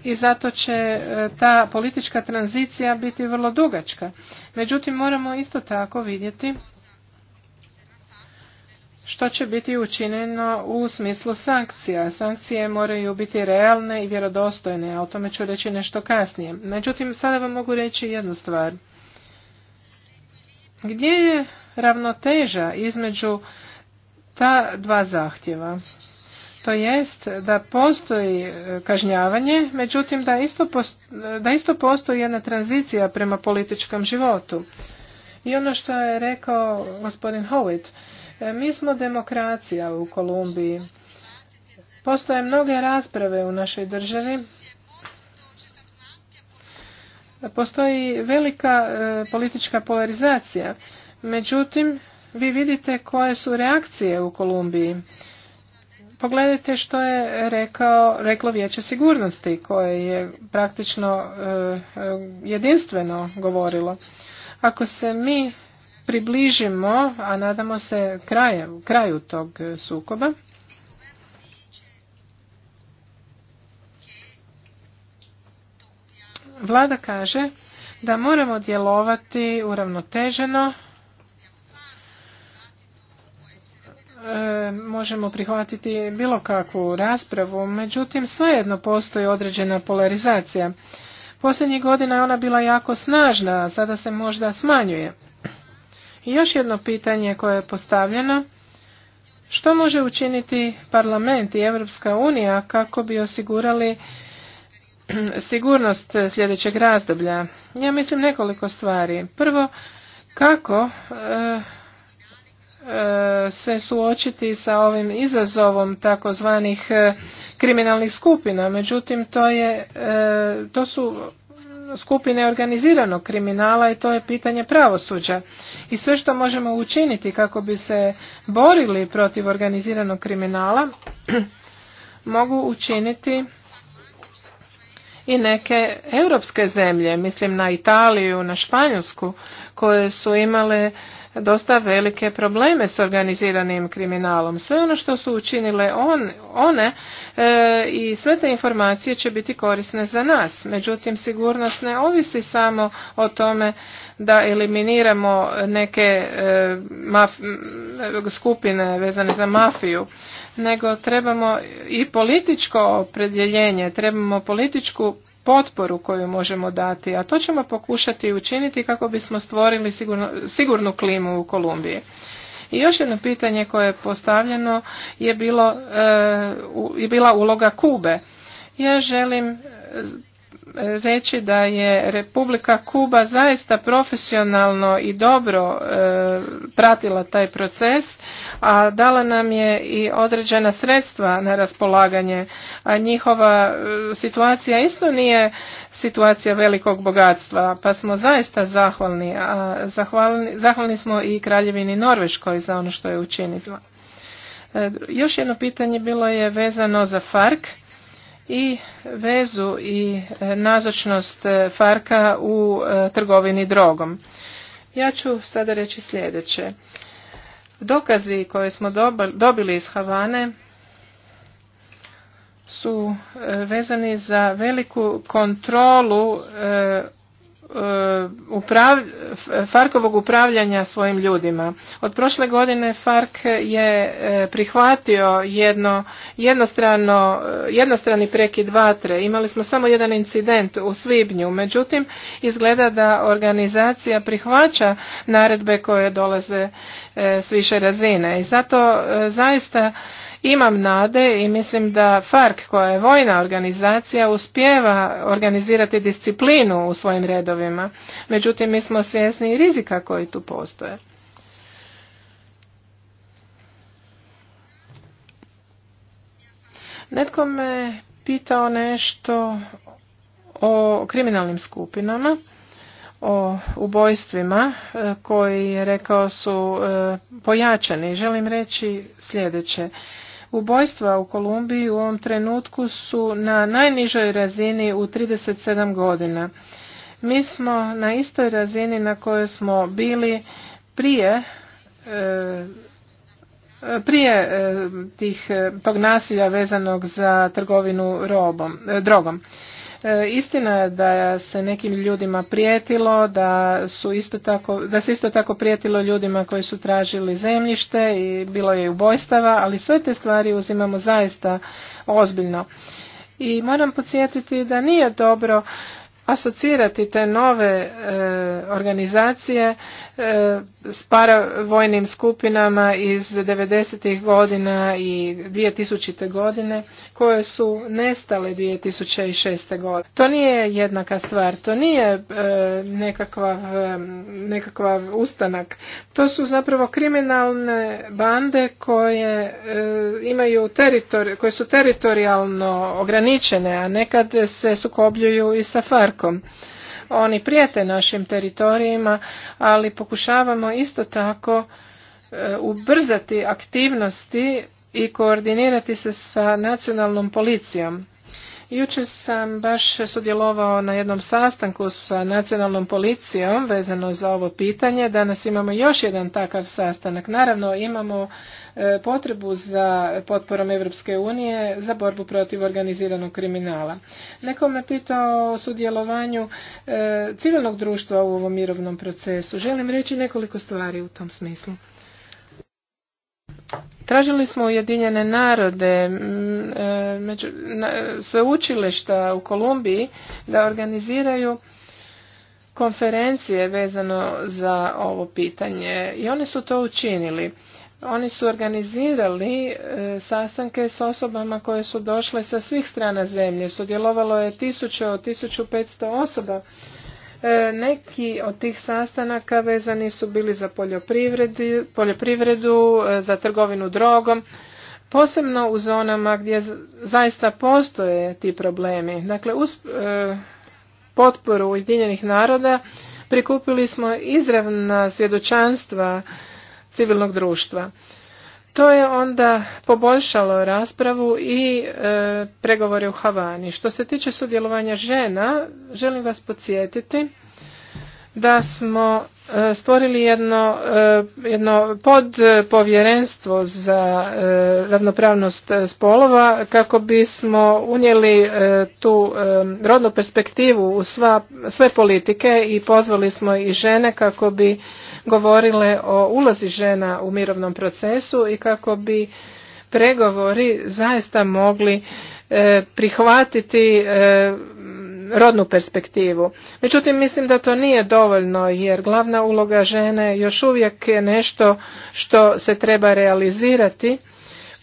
I zato će e, ta politička tranzicija biti vrlo dugačka. Međutim, moramo isto tako vidjeti što će biti učinjeno u smislu sankcija. Sankcije moraju biti realne i vjerodostojne, a o tome ću reći nešto kasnije. Međutim, sada vam mogu reći jednu stvar. Gdje je ravnoteža između ta dva zahtjeva? To jest da postoji e, kažnjavanje, međutim da isto, da isto postoji jedna tranzicija prema političkom životu. I ono što je rekao gospodin Howitt, E, mi smo demokracija u Kolumbiji. Postoje mnoge rasprave u našoj državi. Postoji velika e, politička polarizacija. Međutim, vi vidite koje su reakcije u Kolumbiji. Pogledajte što je rekao, reklo Vijeće sigurnosti koje je praktično e, jedinstveno govorilo. Ako se mi približimo, a nadamo se kraju, kraju tog sukoba. Vlada kaže da moramo djelovati uravnoteženo, e, možemo prihvatiti bilo kakvu raspravu, međutim svejedno postoji određena polarizacija. Posljednjih godina je ona bila jako snažna, a sada se možda smanjuje još jedno pitanje koje je postavljeno. Što može učiniti parlament i Europska unija kako bi osigurali [clears throat] sigurnost sljedećeg razdoblja? Ja mislim nekoliko stvari. Prvo, kako e, e, se suočiti sa ovim izazovom takozvanih e, kriminalnih skupina. Međutim, to, je, to su skupine organiziranog kriminala i to je pitanje pravosuđa. I sve što možemo učiniti kako bi se borili protiv organiziranog kriminala [clears throat] mogu učiniti i neke europske zemlje, mislim na Italiju, na Španjolsku, koje su imale dosta velike probleme s organiziranim kriminalom. Sve ono što su učinile one e, i sve te informacije će biti korisne za nas. Međutim, sigurnost ne ovisi samo o tome da eliminiramo neke e, skupine vezane za mafiju, nego trebamo i političko opredjeljenje, trebamo političku potporu koju možemo dati, a to ćemo pokušati učiniti kako bismo stvorili sigurno, sigurnu klimu u Kolumbiji. I još jedno pitanje koje je postavljeno je, bilo, e, je bila uloga Kube. Ja želim reći da je Republika Kuba zaista profesionalno i dobro e, pratila taj proces, a dala nam je i određena sredstva na raspolaganje, a njihova e, situacija isto nije situacija velikog bogatstva, pa smo zaista zahvalni, a zahvalni, zahvalni smo i Kraljevini Norveškoj za ono što je učinila. E, još jedno pitanje bilo je vezano za FARC i vezu i e, nazočnost e, Farka u e, trgovini drogom. Ja ću sada reći sljedeće. Dokazi koje smo dobili iz Havane su vezani za veliku kontrolu E, uprav, Farkovog upravljanja svojim ljudima. Od prošle godine Fark je e, prihvatio jedno, jednostrano, e, jednostrani prekid vatre. Imali smo samo jedan incident u Svibnju, međutim izgleda da organizacija prihvaća naredbe koje dolaze s više razine i zato zaista imam nade i mislim da FARC koja je vojna organizacija uspjeva organizirati disciplinu u svojim redovima. Međutim, mi smo svjesni i rizika koji tu postoje. Netko me pitao nešto o kriminalnim skupinama, o ubojstvima e, koji je rekao su e, pojačani. Želim reći sljedeće. Ubojstva u Kolumbiji u ovom trenutku su na najnižoj razini u 37 godina. Mi smo na istoj razini na kojoj smo bili prije e, prije e, tih, e, tog nasilja vezanog za trgovinu robom, drogom. E, istina je da se nekim ljudima prijetilo, da, su isto tako, da se isto tako prijetilo ljudima koji su tražili zemljište i bilo je ubojstava, ali sve te stvari uzimamo zaista ozbiljno. I moram podsjetiti da nije dobro asocirati te nove e, organizacije E, s paravojnim skupinama iz 90. godina i 2000. godine koje su nestale 2006. godine. To nije jednaka stvar, to nije e, nekakav, e, ustanak. To su zapravo kriminalne bande koje imaju koje su teritorijalno ograničene, a nekad se sukobljuju i sa Farkom. Oni prijete našim teritorijima, ali pokušavamo isto tako e, ubrzati aktivnosti i koordinirati se sa nacionalnom policijom. Jučer sam baš sudjelovao na jednom sastanku sa nacionalnom policijom vezano za ovo pitanje. Danas imamo još jedan takav sastanak. Naravno imamo E, potrebu za potporom Europske unije za borbu protiv organiziranog kriminala. Neko me pitao o sudjelovanju e, civilnog društva u ovom mirovnom procesu. Želim reći nekoliko stvari u tom smislu. Tražili smo Ujedinjene narode, e, među, sveučilišta u Kolumbiji da organiziraju konferencije vezano za ovo pitanje i oni su to učinili oni su organizirali e, sastanke s osobama koje su došle sa svih strana zemlje. Sudjelovalo je tisuće od 1500 osoba. E, neki od tih sastanaka vezani su bili za poljoprivredu, e, za trgovinu drogom, posebno u zonama gdje zaista postoje ti problemi. Dakle, uz potporu Ujedinjenih naroda prikupili smo izravna svjedočanstva civilnog društva. To je onda poboljšalo raspravu i e, pregovore u Havani. Što se tiče sudjelovanja žena, želim vas podsjetiti da smo e, stvorili jedno, e, jedno podpovjerenstvo za ravnopravnost spolova kako bismo unijeli tu rodnu perspektivu u sva, sve politike i pozvali smo i žene kako bi govorile o ulozi žena u mirovnom procesu i kako bi pregovori zaista mogli e, prihvatiti e, rodnu perspektivu. Međutim, mislim da to nije dovoljno jer glavna uloga žene još uvijek je nešto što se treba realizirati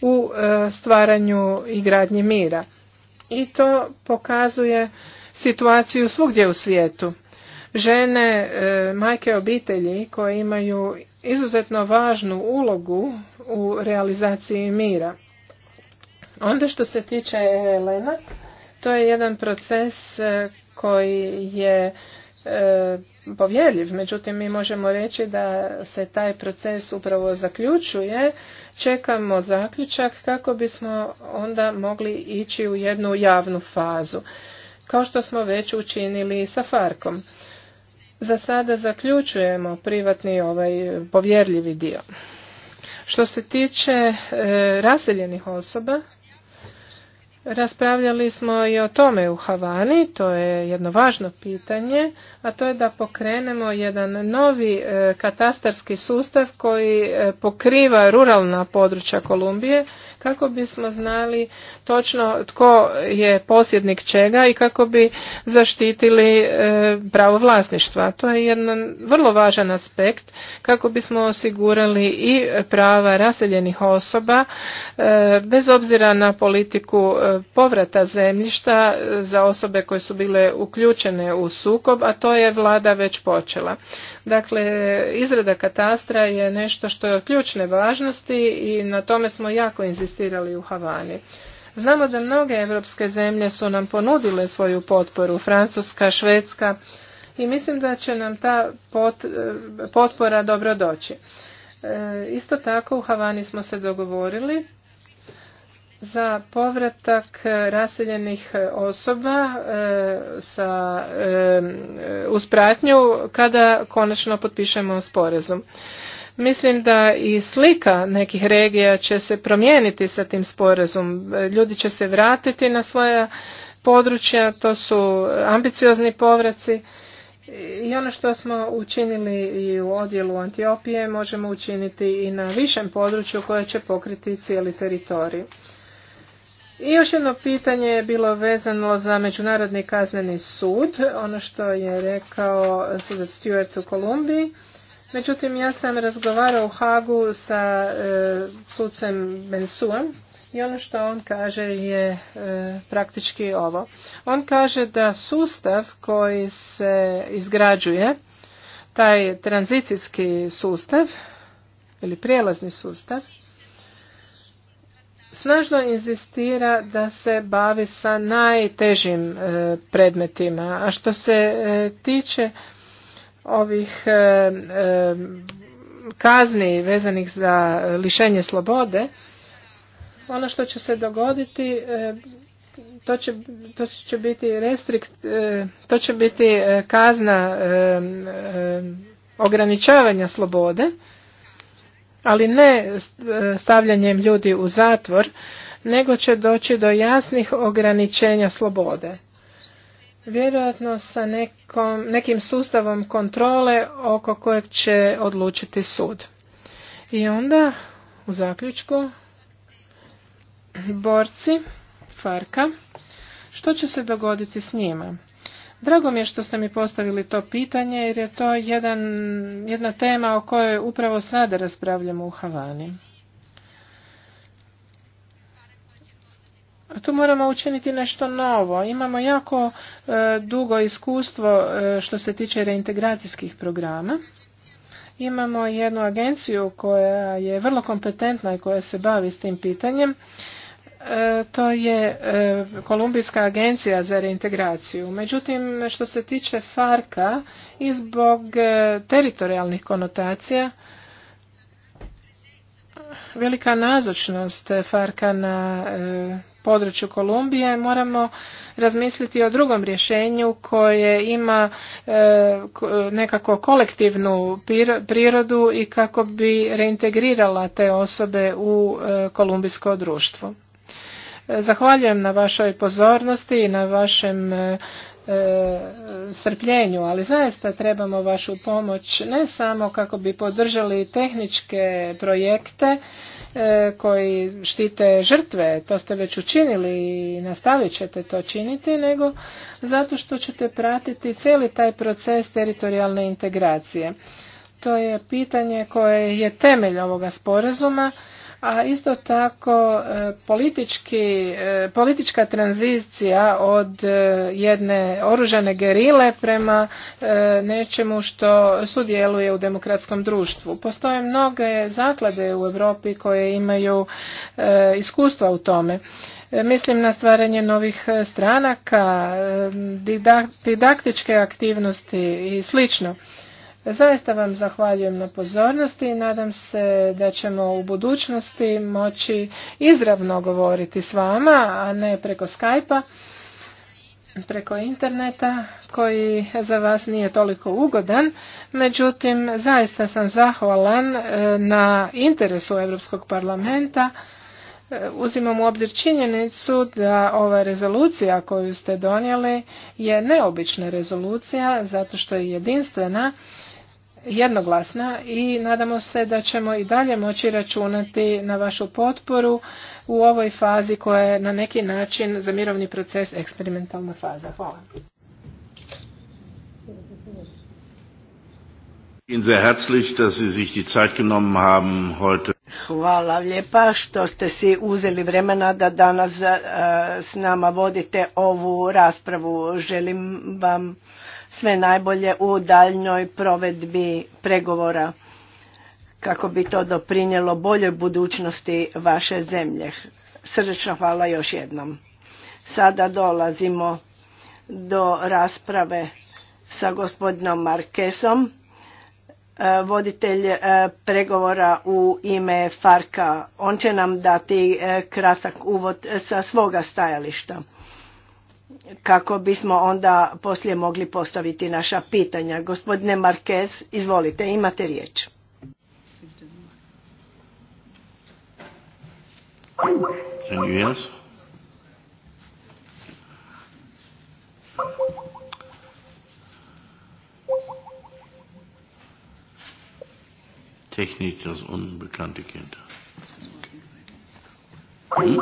u e, stvaranju i gradnji mira. I to pokazuje situaciju svugdje u svijetu žene, e, majke obitelji koje imaju izuzetno važnu ulogu u realizaciji mira. Onda što se tiče Elena, to je jedan proces e, koji je povjeljiv. povjerljiv, međutim mi možemo reći da se taj proces upravo zaključuje, čekamo zaključak kako bismo onda mogli ići u jednu javnu fazu, kao što smo već učinili sa Farkom. Za sada zaključujemo privatni ovaj povjerljivi dio. Što se tiče e, raseljenih osoba, raspravljali smo i o tome u Havani, to je jedno važno pitanje, a to je da pokrenemo jedan novi e, katastarski sustav koji e, pokriva ruralna područja Kolumbije kako bismo znali točno tko je posjednik čega i kako bi zaštitili e, pravo vlasništva. To je jedan vrlo važan aspekt kako bismo osigurali i prava raseljenih osoba e, bez obzira na politiku e, povrata zemljišta za osobe koje su bile uključene u sukob, a to je vlada već počela. Dakle, izrada katastra je nešto što je od ključne važnosti i na tome smo jako inzistirali u Havani. Znamo da mnoge evropske zemlje su nam ponudile svoju potporu, Francuska, Švedska i mislim da će nam ta eh, potpora dobro doći. Eh, isto tako u Havani smo se dogovorili za povratak e, raseljenih e, osoba e, sa, uz pratnju kada konačno potpišemo sporazum. Mislim da i slika nekih regija će se promijeniti sa tim sporazum. Ljudi će se vratiti na svoja područja, to su ambiciozni povraci. I ono što smo učinili i u odjelu Antiopije možemo učiniti i na višem području koje će pokriti cijeli teritorij. I još jedno pitanje je bilo vezano za Međunarodni kazneni sud, ono što je rekao sudac Stewart u Kolumbiji. Međutim, ja sam razgovarao u Hagu sa sudcem sucem Bensuom i ono što on kaže je e, praktički ovo. On kaže da sustav koji se izgrađuje, taj tranzicijski sustav ili prijelazni sustav, snažno inzistira da se bavi sa najtežim e, predmetima. A što se e, tiče ovih e, kazni vezanih za lišenje slobode, ono što će se dogoditi to će, to će biti restrikt, to će biti kazna ograničavanja slobode ali ne e, stavljanjem ljudi u zatvor, nego će doći do jasnih ograničenja slobode. Vjerojatno sa nekom, nekim sustavom kontrole oko kojeg će odlučiti sud. I onda, u zaključku, borci, Farka, što će se dogoditi s njima? Drago mi je što ste mi postavili to pitanje jer je to jedan, jedna tema o kojoj upravo sada raspravljamo u Havani. Tu moramo učiniti nešto novo. Imamo jako e, dugo iskustvo e, što se tiče reintegracijskih programa. Imamo jednu agenciju koja je vrlo kompetentna i koja se bavi s tim pitanjem E, to je e, Kolumbijska agencija za reintegraciju. Međutim, što se tiče Farka i zbog e, teritorijalnih konotacija, velika nazočnost Farka na području Kolumbije moramo razmisliti o drugom rješenju koje ima nekako kolektivnu prirodu i kako bi reintegrirala te osobe u kolumbijsko društvo. Zahvaljujem na vašoj pozornosti i na vašem e, e, strpljenju, ali zaista trebamo vašu pomoć ne samo kako bi podržali tehničke projekte e, koji štite žrtve, to ste već učinili i nastavit ćete to činiti, nego zato što ćete pratiti cijeli taj proces teritorijalne integracije. To je pitanje koje je temelj ovoga sporazuma a isto tako e, e, politička tranzicija od e, jedne oružane gerile prema nečemu što sudjeluje u demokratskom društvu. Postoje mnoge zaklade u Europi koje imaju iskustva u tome. Mislim na stvaranje novih stranaka, didaktičke aktivnosti i slično. Zaista vam zahvaljujem na pozornosti i nadam se da ćemo u budućnosti moći izravno govoriti s vama, a ne preko Skype-a, preko interneta koji za vas nije toliko ugodan. Međutim, zaista sam zahvalan e, na interesu Europskog parlamenta. E, uzimam u obzir činjenicu da ova rezolucija koju ste donijeli je neobična rezolucija zato što je jedinstvena jednoglasna i nadamo se da ćemo i dalje moći računati na vašu potporu u ovoj fazi koja je na neki način za mirovni proces eksperimentalna faza. Hvala. Hvala lijepa što ste si uzeli vremena da danas eh, s nama vodite ovu raspravu. Želim vam sve najbolje u daljnjoj provedbi pregovora kako bi to doprinjelo boljoj budućnosti vaše zemlje. Srdečno hvala još jednom. Sada dolazimo do rasprave sa gospodinom Markesom, e, voditelj e, pregovora u ime Farka. On će nam dati e, krasak uvod sa svoga stajališta kako bismo onda poslije mogli postaviti naša pitanja. Gospodine Marquez, izvolite, imate riječ. Yes. Technik unbekannte hm?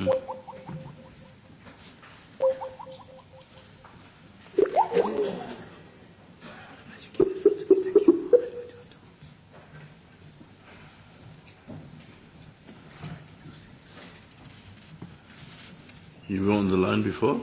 You were on the line before?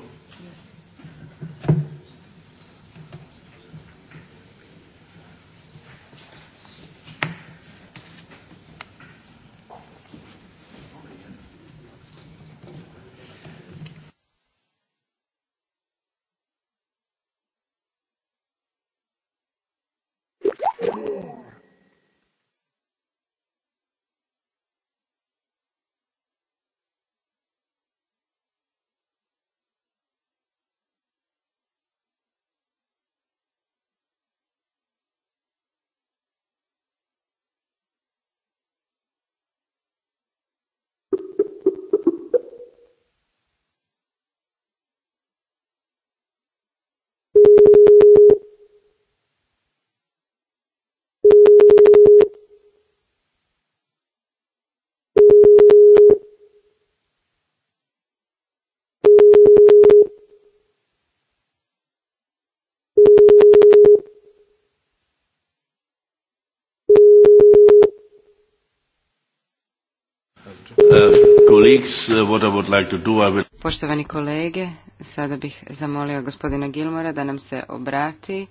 Uh, what like to do, Poštovani kolege, sada bih zamolio gospodina Gilmora da nam se obrati, uh,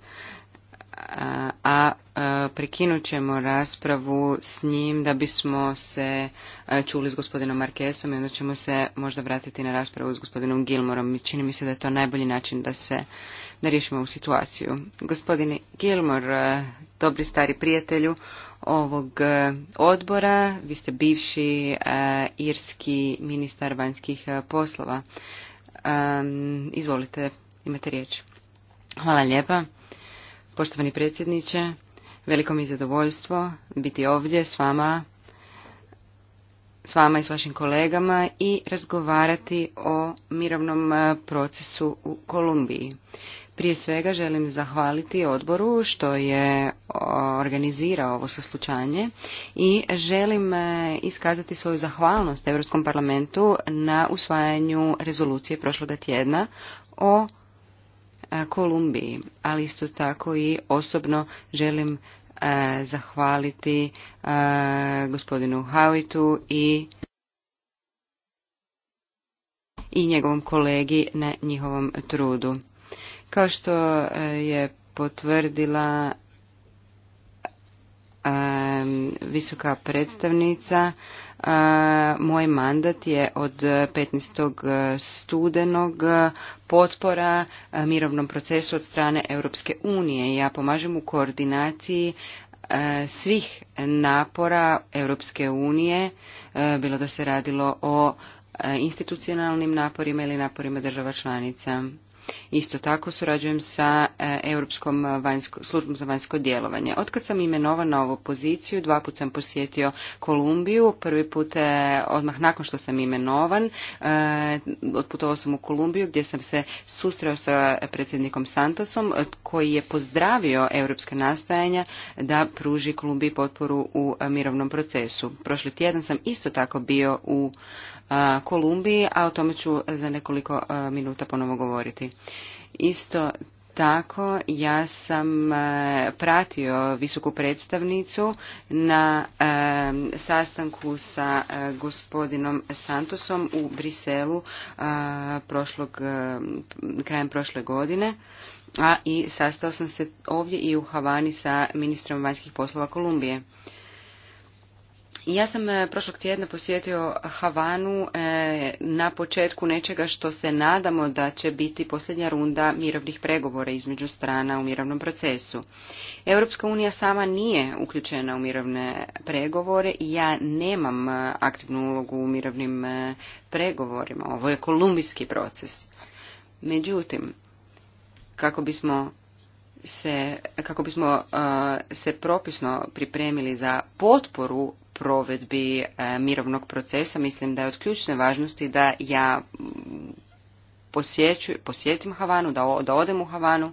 a, a, uh, prekinut ćemo raspravu s njim da bismo se čuli s gospodinom Markesom i onda ćemo se možda vratiti na raspravu s gospodinom Gilmorom. Čini mi se da je to najbolji način da se da riješimo situaciju. Gospodine Gilmor, dobri stari prijatelju, ovog e, odbora. Vi ste bivši e, irski ministar vanjskih e, poslova. Izvolite, imate riječ. Hvala lijepa. Poštovani predsjedniče, veliko mi je zadovoljstvo biti ovdje s vama s vama i s vašim kolegama i razgovarati o mirovnom procesu u Kolumbiji. Prije svega želim zahvaliti odboru što je e, organizirao ovo saslučanje i želim e, iskazati svoju zahvalnost Europskom parlamentu na usvajanju rezolucije prošloga tjedna o e, Kolumbiji, ali isto tako i osobno želim zahvaliti gospodinu Hauitu i i njegovom kolegi na njihovom trudu. Kao što e, je potvrdila e, visoka predstavnica, e, moj mandat je od 15. studenog potpora mirovnom procesu od strane Europske unije. Ja pomažem u koordinaciji svih napora Europske unije, bilo da se radilo o institucionalnim naporima ili naporima država članica. Isto tako surađujem sa e, Europskom e, službom za vanjsko djelovanje. Otkad sam na ovu poziciju, dva put sam posjetio Kolumbiju, prvi put e, odmah nakon što sam imenovan, otputovao sam u Kolumbiju gdje sam se susreo sa predsjednikom Santosom koji je pozdravio europske nastojanja da pruži Kolumbiji potporu u mirovnom procesu. Prošli tjedan sam isto tako bio u Kolumbiji, a o tome ću za nekoliko minuta ponovo govoriti. Isto tako, ja sam e, pratio visoku predstavnicu na e, sastanku sa e, gospodinom Santosom u Briselu prošlog, krajem prošle godine, a i sastao sam se ovdje i u Havani sa ministrom vanjskih poslova Kolumbije. Ja sam e, prošlog tjedna posjetio Havanu e, na početku nečega što se nadamo da će biti posljednja runda mirovnih pregovora između strana u mirovnom procesu. Europska unija sama nije uključena u mirovne pregovore i ja nemam e, aktivnu ulogu u mirovnim pregovorima. Ovo je kolumbijski proces. Međutim, kako bismo se, kako bismo se propisno pripremili za potporu provedbi e, mirovnog procesa. Mislim da je od ključne važnosti da ja posjeću, posjetim Havanu, da, da odem u Havanu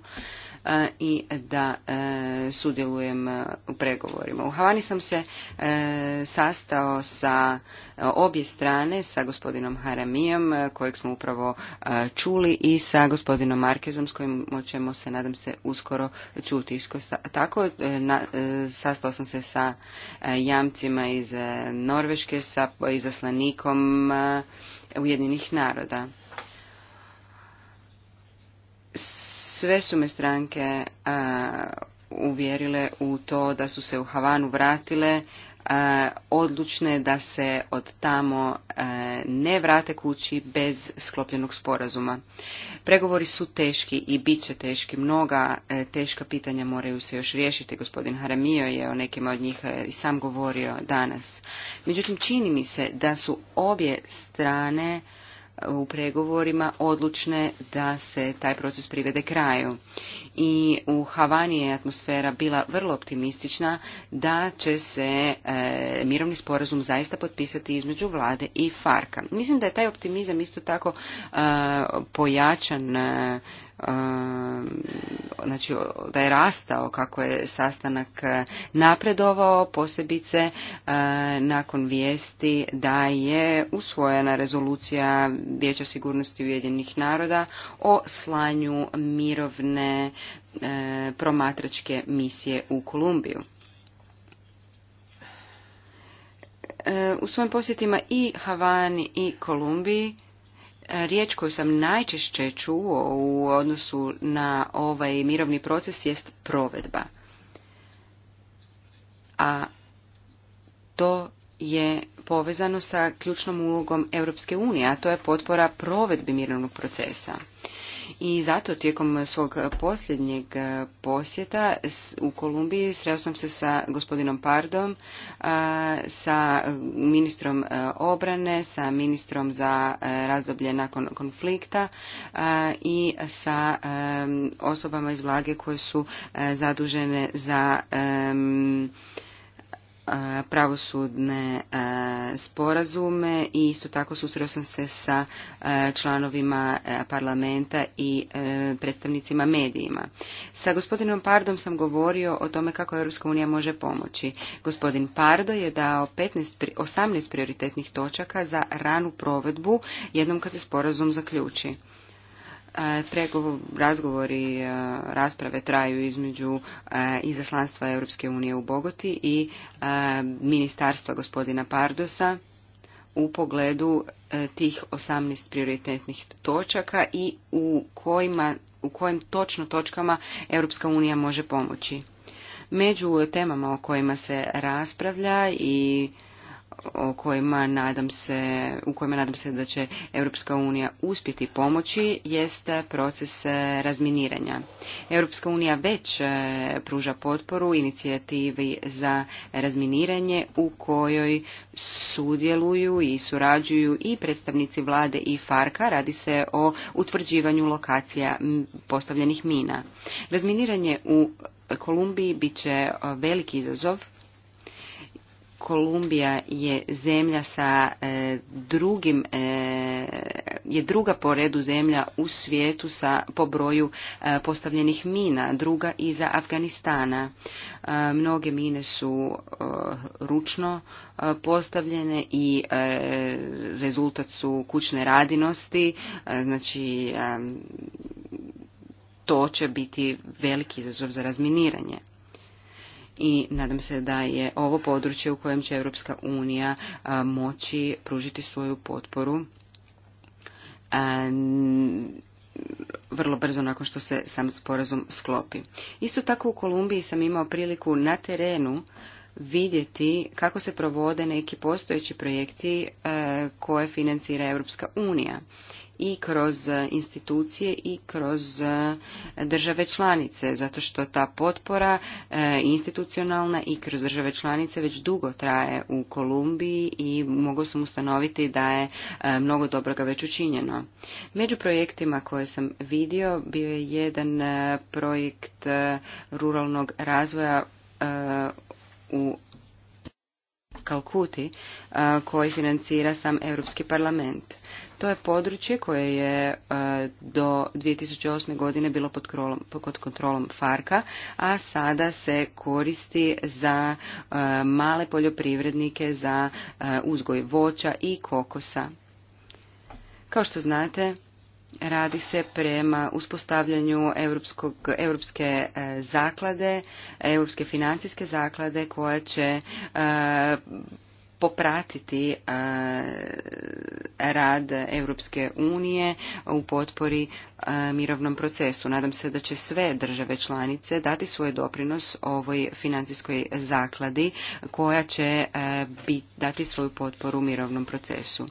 i da e, sudjelujem e, u pregovorima. U Havani sam se e, sastao sa obje strane, sa gospodinom Haramijom kojeg smo upravo čuli i sa gospodinom Markezom s kojim ćemo se nadam se uskoro čuti. Tako sastao sam se sa jamcima iz Norveške, sa izaslanikom Ujedinih naroda. Sve su me stranke uvjerile u to da su se u Havanu vratile, a, odlučne da se od tamo ne vrate kući bez sklopljenog sporazuma. Pregovori su teški i bit će teški. Mnoga teška pitanja moraju se još riješiti. Gospodin Haramio je o nekima od njih i sam govorio danas. Međutim, čini mi se da su obje strane u pregovorima odlučne da se taj proces privede kraju. I u Havani je atmosfera bila vrlo optimistična da će se e, mirovni sporazum zaista potpisati između vlade i Farka. Mislim da je taj optimizam isto tako e, pojačan e, znači da je rastao kako je sastanak e, napredovao posebice e, nakon vijesti da je usvojena rezolucija Vijeća sigurnosti Ujedinjenih naroda o slanju mirovne e, promatračke misije u Kolumbiju. U svojim posjetima i Havani i Kolumbiji Riječ koju sam najčešće čuo u odnosu na ovaj mirovni proces jest provedba. A to je povezano sa ključnom ulogom Europske unije, a to je potpora provedbi mirovnog procesa i zato tijekom svog posljednjeg e, posjeta u Kolumbiji sreo sam se sa gospodinom Pardom, sa ministrom e, obrane, sa ministrom za e, razdoblje nakon konflikta i sa osobama iz vlage koje su zadužene za E, pravosudne e, sporazume i isto tako susreo sam se sa e, članovima parlamenta i predstavnicima medijima. Sa gospodinom Pardom sam govorio o tome kako Europska unija može pomoći. Gospodin Pardo je dao 15, 18 prioritetnih točaka za ranu provedbu jednom kad se sporazum zaključi. E, razgovori, e, rasprave traju između e, izaslanstva Europske unije u Bogoti i ministarstva gospodina Pardosa u pogledu tih 18 prioritetnih točaka i u, kojima, u kojim točno točkama Europska unija može pomoći. Među temama o kojima se raspravlja i o kojima nadam se, u kojima nadam se da će Europska unija uspjeti pomoći jeste proces e, razminiranja. Europska unija već e, pruža potporu inicijativi za razminiranje u kojoj sudjeluju i surađuju i predstavnici vlade i Farka. Radi se o utvrđivanju lokacija postavljenih mina. Razminiranje u Kolumbiji bit će veliki izazov Kolumbija je zemlja sa e, drugim, e, je druga po redu zemlja u svijetu sa po broju e, postavljenih mina, druga iza Afganistana. Mnoge mine su ručno postavljene i rezultat su kućne radinosti, znači to će biti veliki izazov za razminiranje i nadam se da je ovo područje u kojem će Europska unija moći pružiti svoju potporu vrlo brzo nakon što se sam sporazum sklopi. Isto tako u Kolumbiji sam imao priliku na terenu vidjeti kako se provode neki postojeći projekti koje financira Europska unija i kroz e, institucije i kroz e, države članice, zato što ta potpora e, institucionalna i kroz države članice već dugo traje u Kolumbiji i mogu sam ustanoviti da je mnogo dobroga već učinjeno. Među projektima koje sam vidio bio je jedan projekt ruralnog razvoja u Kalkuti koji financira sam Europski parlament. To je područje koje je e, do 2008. godine bilo pod, kontrolom Farka, a sada se koristi za e, male poljoprivrednike za e, uzgoj voća i kokosa. Kao što znate, radi se prema uspostavljanju Europskog, Europske zaklade, Europske financijske zaklade koja će popratiti e, rad Europske unije u potpori e, mirovnom procesu. Nadam se da će sve države članice dati svoj doprinos ovoj financijskoj zakladi koja će e, dati svoju potporu mirovnom procesu.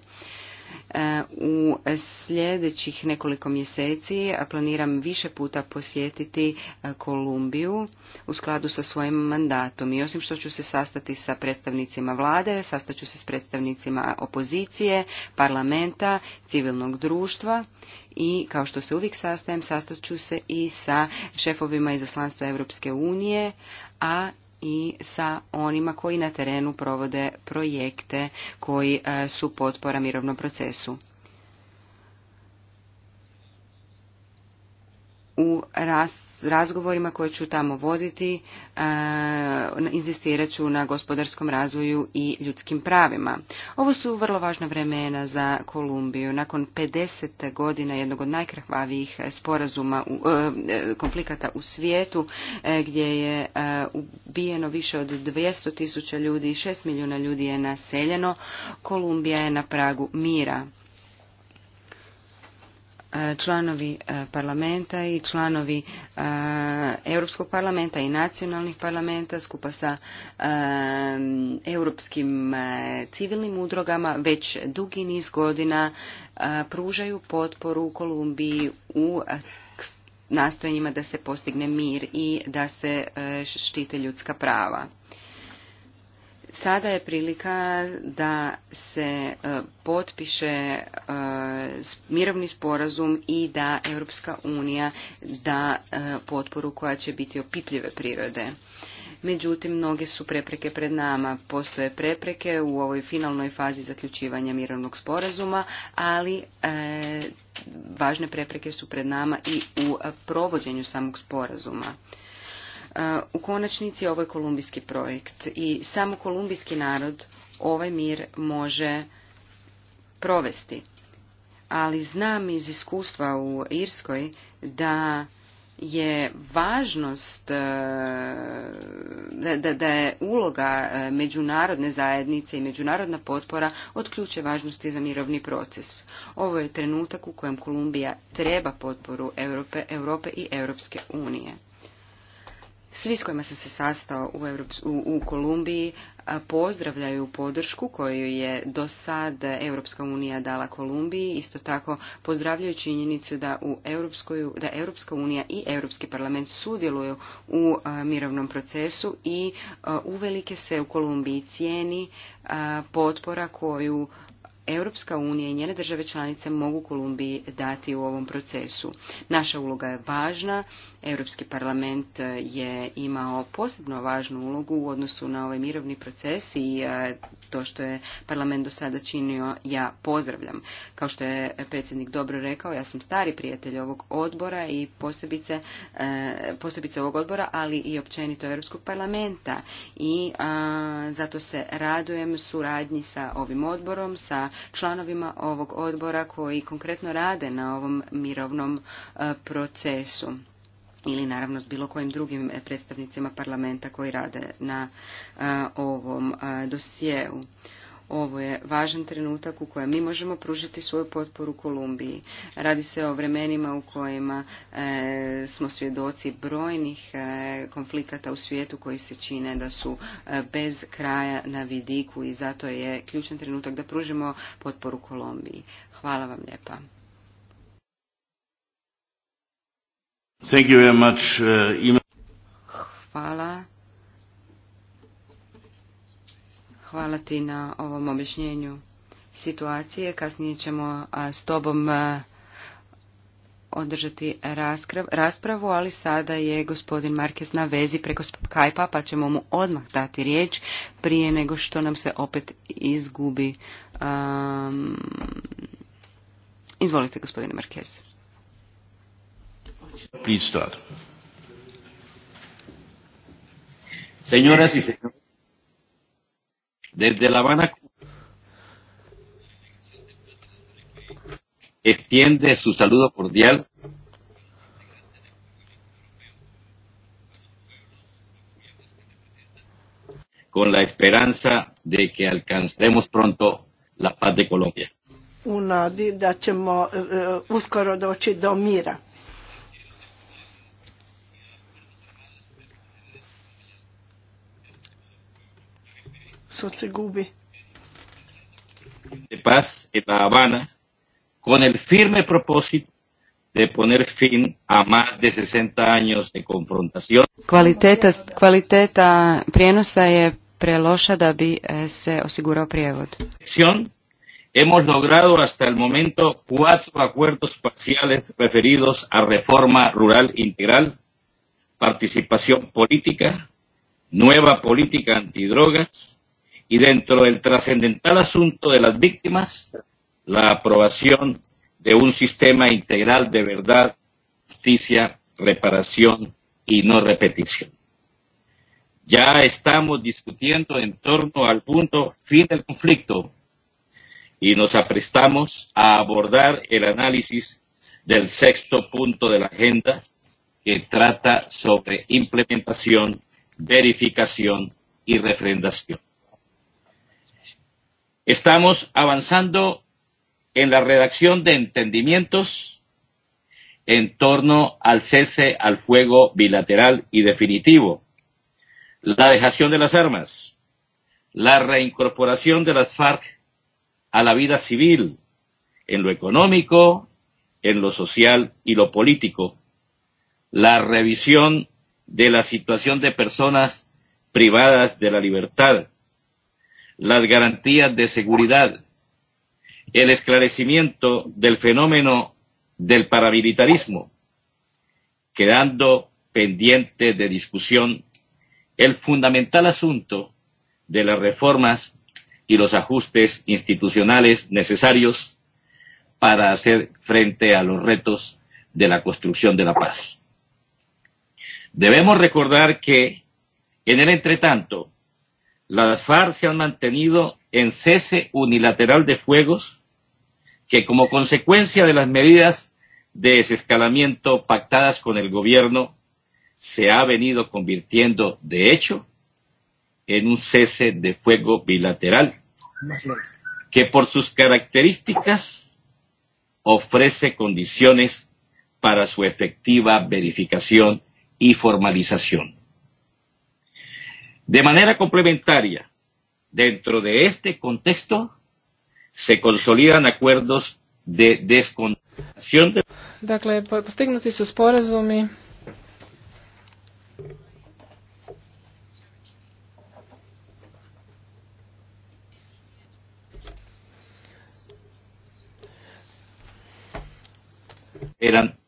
E, u sljedećih nekoliko mjeseci planiram više puta posjetiti e, Kolumbiju u skladu sa svojim mandatom. I osim što ću se sastati sa predstavnicima vlade, sastaću se s predstavnicima opozicije, parlamenta, civilnog društva i kao što se uvijek sastajem, sastaću se i sa šefovima izaslanstva Europske unije, a i sa onima koji na terenu provode projekte koji e, su potpora mirovnom procesu. u razgovorima koje ću tamo voditi e, inzistirat ću na gospodarskom razvoju i ljudskim pravima. Ovo su vrlo važna vremena za Kolumbiju. Nakon 50 godina jednog od najkrahvavijih sporazuma u, e, e, konflikata u svijetu e, gdje je ubijeno više od 200 tisuća ljudi i 6 milijuna ljudi je naseljeno, Kolumbija je na pragu mira članovi e, parlamenta i članovi e, Europskog parlamenta i nacionalnih parlamenta skupa sa e, europskim civilnim udrogama već dugi niz godina pružaju potporu Kolumbiji u nastojanjima da se postigne mir i da se štite ljudska prava. Sada je prilika da se e, potpiše e, mirovni sporazum i da Europska unija da e, potporu koja će biti opipljive prirode. Međutim, mnoge su prepreke pred nama. Postoje prepreke u ovoj finalnoj fazi zaključivanja mirovnog sporazuma, ali važne prepreke su pred nama i u provođenju samog sporazuma. U konačnici ovo je kolumbijski projekt i samo kolumbijski narod ovaj mir može provesti. Ali znam iz iskustva u Irskoj da je važnost, e, da, da je uloga e, međunarodne zajednice i međunarodna potpora od ključe važnosti za mirovni proces. Ovo je trenutak u kojem Kolumbija treba potporu Europe, Europe i Europske unije. Svi s kojima sam se sastao u, u, u Kolumbiji pozdravljaju podršku koju je do sad Europska unija dala Kolumbiji. Isto tako pozdravljaju činjenicu da, u da Europska unija i Europski parlament sudjeluju u mirovnom procesu i uvelike se u Kolumbiji cijeni potpora koju Europska unija i njene države članice mogu Kolumbiji dati u ovom procesu. Naša uloga je važna, Europski parlament e, je imao posebno važnu ulogu u odnosu na ovaj mirovni proces i e, to što je parlament do sada činio ja pozdravljam. Kao što je predsjednik dobro rekao, ja sam stari prijatelj ovog odbora i posebice, e, posebice ovog odbora, ali i općenito Europskog parlamenta i zato se radujem suradnji sa ovim odborom, sa članovima ovog odbora koji konkretno rade na ovom mirovnom e, procesu ili naravno s bilo kojim drugim e, predstavnicima parlamenta koji rade na e, ovom dosjeu. Ovo je važan trenutak u kojem mi možemo pružiti svoju potporu Kolumbiji. Radi se o vremenima u kojima e, smo svjedoci brojnih e, konflikata u svijetu koji se čine da su e, bez kraja na vidiku i zato je ključan trenutak da pružimo potporu Kolumbiji. Hvala vam lijepa. Thank you very much. Hvala Hvala ti na ovom objašnjenju situacije. Kasnije ćemo s tobom održati raspravu, ali sada je gospodin Marquez na vezi preko skype pa ćemo mu odmah dati riječ prije nego što nam se opet izgubi. izvolite, gospodine Marquez. Please start. Señoras Desde La Habana extiende su saludo cordial con la esperanza de que alcancemos pronto la paz de Colombia. Una, nadi da ćemo uh, uskoro doći do mira. Sud se gubi. De paz en La Habana con el firme propósito de poner fin a más de 60 años de confrontación. Kvaliteta, kvaliteta prijenosa je preloša da bi eh, se osigurao prijevod. Hemos logrado hasta el momento cuatro acuerdos parciales referidos a reforma rural integral, participación política, nueva política antidrogas, y dentro del trascendental asunto de las víctimas, la aprobación de un sistema integral de verdad, justicia, reparación y no repetición. Ya estamos discutiendo en torno al punto fin del conflicto y nos aprestamos a abordar el análisis del sexto punto de la agenda que trata sobre implementación, verificación y refrendación. Estamos avanzando en la redacción de entendimientos en torno al cese al fuego bilateral y definitivo, la dejación de las armas, la reincorporación de las FARC a la vida civil, en lo económico, en lo social y lo político, la revisión de la situación de personas privadas de la libertad, las garantías de seguridad, el esclarecimiento del fenómeno del paramilitarismo, quedando pendiente de discusión el fundamental asunto de las reformas y los ajustes institucionales necesarios para hacer frente a los retos de la construcción de la paz. Debemos recordar que, en el entretanto, las FARC se han mantenido en cese unilateral de fuegos que como consecuencia de las medidas de desescalamiento pactadas con el gobierno se ha venido convirtiendo de hecho en un cese de fuego bilateral que por sus características ofrece condiciones para su efectiva verificación y formalización. De manera complementaria, dentro de este contexto, se consolidan acuerdos de descontaminación. De... Dakle, postignuti su sporazumi eran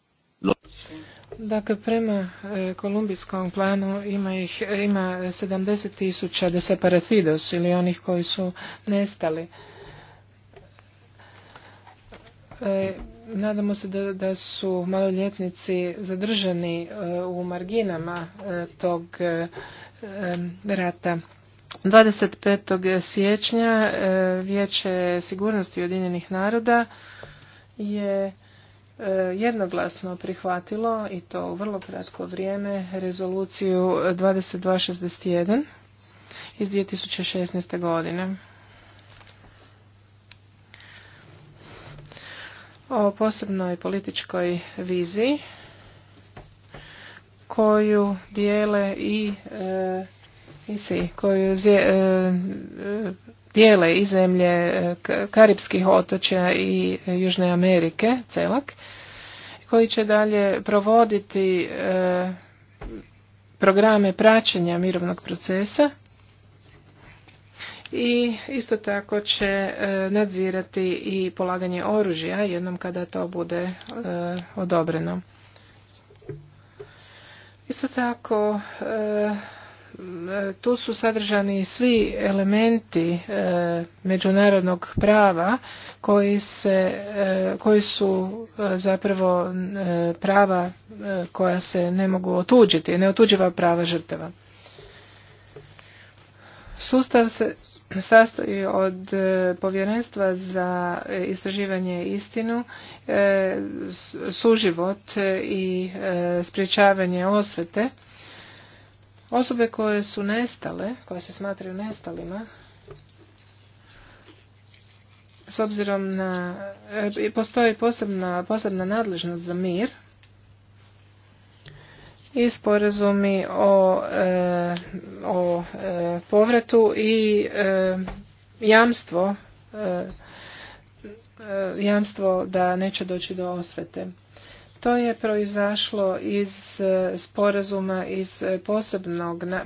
Dakle, prema e, kolumbijskom planu ima, ih, ima 70 tisuća separatidos ili onih koji su nestali. E, nadamo se da, su maloljetnici zadržani e, u marginama tog rata. 25. siječnja Vijeće sigurnosti Ujedinjenih naroda je E, jednoglasno prihvatilo i to u vrlo kratko vrijeme rezoluciju 2261 iz 2016. godine. O posebnoj političkoj viziji koju dijele i e, i koju e, dijele i zemlje e, Karibskih otočja i e, Južne Amerike, CELAK, koji će dalje provoditi e, programe praćenja mirovnog procesa i isto tako će nadzirati i polaganje oružja jednom kada to bude odobreno. Isto tako tu su sadržani svi elementi e, međunarodnog prava koji, se, e, koji su e, zapravo prava koja se ne mogu otuđiti, neotuđiva prava žrtava. Sustav se sastoji od povjerenstva za istraživanje istinu, suživot i sprječavanje osvete Osobe koje su nestale, koje se smatraju nestalima, s obzirom na, e, postoji posebna, posebna nadležnost za mir i sporazumi o, e, o e, povratu i jamstvo jamstvo da neće doći do osvete. To je proizašlo iz e, sporazuma iz e,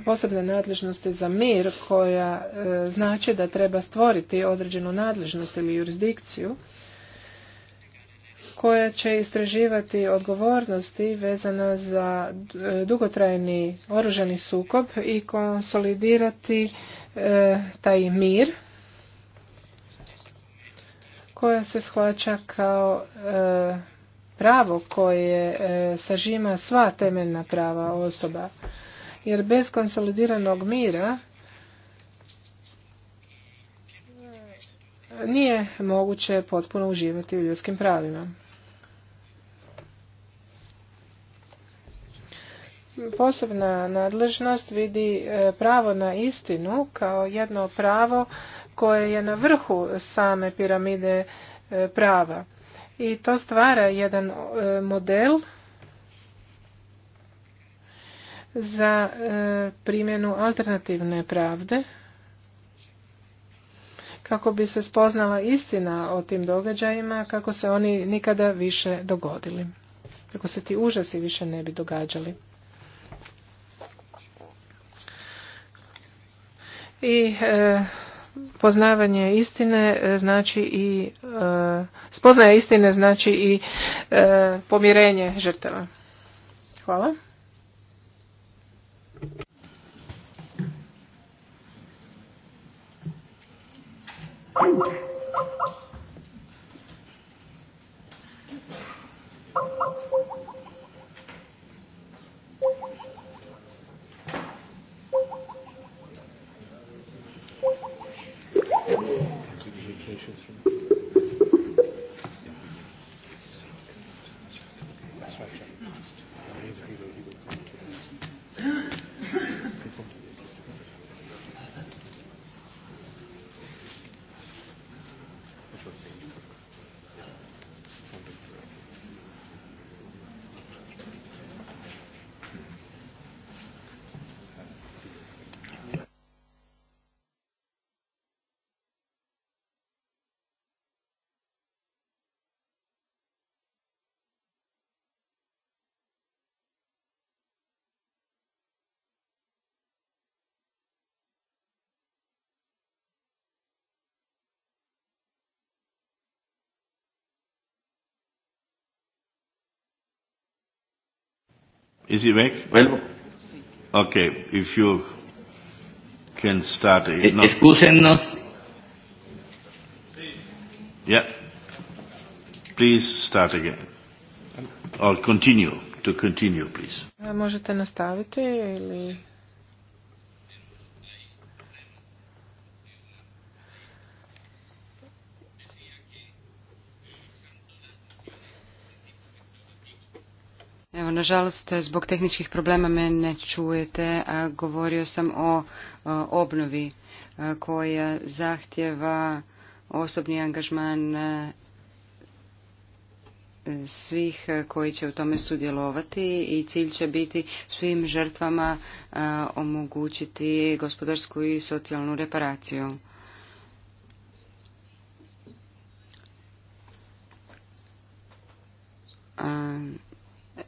posebne nadležnosti za mir koja e, znači da treba stvoriti određenu nadležnost ili jurisdikciju koja će istraživati odgovornosti vezana za dugotrajni oružani sukob i konsolidirati taj mir koja se shvaća kao pravo koje e, sažima sva temeljna prava osoba. Jer bez konsolidiranog mira nije moguće potpuno uživati u ljudskim pravima. Posebna nadležnost vidi e, pravo na istinu kao jedno pravo koje je na vrhu same piramide e, prava i to stvara jedan e, model za e, primjenu alternativne pravde kako bi se spoznala istina o tim događajima kako se oni nikada više dogodili kako se ti užasi više ne bi događali i e, poznavanje istine e, znači i e, spoznaja istine znači i e, pomirenje žrtava. Hvala. Hvala. Is he back? Well, okay, if you can start. If eh, Yeah. Please start again. Or continue, to continue, please. Možete nastaviti ili Nažalost, zbog tehničkih problema me ne čujete. A govorio sam o obnovi koja zahtjeva osobni angažman svih koji će u tome sudjelovati i cilj će biti svim žrtvama omogućiti gospodarsku i socijalnu reparaciju.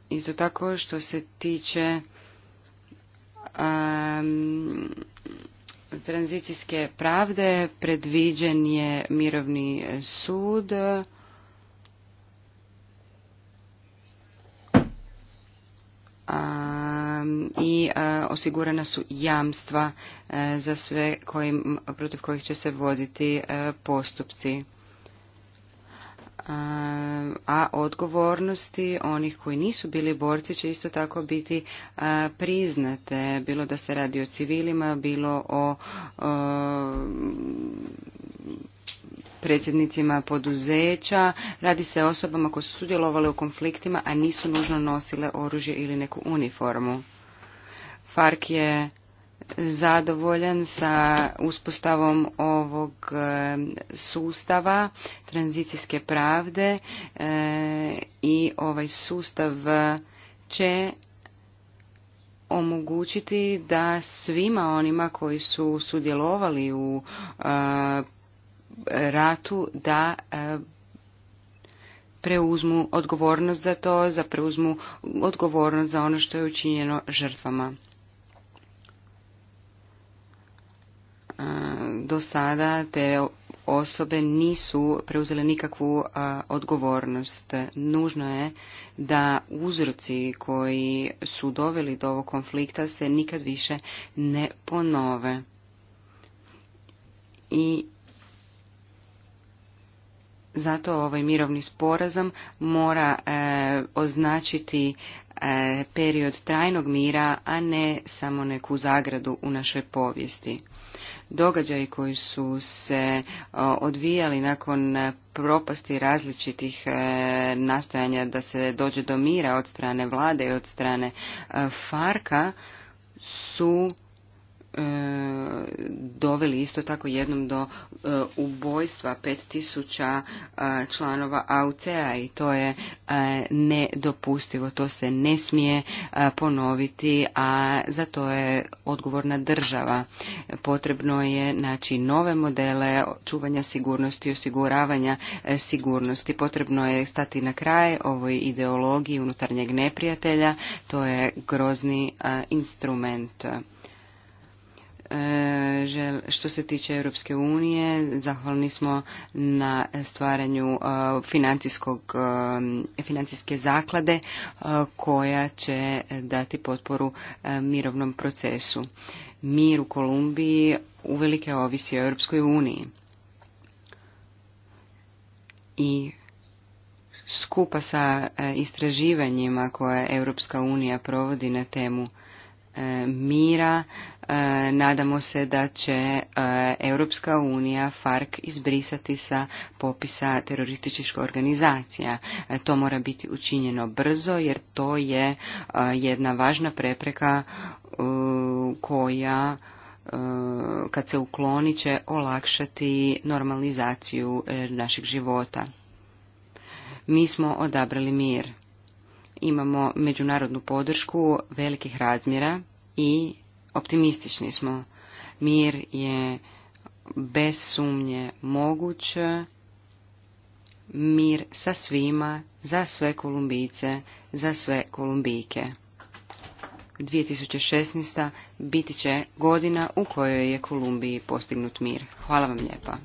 Isto tako što se tiče tranzicijske pravde predviđen je mirovni sud. i e, osigurana su jamstva e, za sve protiv kojih će se voditi e, postupci a odgovornosti onih koji nisu bili borci će isto tako biti priznate, bilo da se radi o civilima, bilo o predsjednicima poduzeća, radi se o osobama koje su sudjelovali u konfliktima, a nisu nužno nosile oružje ili neku uniformu. Fark je zadovoljan sa uspostavom ovog e, sustava tranzicijske pravde e, i ovaj sustav će omogućiti da svima onima koji su sudjelovali u e, ratu da preuzmu odgovornost za to, za preuzmu odgovornost za ono što je učinjeno žrtvama. do sada te osobe nisu preuzele nikakvu odgovornost. Nužno je da uzroci koji su doveli do ovog konflikta se nikad više ne ponove. I zato ovaj mirovni sporazum mora e, označiti e, period trajnog mira, a ne samo neku zagradu u našoj povijesti događaji koji su se odvijali nakon propasti različitih e, nastojanja da se dođe do mira od strane vlade i od strane e, Farka su E, doveli isto tako jednom do e, ubojstva 5000 e, članova AUC-a i to je nedopustivo, to se ne smije ponoviti, a za to je odgovorna država. Potrebno je naći nove modele čuvanja sigurnosti i osiguravanja sigurnosti. Potrebno je stati na kraj ovoj ideologiji unutarnjeg neprijatelja, to je grozni instrument. E, što se tiče Europske unije, zahvalni smo na stvaranju e, e, financijske zaklade koja će dati potporu mirovnom procesu. Mir u Kolumbiji uvelike ovisi o Europskoj uniji. I skupa sa istraživanjima koje Europska unija provodi na temu E, mira. E, nadamo se da će e, Europska unija FARC izbrisati sa popisa terorističkih organizacija. To mora biti učinjeno brzo jer to je jedna važna prepreka koja kad se ukloni će olakšati normalizaciju našeg života. Mi smo odabrali mir imamo međunarodnu podršku velikih razmjera i optimistični smo. Mir je bez sumnje moguć, mir sa svima, za sve Kolumbice, za sve Kolumbijke. 2016. biti će godina u kojoj je Kolumbiji postignut mir. Hvala vam lijepa.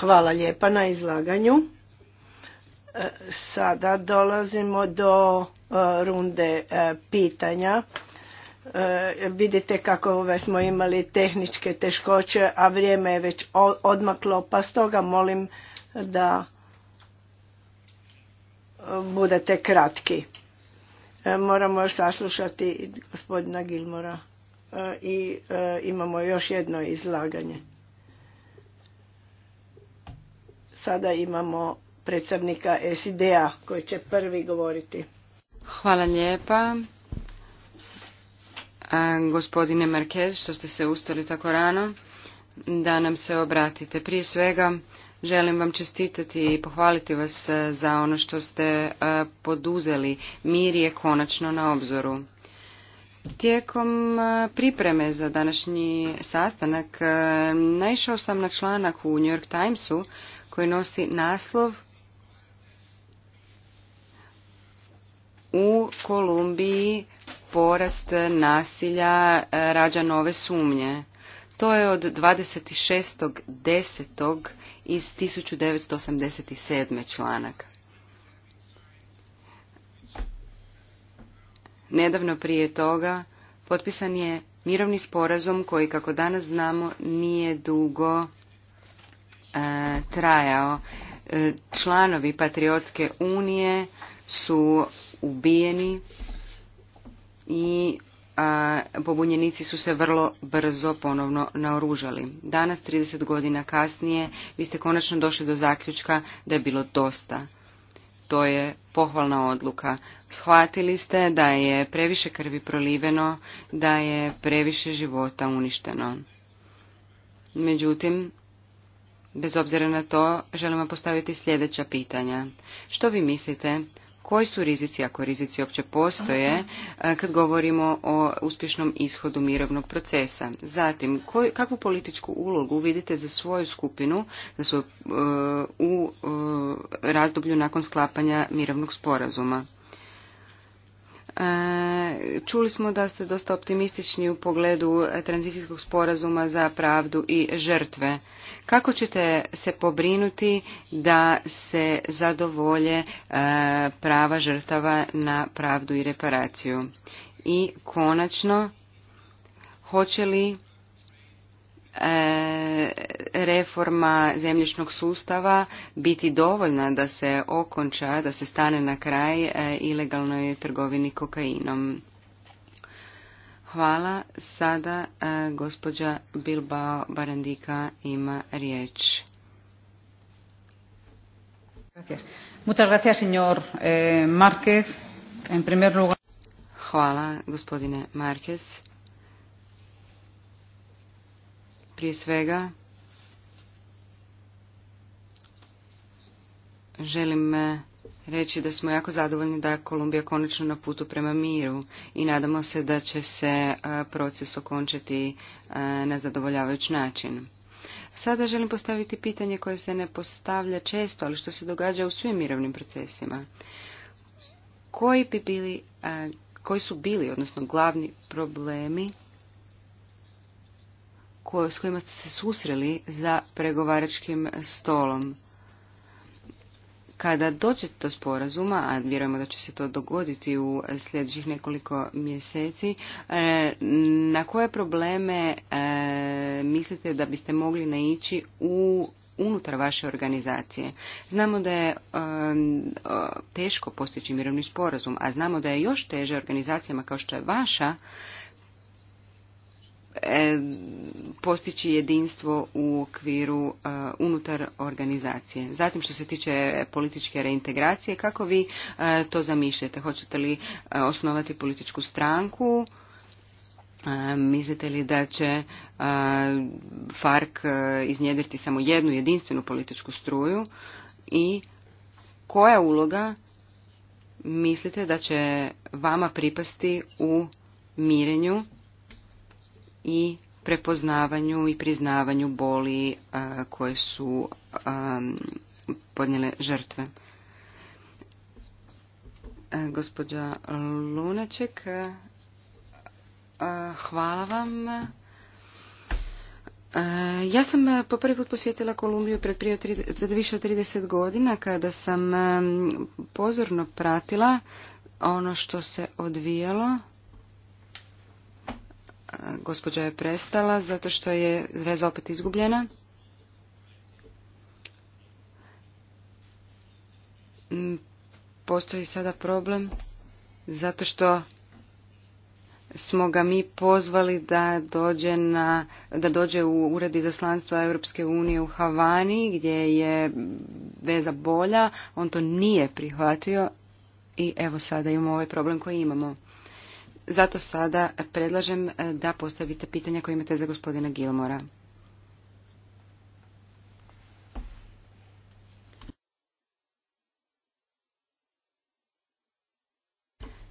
Hvala lijepa na izlaganju. E, sada dolazimo do e, runde e, pitanja. Vidite kako smo imali tehničke teškoće, a vrijeme je već odmaklo, pa stoga molim da budete kratki. Moramo još saslušati gospodina Gilmora i imamo još jedno izlaganje. Sada imamo predstavnika SID-a koji će prvi govoriti. Hvala lijepa. gospodine Marquez, što ste se ustali tako rano, da nam se obratite. Prije svega, Želim vam čestitati i pohvaliti vas e, za ono što ste e, poduzeli. Mir je konačno na obzoru. Tijekom e, pripreme za današnji sastanak naišao sam na članak u New York Timesu koji nosi naslov u Kolumbiji porast nasilja e, rađa nove sumnje. To je od 26.10. iz 1987. članak. Nedavno prije toga potpisan je mirovni sporazum koji, kako danas znamo, nije dugo E, trajao. E, članovi Patriotske unije su ubijeni i e, pobunjenici su se vrlo brzo ponovno naoružali. Danas, 30 godina kasnije, vi ste konačno došli do zaključka da je bilo dosta. To je pohvalna odluka. Shvatili ste da je previše krvi proliveno, da je previše života uništeno. Međutim, Bez obzira na to, želimo postaviti sljedeća pitanja. Što vi mislite, koji su rizici, ako rizici uopće postoje, eh, kad govorimo o uspješnom ishodu mirovnog procesa? Zatim, kakvu političku ulogu vidite za svoju skupinu da su eh, u eh, razdoblju nakon sklapanja mirovnog sporazuma? Čuli smo da ste dosta optimistični u pogledu tranzicijskog sporazuma za pravdu i žrtve. Kako ćete se pobrinuti da se zadovolje e, prava žrtava na pravdu i reparaciju? I konačno, hoće li e, reforma zemljišnog sustava biti dovoljna da se okonča, da se stane na kraj e, ilegalnoj trgovini kokainom. Hvala. Sada e, gospođa Bilbao Barandika ima riječ. Eh, en Hvala, gospodine Marquez. Prije svega, želim e, reći da smo jako zadovoljni da je Kolumbija konačno na putu prema miru i nadamo se da će se e, proces okončati e, na zadovoljavajuć način. Sada želim postaviti pitanje koje se ne postavlja često, ali što se događa u svim mirovnim procesima. Koji bi bili, e, koji su bili, odnosno glavni problemi s kojima ste se susreli za pregovaračkim stolom? Kada dođe do sporazuma, a vjerujemo da će se to dogoditi u sljedećih nekoliko mjeseci, e, na koje probleme e, mislite da biste mogli naići u unutar vaše organizacije. Znamo da je e, teško postići mirovni sporazum, a znamo da je još teže organizacijama kao što je vaša E, postići jedinstvo u okviru e, unutar organizacije. Zatim što se tiče političke reintegracije, kako vi e, to zamišljate? Hoćete li osnovati političku stranku? Mislite li da će FARC iznjedriti samo jednu jedinstvenu političku struju i koja uloga mislite da će vama pripasti u mirenju i prepoznavanju i priznavanju boli e, koje su e, podnijele žrtve. E, gospođa Lunaček, hvala vam. Ja sam po prvi put posjetila Kolumbiju pred pred više od 30 godina kada sam pozorno pratila ono što se odvijalo Gospođa je prestala zato što je veza opet izgubljena. Mm, postoji sada problem zato što smo ga mi pozvali da dođe, na, da dođe u ured izaslanstva Europske unije u Havani gdje je veza bolja. On to nije prihvatio i evo sada imamo ovaj problem koji imamo. Zato sada predlažem e, da postavite pitanja koje imate za gospodina Gilmora.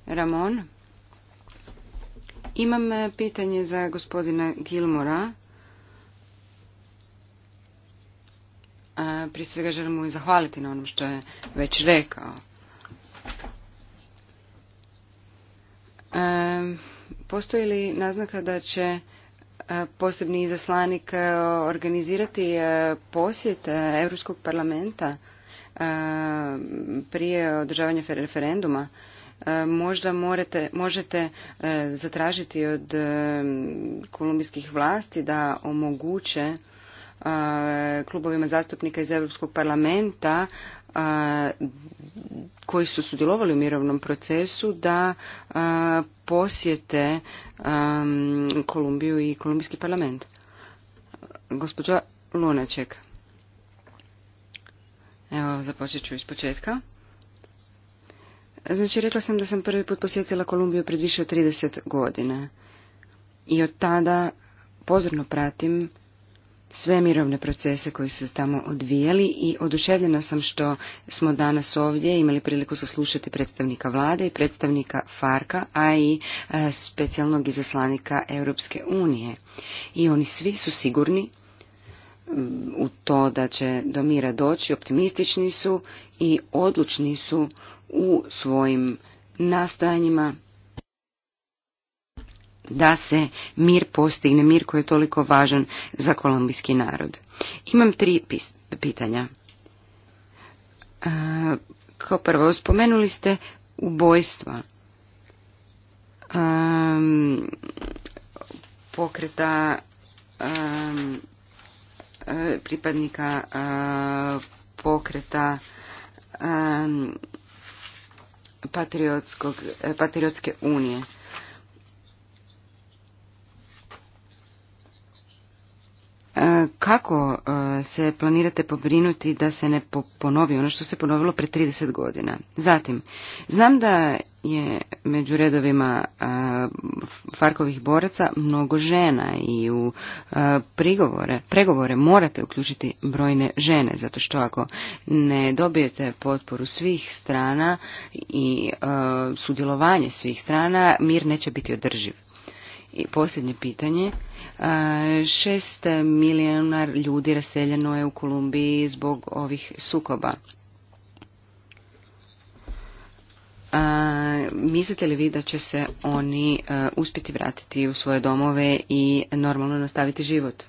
Ramon. Imam e, pitanje za gospodina Gilmora. E, prije svega želim mu zahvaliti na onom što je već rekao. Postoji li naznaka da će e, posebni izaslanik e, organizirati e, posjet Europskog parlamenta prije održavanja referenduma? Možda možete zatražiti od kolumbijskih vlasti da omoguće klubovima zastupnika iz Europskog parlamenta koji su sudjelovali u mirovnom procesu da posjete Kolumbiju i Kolumbijski parlament. Gospođa Lunaček. Evo, započet ću iz početka. Znači, rekla sam da sam prvi put posjetila Kolumbiju pred više od 30 godina. I od tada pozorno pratim sve mirovne procese koji su tamo odvijali i oduševljena sam što smo danas ovdje imali priliku saslušati predstavnika vlade i predstavnika Farka, a i e, specijalnog izaslanika Europske unije. I oni svi su sigurni mm, u to da će do mira doći, optimistični su i odlučni su u svojim nastojanjima da se mir postigne, mir koji je toliko važan za kolumbijski narod. Imam tri pitanja. E, kao prvo, spomenuli ste ubojstva pokreta pripadnika e, pokreta e, patriotske unije. E, kako e, se planirate pobrinuti da se ne ponovi ono što se ponovilo pre 30 godina? Zatim, znam da je među redovima e, Farkovih boraca mnogo žena i u prigovore, pregovore morate uključiti brojne žene, zato što ako ne dobijete potporu svih strana i sudjelovanje svih strana, mir neće biti održiv. I posljednje pitanje Šest milijuna ljudi raseljeno je u Kolumbiji zbog ovih sukoba. A, mislite li vi da će se oni e, uspjeti vratiti u svoje domove i normalno nastaviti život?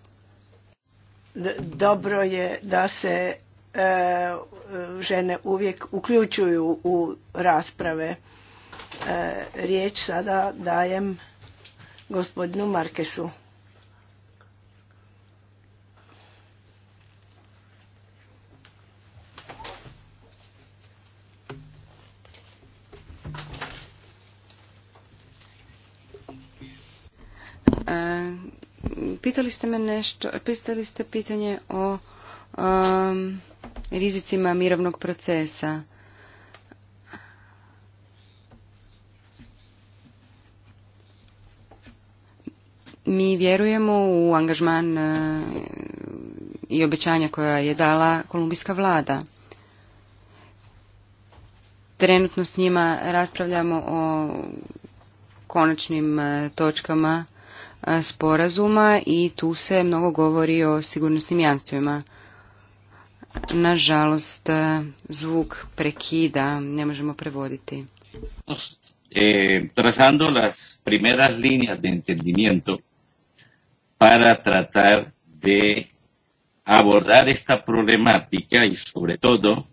dobro je da se e, žene uvijek uključuju u rasprave. E, riječ sada dajem gospodinu Markesu. Pitali ste me nešto, pitali ste pitanje o um, rizicima mirovnog procesa. Mi vjerujemo u angažman uh, i obećanja koja je dala kolumbijska vlada. Trenutno s njima raspravljamo o konačnim uh, točkama E, sporazuma i tu se mnogo govori o sigurnosnim jamstvima. Nažalost, e, zvuk prekida, ne možemo prevoditi. Eh, trazando las primeras líneas de entendimiento para tratar de abordar esta problemática y sobre todo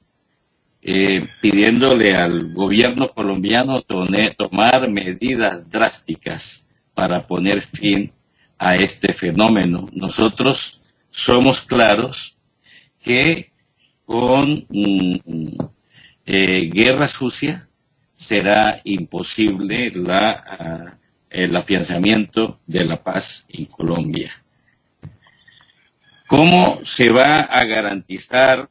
eh, pidiéndole al gobierno colombiano tome, tomar medidas drásticas para poner fin a este fenómeno. Nosotros somos claros que con mm, eh, guerra sucia será imposible la, uh, el afianzamiento de la paz en Colombia. ¿Cómo se va a garantizar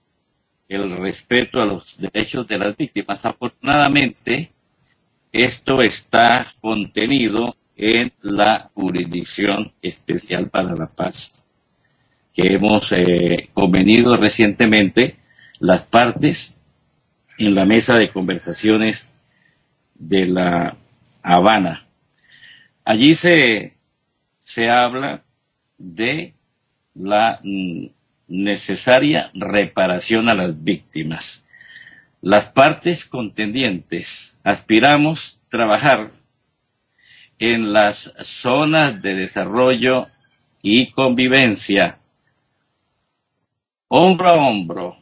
el respeto a los derechos de las víctimas? Afortunadamente, esto está contenido en la Jurisdicción Especial para la Paz, que hemos eh, convenido recientemente las partes en la mesa de conversaciones de la Habana. Allí se, se habla de la mm, necesaria reparación a las víctimas. Las partes contendientes aspiramos trabajar en las zonas de desarrollo y convivencia. Hombro a hombro,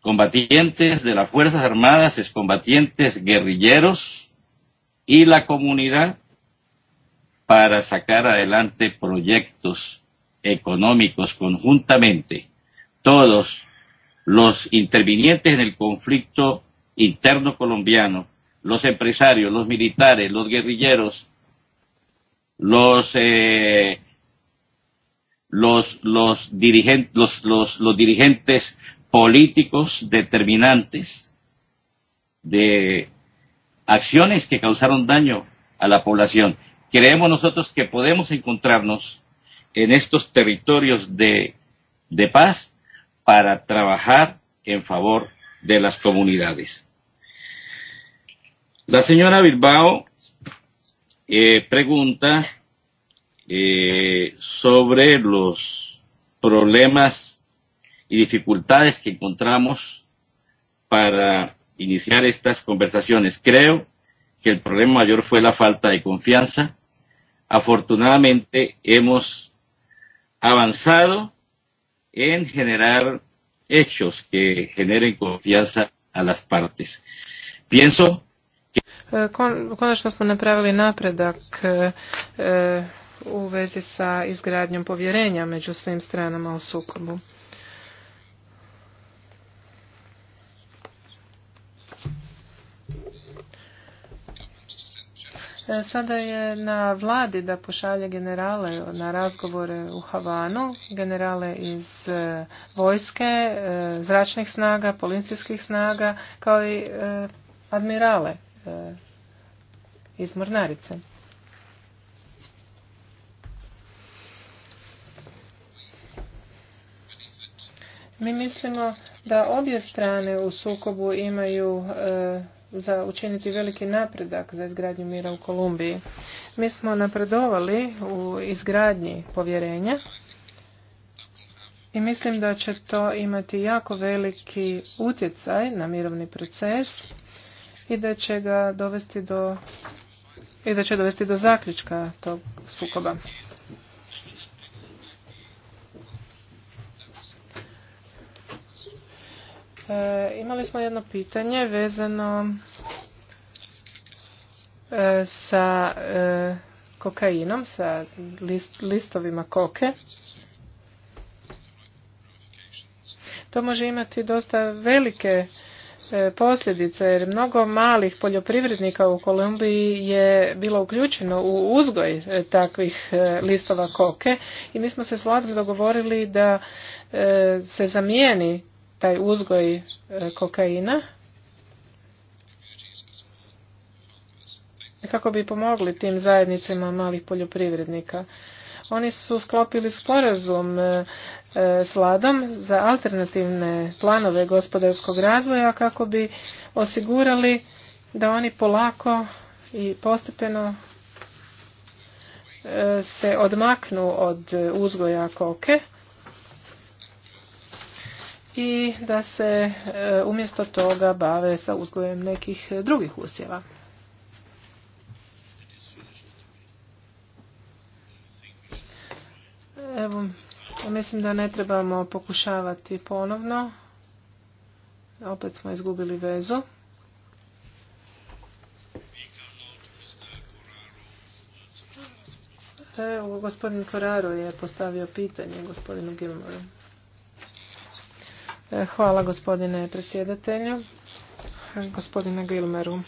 combatientes de las Fuerzas Armadas, excombatientes guerrilleros y la comunidad para sacar adelante proyectos económicos conjuntamente. Todos los intervinientes en el conflicto interno colombiano los empresarios, los militares, los guerrilleros, los eh, los los dirigentes los, los, los dirigentes políticos determinantes de acciones que causaron daño a la población. Creemos nosotros que podemos encontrarnos en estos territorios de, de paz para trabajar en favor de las comunidades. La señora Bilbao eh, pregunta eh, sobre los problemas y dificultades que encontramos para iniciar estas conversaciones. Creo que el problema mayor fue la falta de confianza. Afortunadamente hemos avanzado en generar hechos que generen confianza a las partes. Pienso E, konačno smo napravili napredak e, e, u vezi sa izgradnjom povjerenja među svim stranama u sukobu. Sada je na vladi da pošalje generale na razgovore u Havanu, generale iz vojske, zračnih snaga, policijskih snaga, kao i admirale. E, iz Mornarice. Mi mislimo da obje strane u sukobu imaju e, za učiniti veliki napredak za izgradnju mira u Kolumbiji. Mi smo napredovali u izgradnji povjerenja i mislim da će to imati jako veliki utjecaj na mirovni proces i da će ga dovesti do i da će dovesti do zaključka tog sukoba. E, imali smo jedno pitanje vezano e, sa e, kokainom, sa listovima koke. To može imati dosta velike E, posljedice jer mnogo malih poljoprivrednika u Kolumbiji je bilo uključeno u uzgoj e, takvih e, listova koke i mi smo se s vladom dogovorili da se zamijeni taj uzgoj kokaina kako bi pomogli tim zajednicama malih poljoprivrednika. Oni su sklopili sporazum e, e, s vladom za alternativne planove gospodarskog razvoja kako bi osigurali da oni polako i postepeno e, se odmaknu od uzgoja koke i da se umjesto toga bave sa uzgojem nekih drugih usjeva. Evo, mislim da ne trebamo pokušavati ponovno. Opet smo izgubili vezu. Evo, gospodin Koraro je postavio pitanje gospodinu Gilmoru. Hvala gospodine predsjedatelju, gospodine Gilmeru.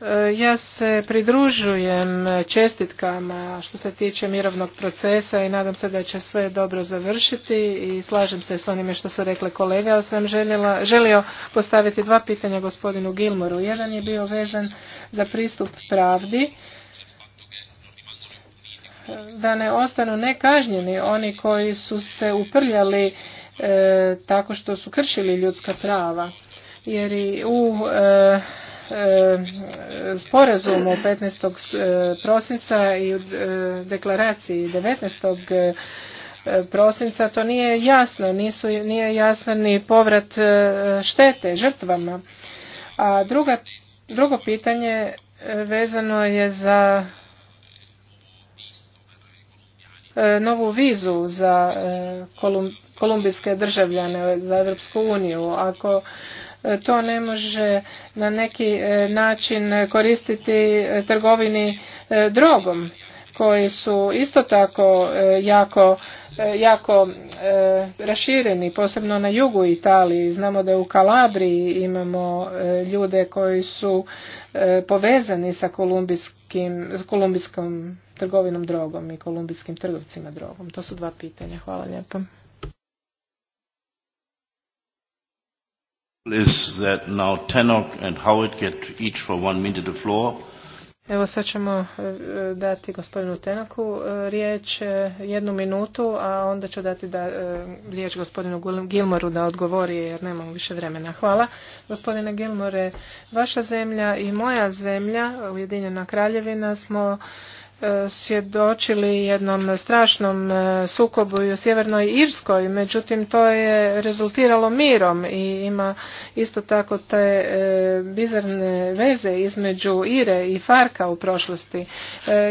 E, ja se pridružujem čestitkama što se tiče mirovnog procesa i nadam se da će sve dobro završiti i slažem se s onime što su rekle kolege, ali sam željela, želio postaviti dva pitanja gospodinu Gilmoru. Jedan je bio vezan za pristup pravdi da ne ostanu nekažnjeni oni koji su se uprljali e, tako što su kršili ljudska prava jer i u e, Eh, sporazumu 15. Eh, prosinca i u eh, deklaraciji 19 prosinca to nije jasno, nisu, nije jasno ni povrat štete žrtvama. A druga, drugo pitanje vezano je za novu vizu za kolumbijske državljane za Europsku uniju. Ako E, to ne može na neki e, način koristiti e, trgovini drogom koji su isto tako jako jako rašireni, posebno na jugu Italiji. Znamo da u Kalabriji imamo ljude koji su povezani sa kolumbijskim, kolumbijskom trgovinom drogom i kolumbijskim trgovcima drogom. To su dva pitanja. Hvala lijepo. Evo sad ćemo e, dati gospodinu Tenoku e, riječ e, jednu minutu, a onda ću dati da, riječ gospodinu Gilmoru da odgovori jer nemamo više vremena. Hvala. Gospodine Gilmore, vaša zemlja i moja zemlja, Ujedinjena kraljevina, smo E, svjedočili jednom strašnom e, sukobu u Sjevernoj Irskoj, međutim to je rezultiralo mirom i ima isto tako te e, bizarne veze između Ire i Farka u prošlosti.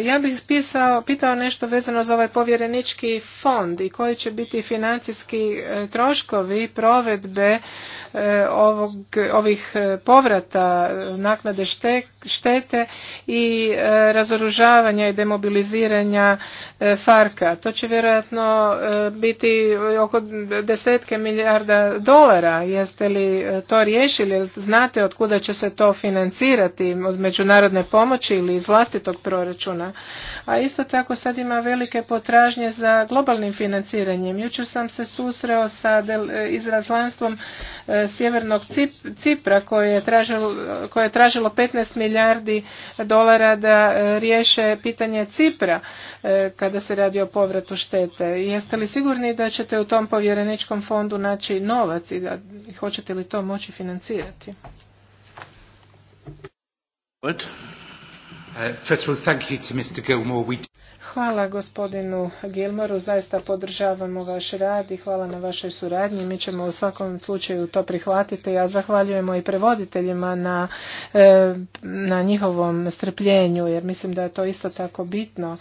Ja bih pisao, pitao nešto vezano za ovaj povjerenički fond i koji će biti financijski troškovi provedbe ovog, ovih povrata naknade štete i razoružavanja i demobiliziranja e, Farka. To će vjerojatno e, biti oko desetke milijarda dolara. Jeste li e, to riješili? Znate od kuda će se to financirati? Od međunarodne pomoći ili iz vlastitog proračuna? A isto tako sad ima velike potražnje za globalnim financiranjem. Jučer sam se susreo sa izrazlanstvom Sjevernog Cipra koje je tražilo, koje je tražilo 15 milijardi dolara da riješe pitanje pitanje Cipra e, kada se radi o povratu štete. Jeste li sigurni da ćete u tom povjereničkom fondu naći novac i da hoćete li to moći financirati? Hvala gospodinu Gilmaru, zaista podržavamo vaš rad i hvala na vašoj suradnji. Mi ćemo u svakom slučaju to prihvatiti, a ja zahvaljujemo i prevoditeljima na, e, na njihovom strpljenju, jer mislim da je to isto tako bitno.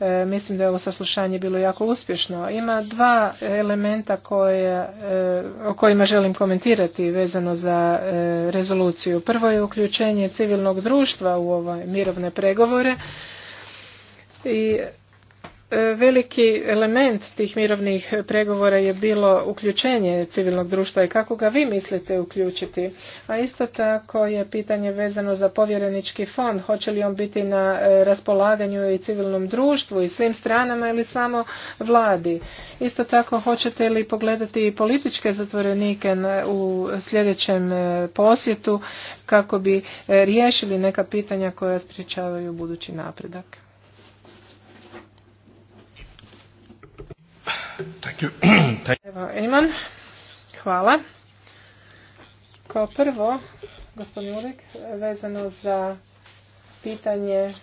E, mislim da je ovo saslušanje bilo jako uspješno. Ima dva elementa koje, e, o kojima želim komentirati vezano za rezoluciju. Prvo je uključenje civilnog društva u ove mirovne pregovore. I e, veliki element tih mirovnih pregovora je bilo uključenje civilnog društva i kako ga vi mislite uključiti. A isto tako je pitanje vezano za povjerenički fond. Hoće li on biti na e, raspolaganju i civilnom društvu i svim stranama ili samo vladi? Isto tako hoćete li pogledati i političke zatvorenike u sljedećem e, posjetu kako bi riješili neka pitanja koja sprječavaju budući napredak? [clears throat] hvala. Kao prvo, gospodin Urik, vezano za pitanje eh,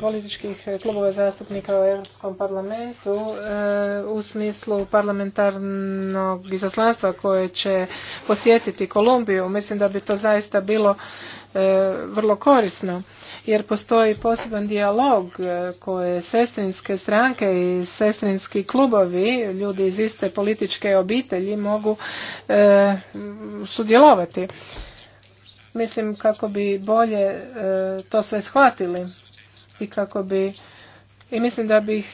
političkih klubova zastupnika u Europskom parlamentu eh, u smislu parlamentarnog izaslanstva koje će posjetiti Kolumbiju. Mislim da bi to zaista bilo E, vrlo korisno jer postoji poseban dijalog e, koje sestrinske stranke i sestrinski klubovi, ljudi iz iste političke obitelji mogu e, sudjelovati. Mislim kako bi bolje to sve shvatili i kako bi i mislim da bih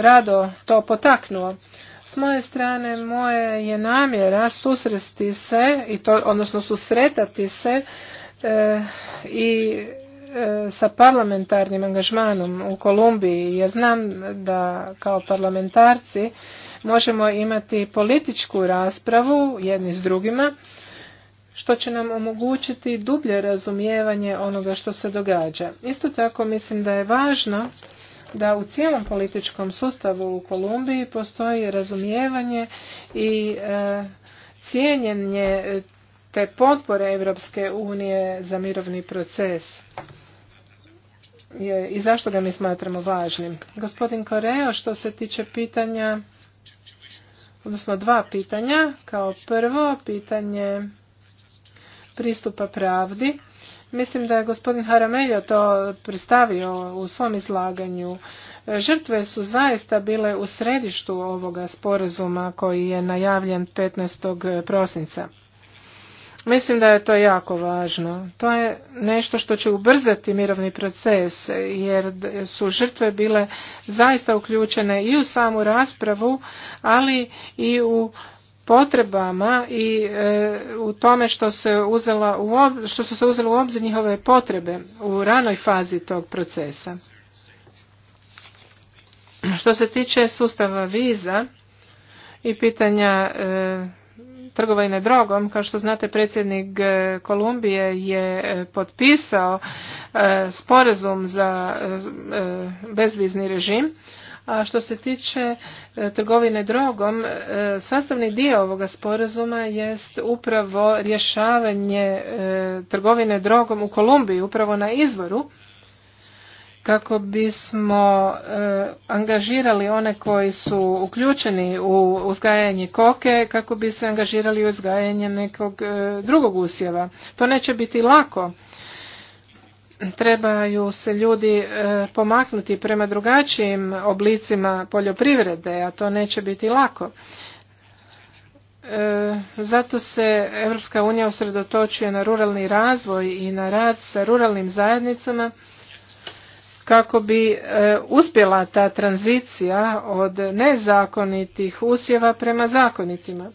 rado to potaknuo. S moje strane moje je namjera susresti se i to odnosno susretati se Eh, i eh, sa parlamentarnim angažmanom u Kolumbiji jer znam da kao parlamentarci možemo imati političku raspravu jedni s drugima što će nam omogućiti dublje razumijevanje onoga što se događa. Isto tako mislim da je važno da u cijelom političkom sustavu u Kolumbiji postoji razumijevanje i e, cijenjenje te potpore Europske unije za mirovni proces i zašto ga mi smatramo važnim. Gospodin Koreo, što se tiče pitanja, odnosno dva pitanja, kao prvo pitanje pristupa pravdi. Mislim da je gospodin Haramelja to predstavio u svom izlaganju. Žrtve su zaista bile u središtu ovoga sporazuma koji je najavljen 15. prosinca. Mislim da je to jako važno. To je nešto što će ubrzati mirovni proces jer su žrtve bile zaista uključene i u samu raspravu, ali i u potrebama i e, u tome što se što su se uzele u obzir njihove potrebe u ranoj fazi tog procesa. Što se tiče sustava viza i pitanja e, trgovine drogom. Kao što znate, predsjednik e, Kolumbije je e, potpisao e, sporazum za bezvizni režim. A što se tiče trgovine drogom, sastavni dio ovoga sporazuma jest upravo rješavanje trgovine drogom u Kolumbiji, upravo na izvoru kako bismo e, angažirali one koji su uključeni u uzgajanje koke kako bi se angažirali u uzgajanje nekog e, drugog usjeva to neće biti lako trebaju se ljudi e, pomaknuti prema drugačijim oblicima poljoprivrede a to neće biti lako zato se Europska unija usredotočuje na ruralni razvoj i na rad sa ruralnim zajednicama kako bi e, uspjela ta tranzicija od nezakonitih usjeva prema zakonitima.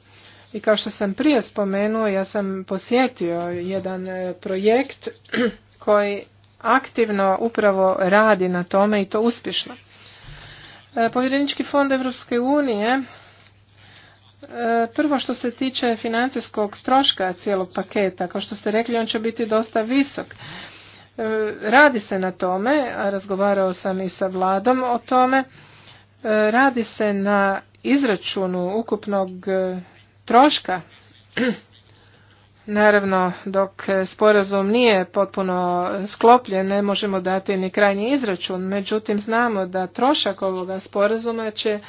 I kao što sam prije spomenuo, ja sam posjetio jedan e, projekt [clears throat] koji aktivno upravo radi na tome i to uspješno. E, Povjerenički fond Europske unije Prvo što se tiče financijskog troška cijelog paketa, kao što ste rekli, on će biti dosta visok. E, radi se na tome, a razgovarao sam i sa vladom o tome, e, radi se na izračunu ukupnog e, troška. [clears throat] Naravno, dok sporazum nije potpuno sklopljen, ne možemo dati ni krajnji izračun, međutim znamo da trošak ovoga sporazuma će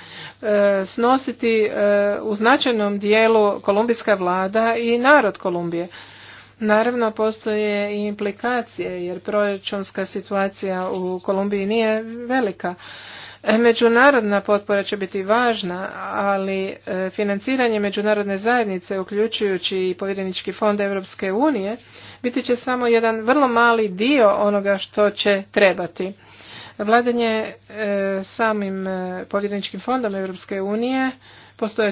snositi u značajnom dijelu kolumbijska vlada i narod Kolumbije. Naravno, postoje i implikacije, jer proračunska situacija u Kolumbiji nije velika. E, međunarodna potpora će biti važna, ali e, financiranje međunarodne zajednice, uključujući i povjerenički fond Europske unije, biti će samo jedan vrlo mali dio onoga što će trebati. Vladanje e, samim povjereničkim fondom Europske unije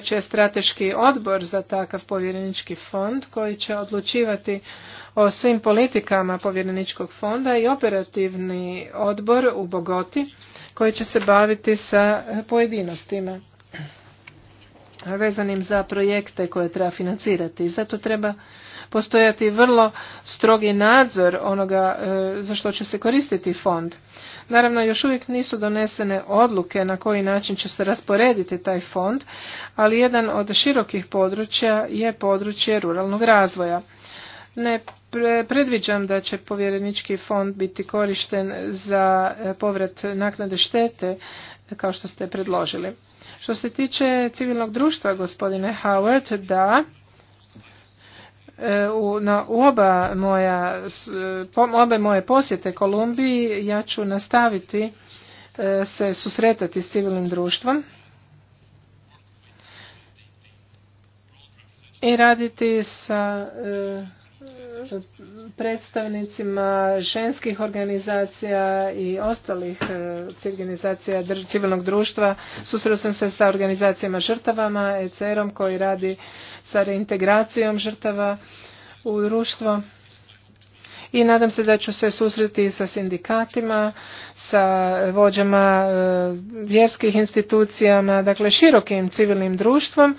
će strateški odbor za takav povjerenički fond koji će odlučivati o svim politikama povjereničkog fonda i operativni odbor u Bogoti koji će se baviti sa pojedinostima vezanim za projekte koje treba financirati. Zato treba postojati vrlo strogi nadzor onoga e, za što će se koristiti fond. Naravno, još uvijek nisu donesene odluke na koji način će se rasporediti taj fond, ali jedan od širokih područja je područje ruralnog razvoja. Ne predviđam da će povjerenički fond biti korišten za e, povrat naknade štete kao što ste predložili. Što se tiče civilnog društva, gospodine Howard, da, E, u, na oba moja, e, obe moje posjete Kolumbiji ja ću nastaviti e, se susretati s civilnim društvom i raditi sa predstavnicima ženskih organizacija i ostalih organizacija e, civilnog društva. Susreo sam se sa organizacijama žrtavama, ECR-om koji radi sa reintegracijom žrtava u društvo. I nadam se da ću se susreti sa sindikatima, sa vođama e, vjerskih institucijama, dakle širokim civilnim društvom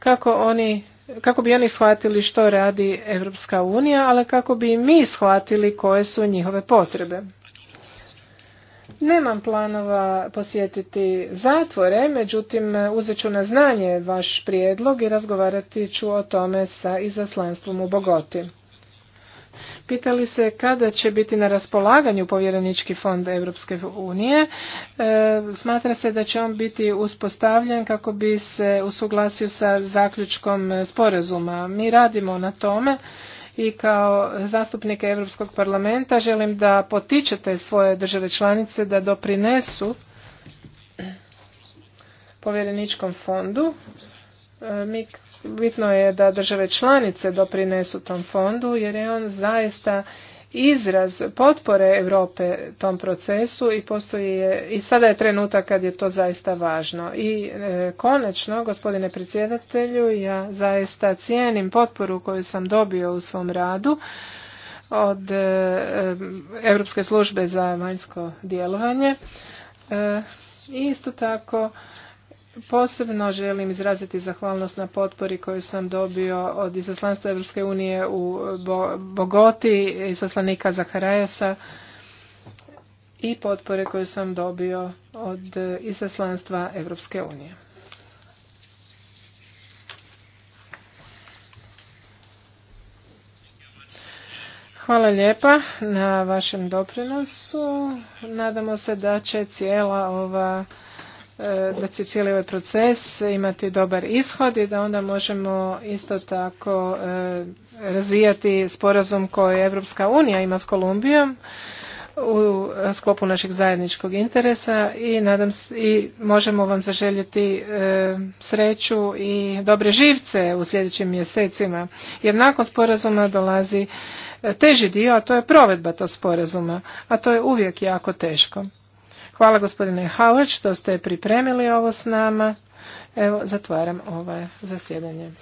kako oni kako bi oni shvatili što radi Europska unija, ali kako bi i mi shvatili koje su njihove potrebe. Nemam planova posjetiti zatvore, međutim uzet ću na znanje vaš prijedlog i razgovarati ću o tome sa izaslanstvom u Bogoti. Pitali se kada će biti na raspolaganju povjerenički fond Europske unije. E, smatra se da će on biti uspostavljen kako bi se usuglasio sa zaključkom sporazuma. Mi radimo na tome i kao zastupnike Europskog parlamenta želim da potičete svoje države članice da doprinesu povjereničkom fondu. E, mi bitno je da države članice doprinesu tom fondu jer je on zaista izraz potpore Europe tom procesu i postoji je, i sada je trenutak kad je to zaista važno. I e, konačno, gospodine predsjedatelju, ja zaista cijenim potporu koju sam dobio u svom radu od e, e, Europske službe za vanjsko djelovanje. i e, isto tako Posebno želim izraziti zahvalnost na potpori koju sam dobio od izaslanstva Evropske unije u Bogoti, izaslanika Zaharajasa i potpore koju sam dobio od izaslanstva Evropske unije. Hvala lijepa na vašem doprinosu. Nadamo se da će cijela ova E, da će cijeli ovaj proces imati dobar ishod i da onda možemo isto tako e, razvijati sporazum koji Evropska unija ima s Kolumbijom u e, sklopu našeg zajedničkog interesa i nadam se i možemo vam zaželjeti sreću i dobre živce u sljedećim mjesecima jer nakon sporazuma dolazi teži dio a to je provedba tog sporazuma a to je uvijek jako teško Hvala gospodine Howard što ste pripremili ovo s nama. Evo, zatvaram ovo ovaj zasjedanje.